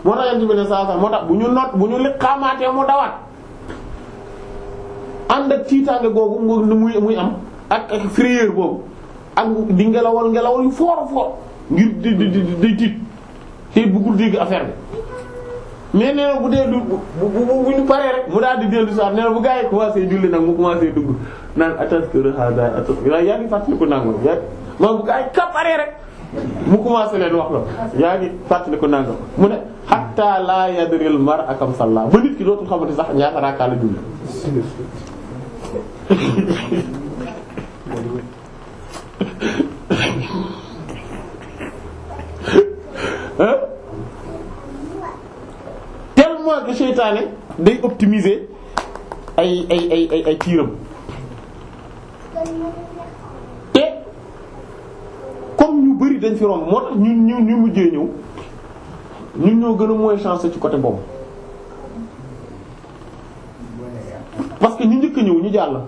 S1: moo tax yent bi ne saa saa moo tax bu ñu noot bu ñu li xaamaatee mu dawaat ànd ak tiitaange googu muy am ak ak frayeur boobu ak di ngelawal ngelawal yu foor foor ngir di di di di tiit te bëggul dégg affaire bi mais nee bu dee du bu bu ñu paree rek mu daal di dellu si waat nee na bu gaa yi commencé julli nag mu commencé dugg naan attaque de raxas daal attaque yaa ngi fàttaliku nangam yaa ngi bu gaa yi ka paree mu commencé leen wax la yaa ngi fàttali ko mu ne hatta la yadril mar akam salla ba nit ki dootul xamante sax ñaata rakaa la julli [laughs] tellement que seytaane day optimiser ay ay ay tiiram comme ñu bari dañ fi romb moo tax ñu ñu ñu mujjee ñëw ñu ñoo gën a mooy chance ci côté boobu parce que ñu njëkk ñëw ñu jàll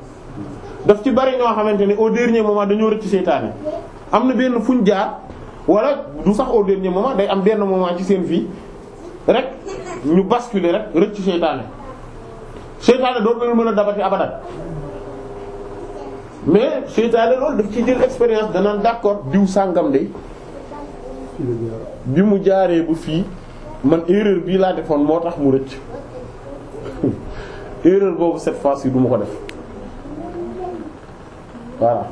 S1: daf ci bari ñoo xamante ne au dernier moment dañoo rëcc seytaane am na benn fu ñu jaar wala du sax au dernier moment day am benn moment ci seen vie rek ñu basculer rek rëcc seytaane seytaane doo leen mën a dabati abadan mais seytaane loolu daf ci jël expérience danaan d'accord diw sàngam de bi mu jaaree ba fii man erreur bii laa defoon moo tax mu rëcc [laughs] erreur boobu cette fois-ci du ko def voilà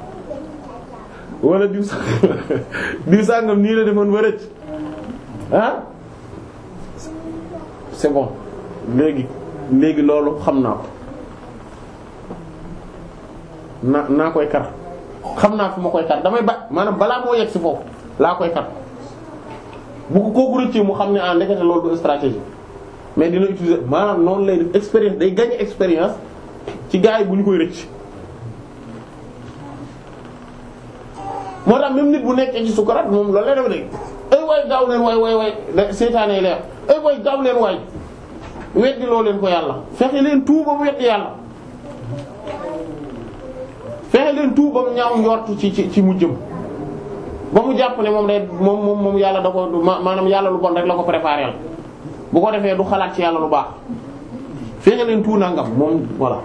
S1: wala diw sàngam [laughs] diw sàngam nii la defoon ba rëcc ah c'est léegi léegi loolu xam naa ko naa naa koy kar xam naa fi ma koy kar damay ba maanaam balaa moo yegg si foofu laa koy kar bu ko kooku rëccee mu xam ne ah ndekete loolu du stratégie mais dina utiliser maanaam noonu lay def expérience day gagner expérience ci gaa yi bu ñu koy rëcc. moo tax même nit bu nekkee ci sukaraat moom la lay def léegi ay waay gaaw leen waay waay waay seytaane leer ay gaaw leen waay weddi loo leen ko yàlla fexe leen tout ba weddi yàlla fexe leen tout ba mu ñaaw njortu ci ci ci mu jëm ba mu jàpp ne moom day moom moom yàlla da ko maanaam yàlla lu bon rek la ko préparé bu ko defee du xalaat ci yàlla lu baax fexe leen tout nangam moom voilà.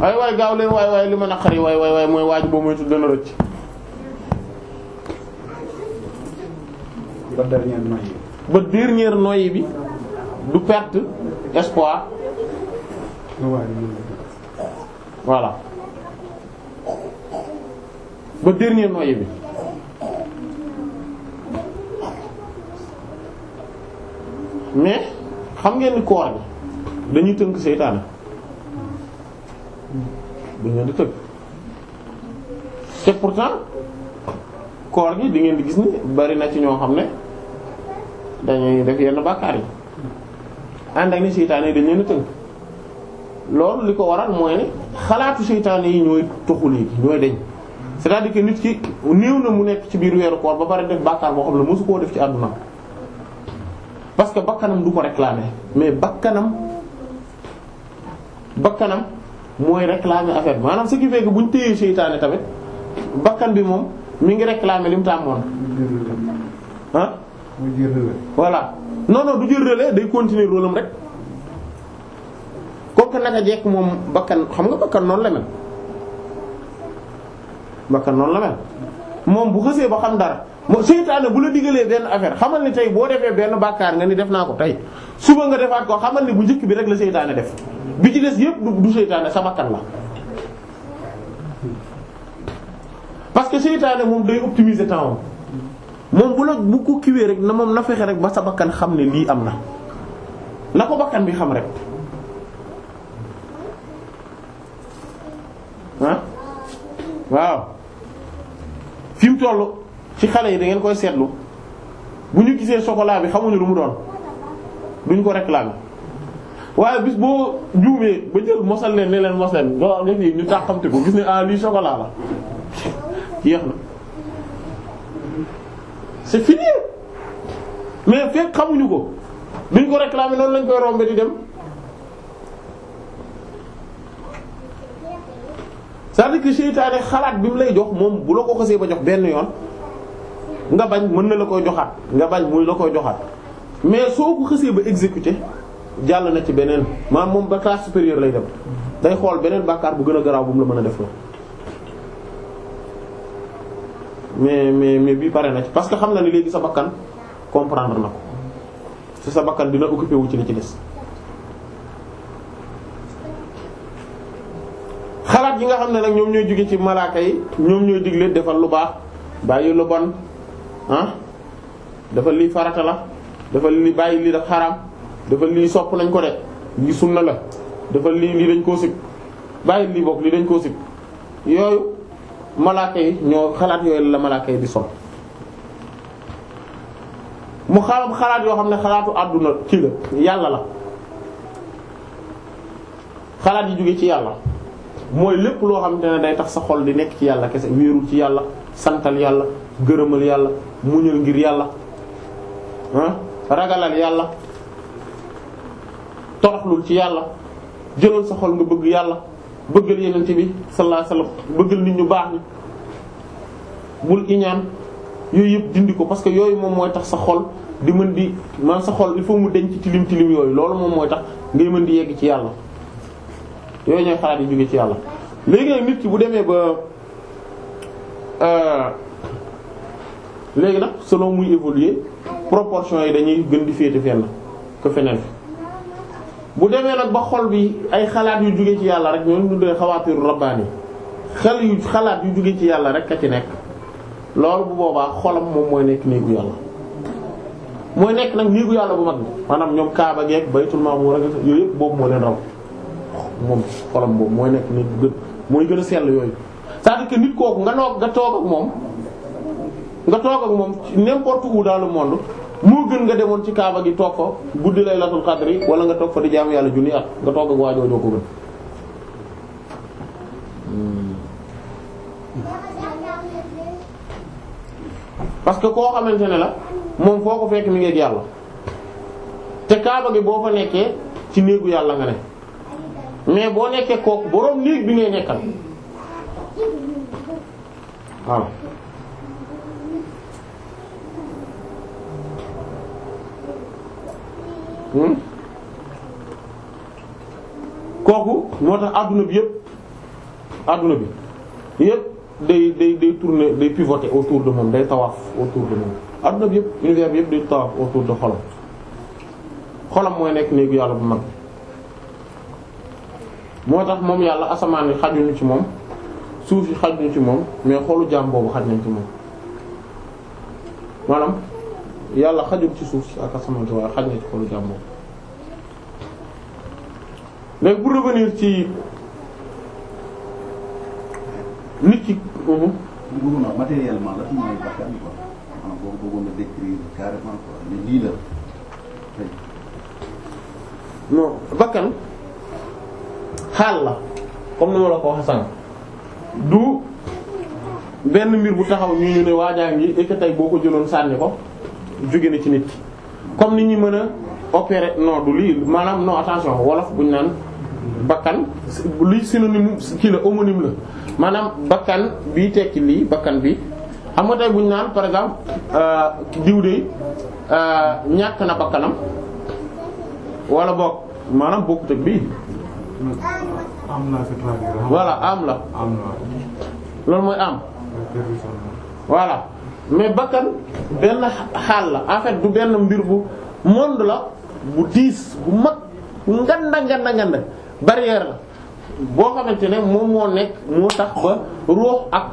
S1: waay waay gaaw leen waay waay li ma naqari waay waay waay mooy waaj boobu mooy tudd dana rëcc. ba dernière noyyi bi du perte espoir. voilà ba dernier noyé bi mais xam ngeen ni koor bi dañuy tënk seytaane dañ leen di tënk te pourtant koor gi di ngeen di gis ni bari na ci ñoo xam ne dañuy def yenn bàkkaar yi ànd ak ni seytaane yi dañ leen tënk loolu li ko waral mooy ne xalaatu seytaane yi ñooy toxu léegi ñooy deñ c'est-à-dire que nit ki néew na mu nekk ci biir weeru koor ba pare def bàkkaar boo xam ne mosu koo def ci àdduna parce que bakkanam du ko réclamer mais bakkanam bakkanam mooy réclamer affaire bi maanaam ce qui fait que bu ñu téyee seytaane tamit bakkan bi moom mi ngi réclamer li mu tàmmoon ah voilà non non du jël day continuer rôlam rek ko naka moom bakkan xam nga bakkan noonu la mel bakkan noonu la moom bu xësee ba xam dara moom seytaane bu la digalee benn affaire xamal ni tey boo defee benn bàkkaar nga ni def naa ko tey suba nga defaat ko xamal ni bu njëkk bi rek la seytaane def bi ci des yépp du seytaane sa bakkan la parce que seytaane moom day optimiser temps moom bu la bu ko kiwee rek na moom na fexe rek ba sa bakkan xam ne lii am na na ko bakkan bi xam rek ah waaw fi mu toll ci xale yi dangeen ngeen koy seetlu bu ñu gisee chocolat bi xamuñu lu mu doon duñ ko réclamer waaye bis boo juumee ba jël mosal leen ne leen mos leen nga def ñu taxamte ko gis ne ah lii chocolat la jeex na c'est fini mais fekk xamuñu ko duñ ko réclamer noonu lañ koy rombe di dem. c'est-à-dire que xalaat bi mu lay jox moom bu la ko xasee ba jox benn yoon nga bañ mën na la koy joxaat nga bañ muy la koy joxaat mais soo ko xësee ba exécuté jàll na ci beneen maa moom bàkkaar supérieur lay dem day xool beneen bàkkaar bu gën a garaaw bu mu la mën a def la mais mais mais bii pare na ci parce que xam na ni léegi sa bakkan comprendre na ko te sa bakkan dina occupé wu ci li ci des xalaat yi nga xam ne nag ñoom ñooy jóge ci malaaka yi ñoom ñooy digle defal lu baax bàyyi lu bon ah, dafa lii farata la dafa lii bàyyi lii daf xaraam dafa lii sopp nañ ko de lii sunna la dafa lii lii dañ koo sib bàyyi lii bokk lii dañ koo sib yooyu malaaka yi ñoo xalaat yooyu la malaaka yi di sol mu xalam xalaat yoo xam ne xalaatu àdduna ci la yàlla la xalaat yi jóge ci yàlla mooy lépp loo xam ne day tax sa xol di nekk ci yàlla kese wéerul ci yàlla santal yàlla gërëmal yàlla muñal ngir yàlla ragalal yàlla toroxlul ci yàlla jëlal sa xol nga bëgg yàlla bëggal yeneen ci bi sallallahu alayhi wasallam bëggal nit ñu baax ni bul iñaan yooyu yëpp dindi ko parce que yooyu moom mooy tax sa xol di mën di man sa xol il faut mu denc tilim tilim yooyu loolu moom mooy tax ngay mën di yegg ci yàlla yooyu ñooy xalaat yu jóge ci yàlla léegi nag nit ki bu demee ba euh, léegi nag selon muy évoluer proportion yi dañuy gën di féete fenn que feneen bu demee nag ba xol bi ay xalaat yu jóge ci yàlla rek ñoom ñu dee xawaatiru rabbaani xel yu xalaat yu jóge ci yàlla rek a ci nekk lool bu boobaa xolam moom mooy nekk néegu yàlla mooy nekk nag néegu yàlla bu mag bi maanaam ñoom Kaaba geek baytul maamur ak yooyu yëpp boobu moo leen raw moom xolam boobu mooy nekk nit gën mooy gën a sell yooyu cest à que nit kooku nga noog nga toog ak moom nga toog ak moom n'importe où dans le monde moo gën nga demoon ci kaaba gi toog fa guddi laylatul qadri wala nga toog fa di jaamu yàlla junni at nga toog ak waajoo doo ko gën parce que koo xamante ne la moom foo ko fekk mi ngi ak yàlla te kaaba gi boo fa nekkee ci néegu yàlla nga ne mais boo nekkee kooku boroom néeg bi ngay nekkal waaw hmm? kooku moo tax adduna bi yëpp adduna bi yëpp day day day tourner day pivoter autour de moom day tawaaf autour de moom adduna bi yëpp univers bi yëpp day tawaaf autour de xolam xolam mooy nekk néegu yàlla bu mag moo tax moom yàlla asamaan yi xajuñu ci moom suuf yi nañ ci moom mais xolu jaam boobu xaj nañ ci moom maanaam yàlla xajul ci suuf si ak asamaan si waaye xaj na ci xolu jaam boobu léegi pour revenir ci nit ki. dugub naa matériellement lii la bakkan. xaal la comme ni ma la ko waxee sànq du benn mbir bu taxaw ñu ñu ne waajaa ngi tey boo ko jëloon sànni ko jóge na ci nit comme ni ñu mën a opérer non du lii maanaam non attention wolof buñ naan bakkan lii synonyme kii la homonyme la maanaam bakkan bii tekki lii bakkan bi xam nga tey buñ naan par exemple euh, diw de euh, ñàkk na bakkanam wala boog maanaam bokkut ak bii. voilà am la loolu mooy am voilà mais bakkan benn xaal la en du benn mbir bu monde la bu diis bu mag nganda nganda nganda barrière la boo xamante ne moom moo nekk moo tax ba ruux ak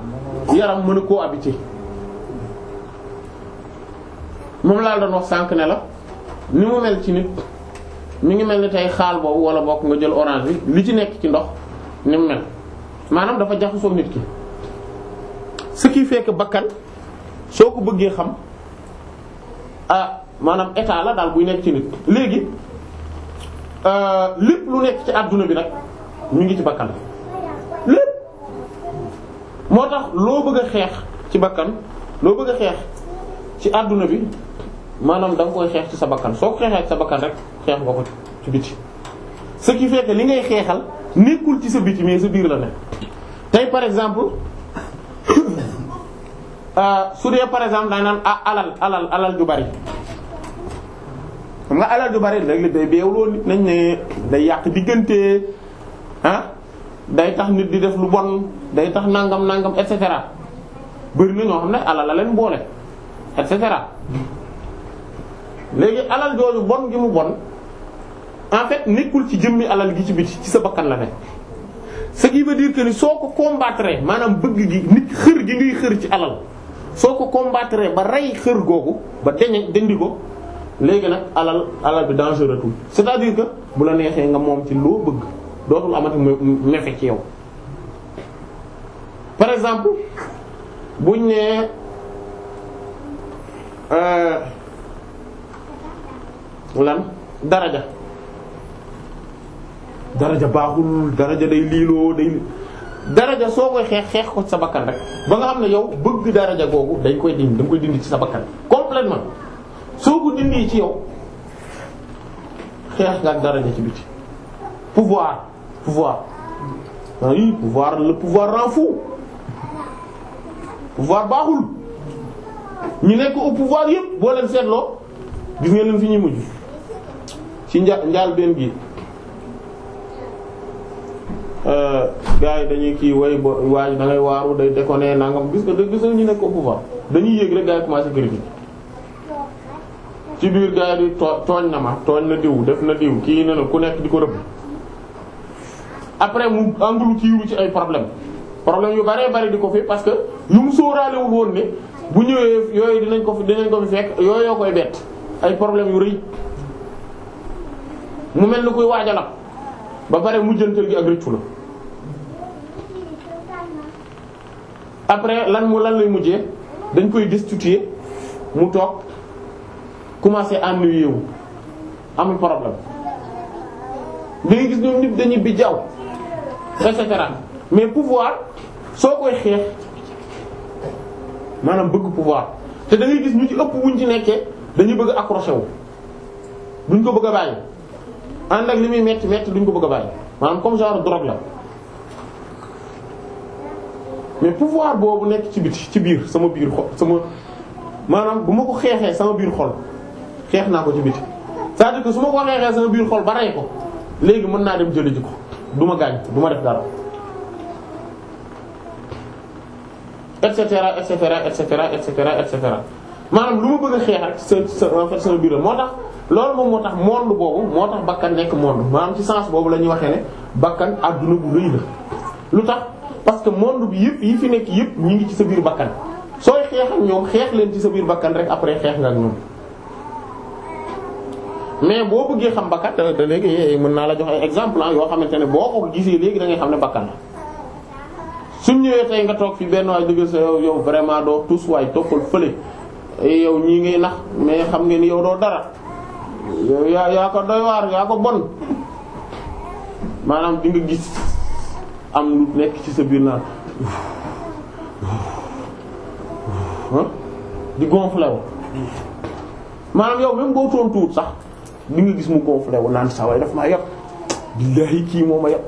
S1: yaram mën a koo habité moom laa doon wax sànq ne la ni mu mel ci nit mi ngi mel ni tey xaal boobu wala bokk nga jël orange bi li ci nekk ci ndox ni mu mel maanaam dafa jaxasoo nit ki ce qui fait que bakkan soo ko bëggee xam ah maanaam état la daal buy nekk ci nit léegi euh, lépp lu nekk ci àdduna bi nag mu ngi ci bakkan lépp moo tax loo bëgg a xeex ci bakkan loo bëgg a xeex ci àdduna bi maanaam da nga koy xeex ci sa bakkan soo ko xeexee ci sa bakkan rek xeex nga ko ci biti ce qui fait li ngay xeexal nekkul ci sa biti mais sa biir la ne tey par exemple [coughs] euh, su dee par exemple daañu ah alal alal alal ju bari xam alal ju bari léeg-léeg day beewloo nañ ne day yàq diggante ah day tax nit di def lu bon day tax nangam nangam et cetera bëri na ñoo xam ne alal la leen boole et léegi alal jooju bon gi mu bon en fait nekkul ci jëmmi alal gi ci biti ci sa bakkan la ne ce qui veut dire que ni soo ko combattre maanaam bëgg gi nit xër gi ngay xër ci alal soo ko combattre ba rey xër googu ba deñe dëndi ko léegi nag alal alal bi dangereux tout c'est-à-dire que bu la neexee nga moom ci loo bëgg dootul amati mefe ci yow par exemple buñ ne euh, lan daraja daraja baaxul daraja day liiloo day daraja soo koy xeex xeex ko sa bakkan rek ba nga am na yow bëgg daraja googu dañ koy dindi dañ koy dind ci sa bakkan complètement soo ko dindi ci yow xeex nga ak daraja ci biti pouvoir pouvoir ah oui pouvoir le pouvoir rend pouvoir baaxul ñu nekk au pouvoir yëpp boo leen seetloo gis ngeen leen fi ñuy mujj ci nja njaalbeen gi euh, gars yi dañuy kii way ba waaye dangay ngay waaru day déconné nangam gis nga da gis nga ñu nekk au pouvoir dañuy yéeg rek gars yi commencé critiquer ci biir gars yi di tooñ na ma tooñ na diw def na diw kii na ku nekk di ko rëbb après mu engloutir ci ay problème problème yu bare bari di ko fi parce que yu mu sóoraalewul woon ne bu ñëwee yooyu dinañ ko fi dinañ ko fi fekk yooyu yoo koy bett ay problème yu rëy mu mel ni koy waaj a ba pare mujjantal gi ak rëccu la après lan mu lan lay mujjee dañ koy destituer mu toog commencer ennuyer wu amul problème da gis ñoom nit dañuy bijaaw et cetera mais pouvoir soo koy xeex maanaam bëgg pouvoir te da gis ñu ci ëpp wuñ ci nekkee dañuy bëgg accroché wu duñ ko bëgg a bàyyi. ànd ak li muy metti metti duñ ko bëgg a bàyyi maanaam comme genre drogue la mais pouvoir boobu nekk ci biti ci biir sama biir xol sama maanaam bu ma ko xeexee sama biir xol xeex naa ko ci su ma ko xeexee sama biir xol ba rey ko léegi mën naa dem jëli ko du ma gaañ du ma def dara et cetera et cetera et cetera et cetera et cetera maanaam lu ma bëgg a xeex rek sa sa en fait sama biir moo tax loolu moom moo tax monde boobu moo tax bakkan nekk monde maanaam ci sens boobu la ñuy waxee ne bakkan adduna bu rëy la. lu tax parce que monde bi yëpp yi fi nekk yëpp ñu ngi ci sa biir bakkan sooy xeex ak ñoom xeex leen ci sa biir bakkan rek après xeex nga ak mais boo bëggee xam bakkan da da léegi mën naa la jox ay exemple ah yoo xamante ne boo ko gisee léegi dangay ngay xam ne bakkan suñ ñëwee tey nga toog fi benn waay jóge sa yow yow vraiment doo tus waay toppal fële eh, yow ñii ngay nax mais xam ngeen ni yow doo dara. yaa yaa ko doy waar yaa ko bon maanaam di nga gis am nekk ci sa biir naan di gonflé wu maanaam yow même boo tontuwut sax di nga gis mu gonflé wu naan saa waay daf maa yàpp billaahi kii moo ma yàpp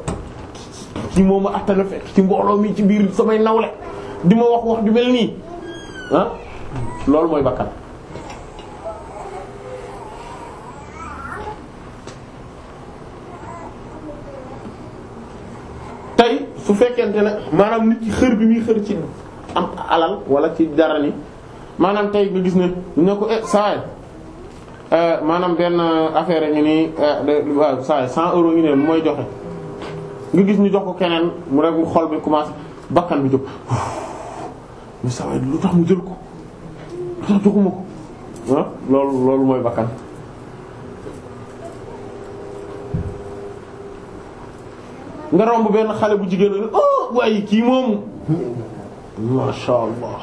S1: kii moo ma attana fekk ci mbooloo mi ci biir samay nawle di ma wax wax ju mel nii ah loolu mooy bakkat su fekkente ne maanaam nit ki xër bi muy xër ci am alal wala ci dara ni maanaam tey nga gis ne ne ko eh saa eh, maanaam benn eh, affaire yi nii eh, waaw saa yi ngi ne mooy joxe nga gis ñu jox ko keneen mu rek mu xol bi commencé bakkan bi jóg mais saa lu tax mu jël ko lu tax joxuma ko ah, loolu loolu mooy bakkan. nga romb benn xale bu jigéen la oh waaye kii moom masha Allah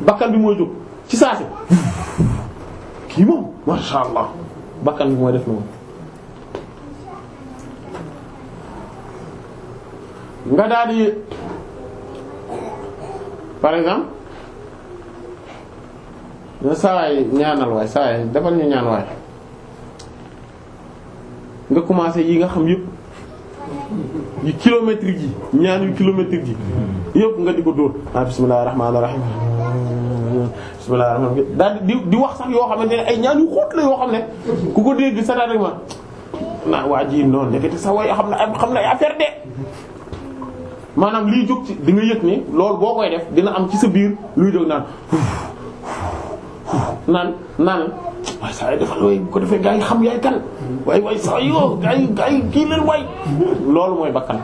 S1: bakkan bi mooy jóg ci saase kii moom masha Allah bakkan bi mooy def noonu nga daal par exemple sawaay ñaanal waay sawaay defal ñu ñaan waay nga commencé yi nga xam yëpp yu kilométrique yi ñaan yu kilométrique yi yëpp nga di ko dóor ah bismillahir rahmanir rahim bismillahir rahmanir daal di di wax sax yoo xamante ne ay ñaan yu xóot la yoo xam ne ku ko dégg sa daal naa waa ji noonu nekkati sax way xam na xam na affaire de maanaam liy jog ci di nga yëg ne loolu boo koy def dina am ci sa biir luy jóg naan naan naan waaye saa yi defal waaye bu ko defee gaa yi xam yaay kan waaye waaye saa yoo gaa yi gaa yi kii leen waay loolu mooy bakkan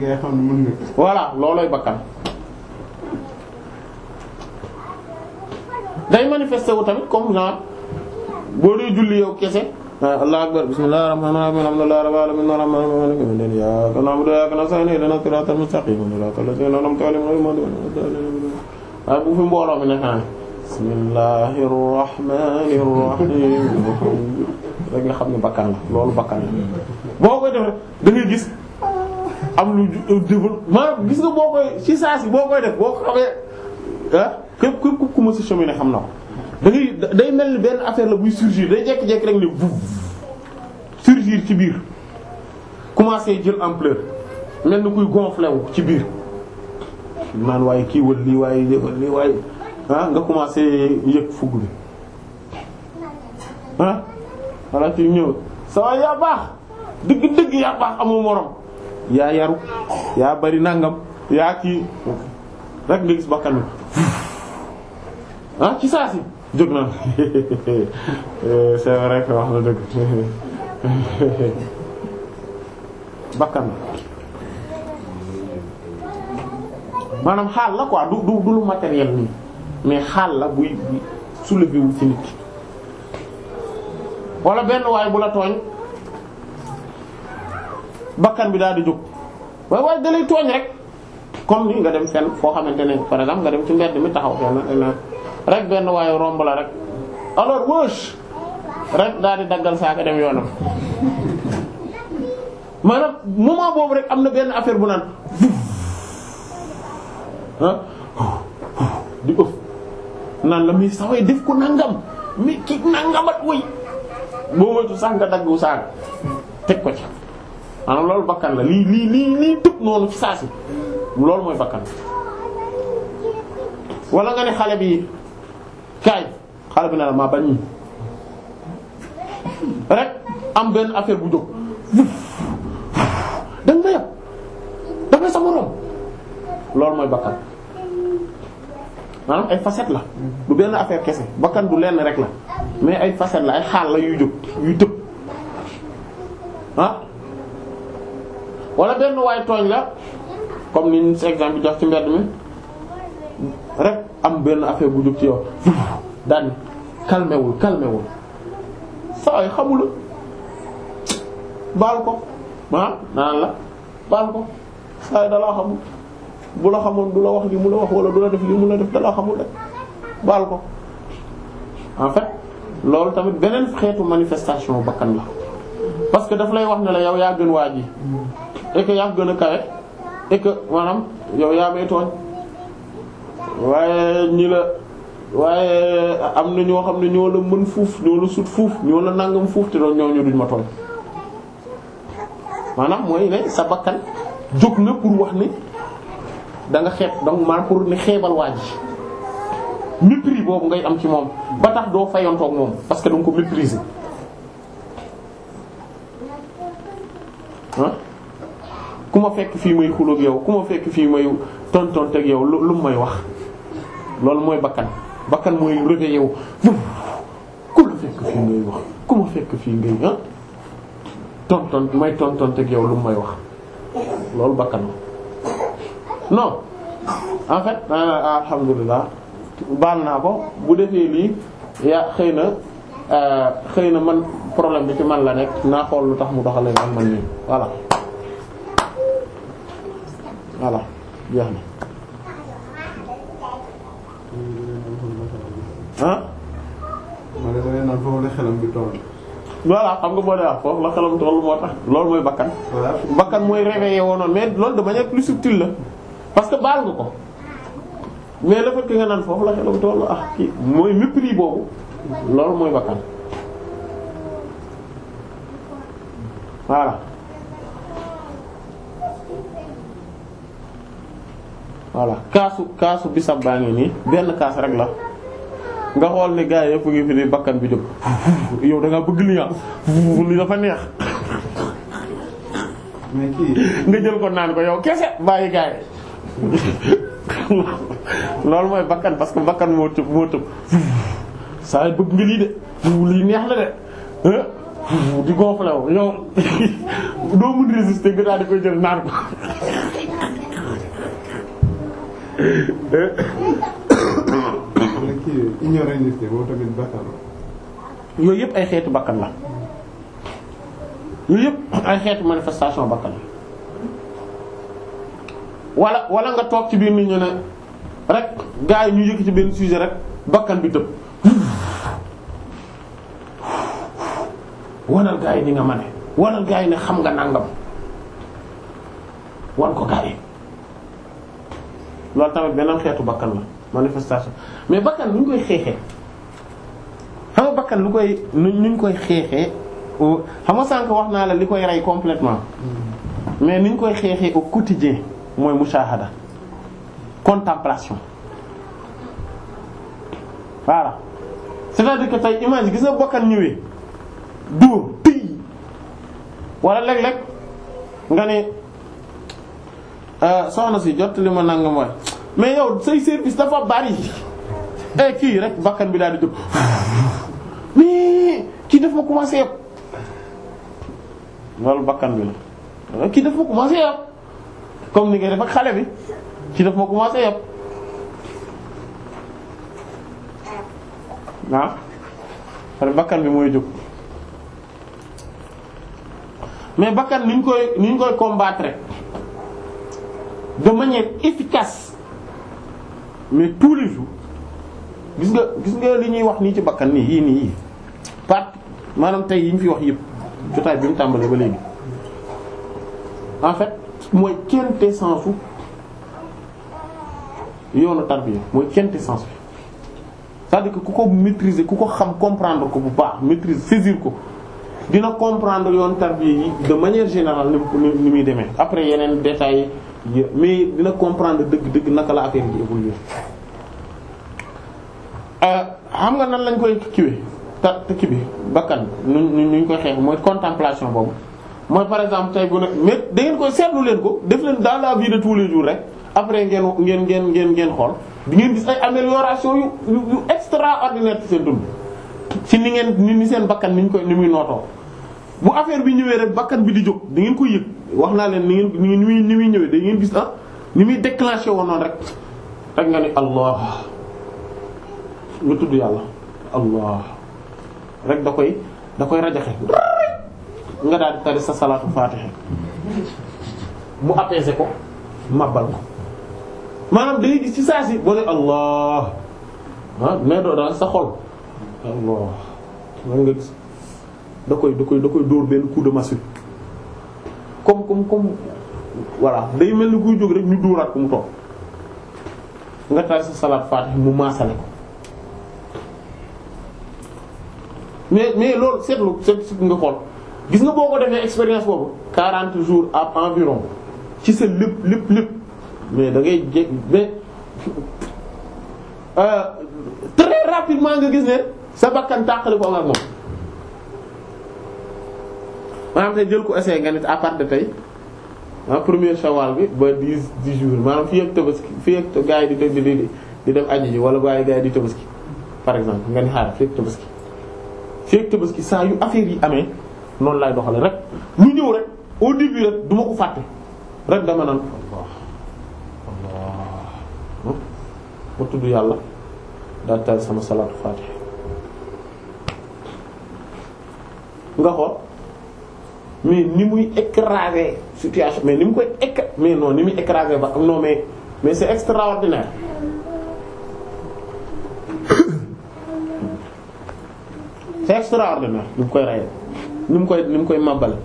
S1: gaa xam mën nga voilà loolooy bakkan day manifesté wu tamit comme genre boo dee julli yow kese allah akbar bismillahir rahmanir rahim alhamdulillahi rabbil alamin arrahmanir rahim iyyaka na'budu wa iyyaka nasta'in ihdinas siratal mustaqim siratal ladzina an'amta alayhim ghayril maghdubi alayhim waladdallin bu fi mbooloo mi nekk bismillahir rahmanir rahim rek nga xam ne bakkan la loolu bakkan la boo koy defee da ngay gis am lu développement gis nga boo koy ci saa si boo koy def boo ko xamee ah képp képp ku xam na ko da day mel ni benn affaire la buy surgir day jékki-jékki rek ne bu surgir ci biir commencer jël ampleur mel ni kuy gonfler wu ci biir naan waaye kii wër lii waaye lii lii waaye. ah nga commencé yëg fukk bi ah walla ci ñëw sawa yaa baax dëgg dëgg yaa baax amoo morom yaa yaru yaa bari nangam yaa kii rek nga gis bakkan bi ah ci saa si jóg na [laughs] eh, c'est wax na dëgg [laughs] bakkan maanaam xaal la ko du du du lu nii mais xaal la buy soulever wu ci nit ki wala benn waay bu la tooñ bakkan bi daal di jóg waaye waaye da lay tooñ rek comme ni nga dem fenn foo xamante ne exemple nga dem ci mbedd mi taxaw fenn rek benn waaye romb la rek alors wesh rek daal daggal saaka dem yoonam maanaam moment boobu rek am na benn affaire bu naan di ëpp. naan la muy saway def ko nangam mais ki nangamat woy boo moytu sax nga daggu saag teg ko ci maanaam loolu bakkan la lii lii lii lii tëb noonu ci saa si loolu mooy bakkan walla nga ne xale bi kaay xale bi na la maa bañ rek am benn affaire bu jóg da nga ma yàpp da ngay sa loolu mooy bakkan maanaam ay facette la du benn affaire kese bakkan du lenn rek la mais ay facette la ay xaal la yuy jóg yu tëb ah wala benn waay tooñ la comme ni ñu si exemple jox ci mbedd mi rek am benn affaire bu jóg ci yow [laughs] daan calmewul calmewul saa yi xamula baal ko ah naan la baal ko saa yi dalaa xamul bu la xamoon du la wax li mu la wax wala du la def lii mu la def da la xamul rek baal ko en fait loolu tamit beneen xeetu manifestation bakkan la parce que daf lay wax ne la yow yaa gën waa ji et que yaa gën a kawe et maanaam yow yaa may tooñ waaye ñi la waaye am na ñoo xam ne ñoo la mën fuuf ñoo la sut fuuf ñoo la nàngam fuuf te doon ñooñu duñ ma tooñ maanaam mooy ne sa bakkan jóg na pour wax ni da nga xeeb donc maa pour ni xeebal waa ji mépris boobu ngay am ci moom ba tax doo fayontoog moom parce que da nga ko mépriser ah ku ma fekk fii may xuloog yow ku ma fekk fii may tontonteeg yow lu mu may wax loolu mooy bakkan bakkan mooy réveillé yow ku la fekk fii ngay wax ku ma fekk fii ngay ah tonton may tontonteeg yow lu mu may wax loolu bakkan la non en fait euh, alhamdulilah baal naa ko bu defee lii yaa xëy na euh, xëy na man problème bi ci man la nekk naa xool lu tax mu doxalee ak man nii voilà voilà jeex na ah. ma ne ma ne naan foofu xam nga boo dee wax foofu la xelam toll moo tax loolu mooy bakkan. bakkan mooy réveillé woon mais loolu de manière plus subtile la. parce que baal nga ko mais le fait nga naan foofu la xelaw tollu ah kii mooy mépris boobu loolu mooy bakkan voilà voilà kaasu kaasu bisab baa ngi nii benn kaas rek la nga xool ni gars yi yëpp ngi fi ni bakkan bi jóg [laughs] yow da nga bëgg li nga li dafa neex [laughs] nga jël ko naan ko yow kese bàyyi gars [laughs] loolu mooy bakkan parce que bakkan moo tëb moo tëb saa bëgg nga lii de lii neex la de di gonflé wu yow [laughs] doo mun résister nga daal di koy jël naan ko yooyu yëpp ay xeetu bakkan la yooyu yëpp ay xeetu manifestation bakkan wala wala nga toog ci biir nit ñu ne rek gars yi ñu yëkk ci benn sujet rek bakkan bi tëb wanal gars yi ni nga mane wanal gars yi ne xam nga nangam wan ko gars yi loolu tamit beneen xeetu bakkan la manifestation mais bakkan lu ñu koy xeexee xam nga bakkan lu koy nu ñu koy xeexee xam nga sànq wax naa la li koy rey completement
S2: mm.
S1: mais ni ñu koy xeexee au quotidien mooy mushahada contemplation voilà c'est-à-dire que tey image gis nga bokkan ñëwee dóor tëy wala léeg-léeg nga ne euh, soxna si jot li ma nanga mooy mais yow say service dafa bari e kii rek bakkan bi daal di jóg mais kii daf ma commencé yëpp loolu bakkan bi la kii daf ma commencé yëpp comme ni ngay def ak xale bi ci daf ma commencé yàpp ah pare bakkan bi mooy jóg mais bakkan ni ñu koy ni ñu koy combattre de manière efficace mais tous les jours gis nga gis nga li ñuy wax nii ci bakkan nii yii nii yii part maanaam tey yi ñu fi wax yëpp jotaay bi mu tàmbalee ba léegi en fait mooy kente sensu yoonu tarbiya mooy kente sensu cest dire que ku ko maîtriser ku ko xam comprendre ko bu baax maîtriser saisir ko dina comprendre yoon tarbiya yi de manière générale ni muy demee après yeneen détails yi mais dina comprendre dëgg-dëgg naka la affaire bi évoluer euh, xam nga nan lañ koy kiwe ta kii bi bakkan nu ñu koy xeex mooy contemplation boobu mooy par exemple tey bu ne mais da koy seetlu leen ko def leen dans la vie de tous les jours rek après ngeen ngeen ngeen ngeen ngeen xool di ngeen gis ay amélioration yu yu yu extraordinaire ci seen dund ci ni ngeen ni ni seen bakkan ni ñu koy ni muy nootoo bu affaire bi ñëwee rek bakkan bi di jóg da ngeen koy yëg wax naa leen ni ngeen ni muy ni muy ñëwee da ngeen gis ah ni muy déclenché woon noonu rek rek nga ni allah nga tudd yàlla allah rek da koy da koy rajaxe nga daal tari sa salaatu faatiha mu apaiser ko màbbal ko maanaam day gis ci saa si boo ne allah ah mais doo daal sa xol allah man da koy da koy da koy dóor benn coup de massue comme comme comme voilà day mel ni kuy jóg rek ñu dóoraat ko mu toog nga tari sa salaatu faatiha mu maasale ko mais mais loolu seetlu seet nga xool gis nga boo ko defee expérience boobu 40 jours à environ ci sa lépp lépp lépp mais da ngay jég mais euh, très rapidement nga gis ne sa bakkan tàqali ko ak moom. maanaam tey jël ko essayé nga nit à part de tey ah premier shawal bi ba 10 10 jours maanaam fii ak tabaski fii ak gaa yi di di di di dem aji ji wala waaye gaa di di tabaski par exemple nga ni xaaral fii ak tabaski fii ak tabaski saa yu affaire yi amee. noonu laay doxale rek lu ñëw rek au début rek du ko fàtte rek dama naan allah hmm? tudd yàlla daal taal sama salaatu faatiha nga xool mais ni muy écraser situation mais ni mu koy écra mais non ni muy écraser ba non mais mais c'est extraordinaire
S2: [coughs]
S1: c'est extraordinaire ni mu koy rayee ni mu koy ni mu koy màbbale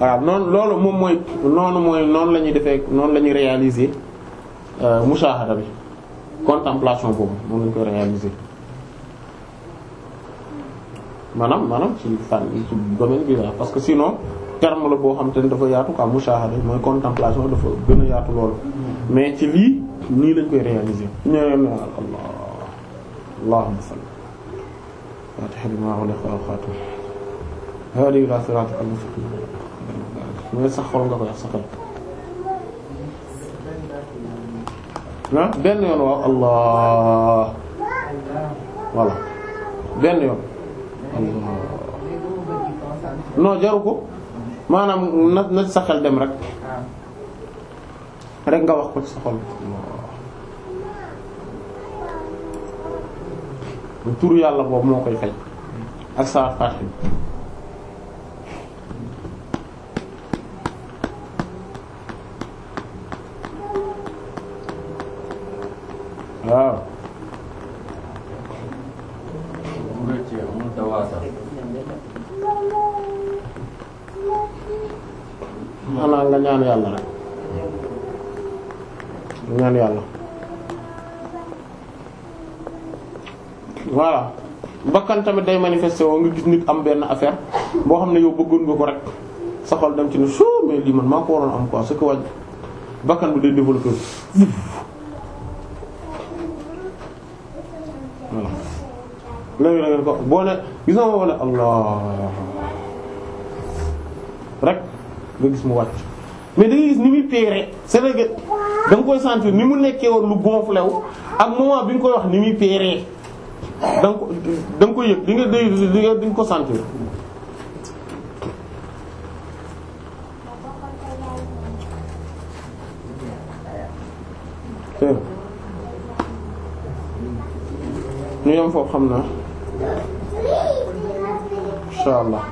S1: waaw noonu loolu moom mooy noonu mooy noonu la ñuy defee noonu la ñuy réaliser euh, mushahada bi contemplation boobu moom lañu koy réaliser maanaam maanaam ci fànn ci domaine bi la parce que sino terme la boo xam te ne dafa yaatu quoi mushahada mooy contemplation dafa gën a yaatu loolu mais ci lii nii lañ koy réaliser ño allah allahumma salli الفاتحة لما أغلق أو خاتم هذه لا صراط المستقيم mooy saxal nga koy saxal ah benn yoon waaw allah voilà benn yoon allah non jaru ko maanaam na na saxal dem rek rek nga wax ko ci saxal turu yàlla boobu moo koy fay ak saa fàtte waaw. xanaa nga ñaan yàlla rek ñaan yàlla. voilà bakkan tamit day manifesté woo nga gis nit am benn affaire boo xam ne yow bëggoon nga ko rek sa xol dem ci ne so mais lii man maa ko waroon am quoi ce que wàññi bakkan bi day développé ko boo ne gis nga moo ne allah rek nga gis mu wàcc mais da ngay gis ni muy peere c'est vrai que koy sentir ni mu nekkee woon lu gonflé wu ak bi nga koy wax ni muy peeree. da nga ko da nga ko yëg di nga di nga di nga ko sentir. ñu yem xam naa incha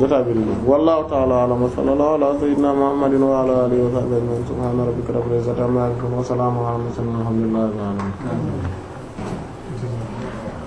S1: jotaay bi wallahu ta'ala a'lam wa sallallahu ala sayyidina muhammadin wa ala alihi wa sahbihi subhana rabbika rabbil izzati amma yasifun wa salamun ala mursalin walhamdulillahi rabbil alamin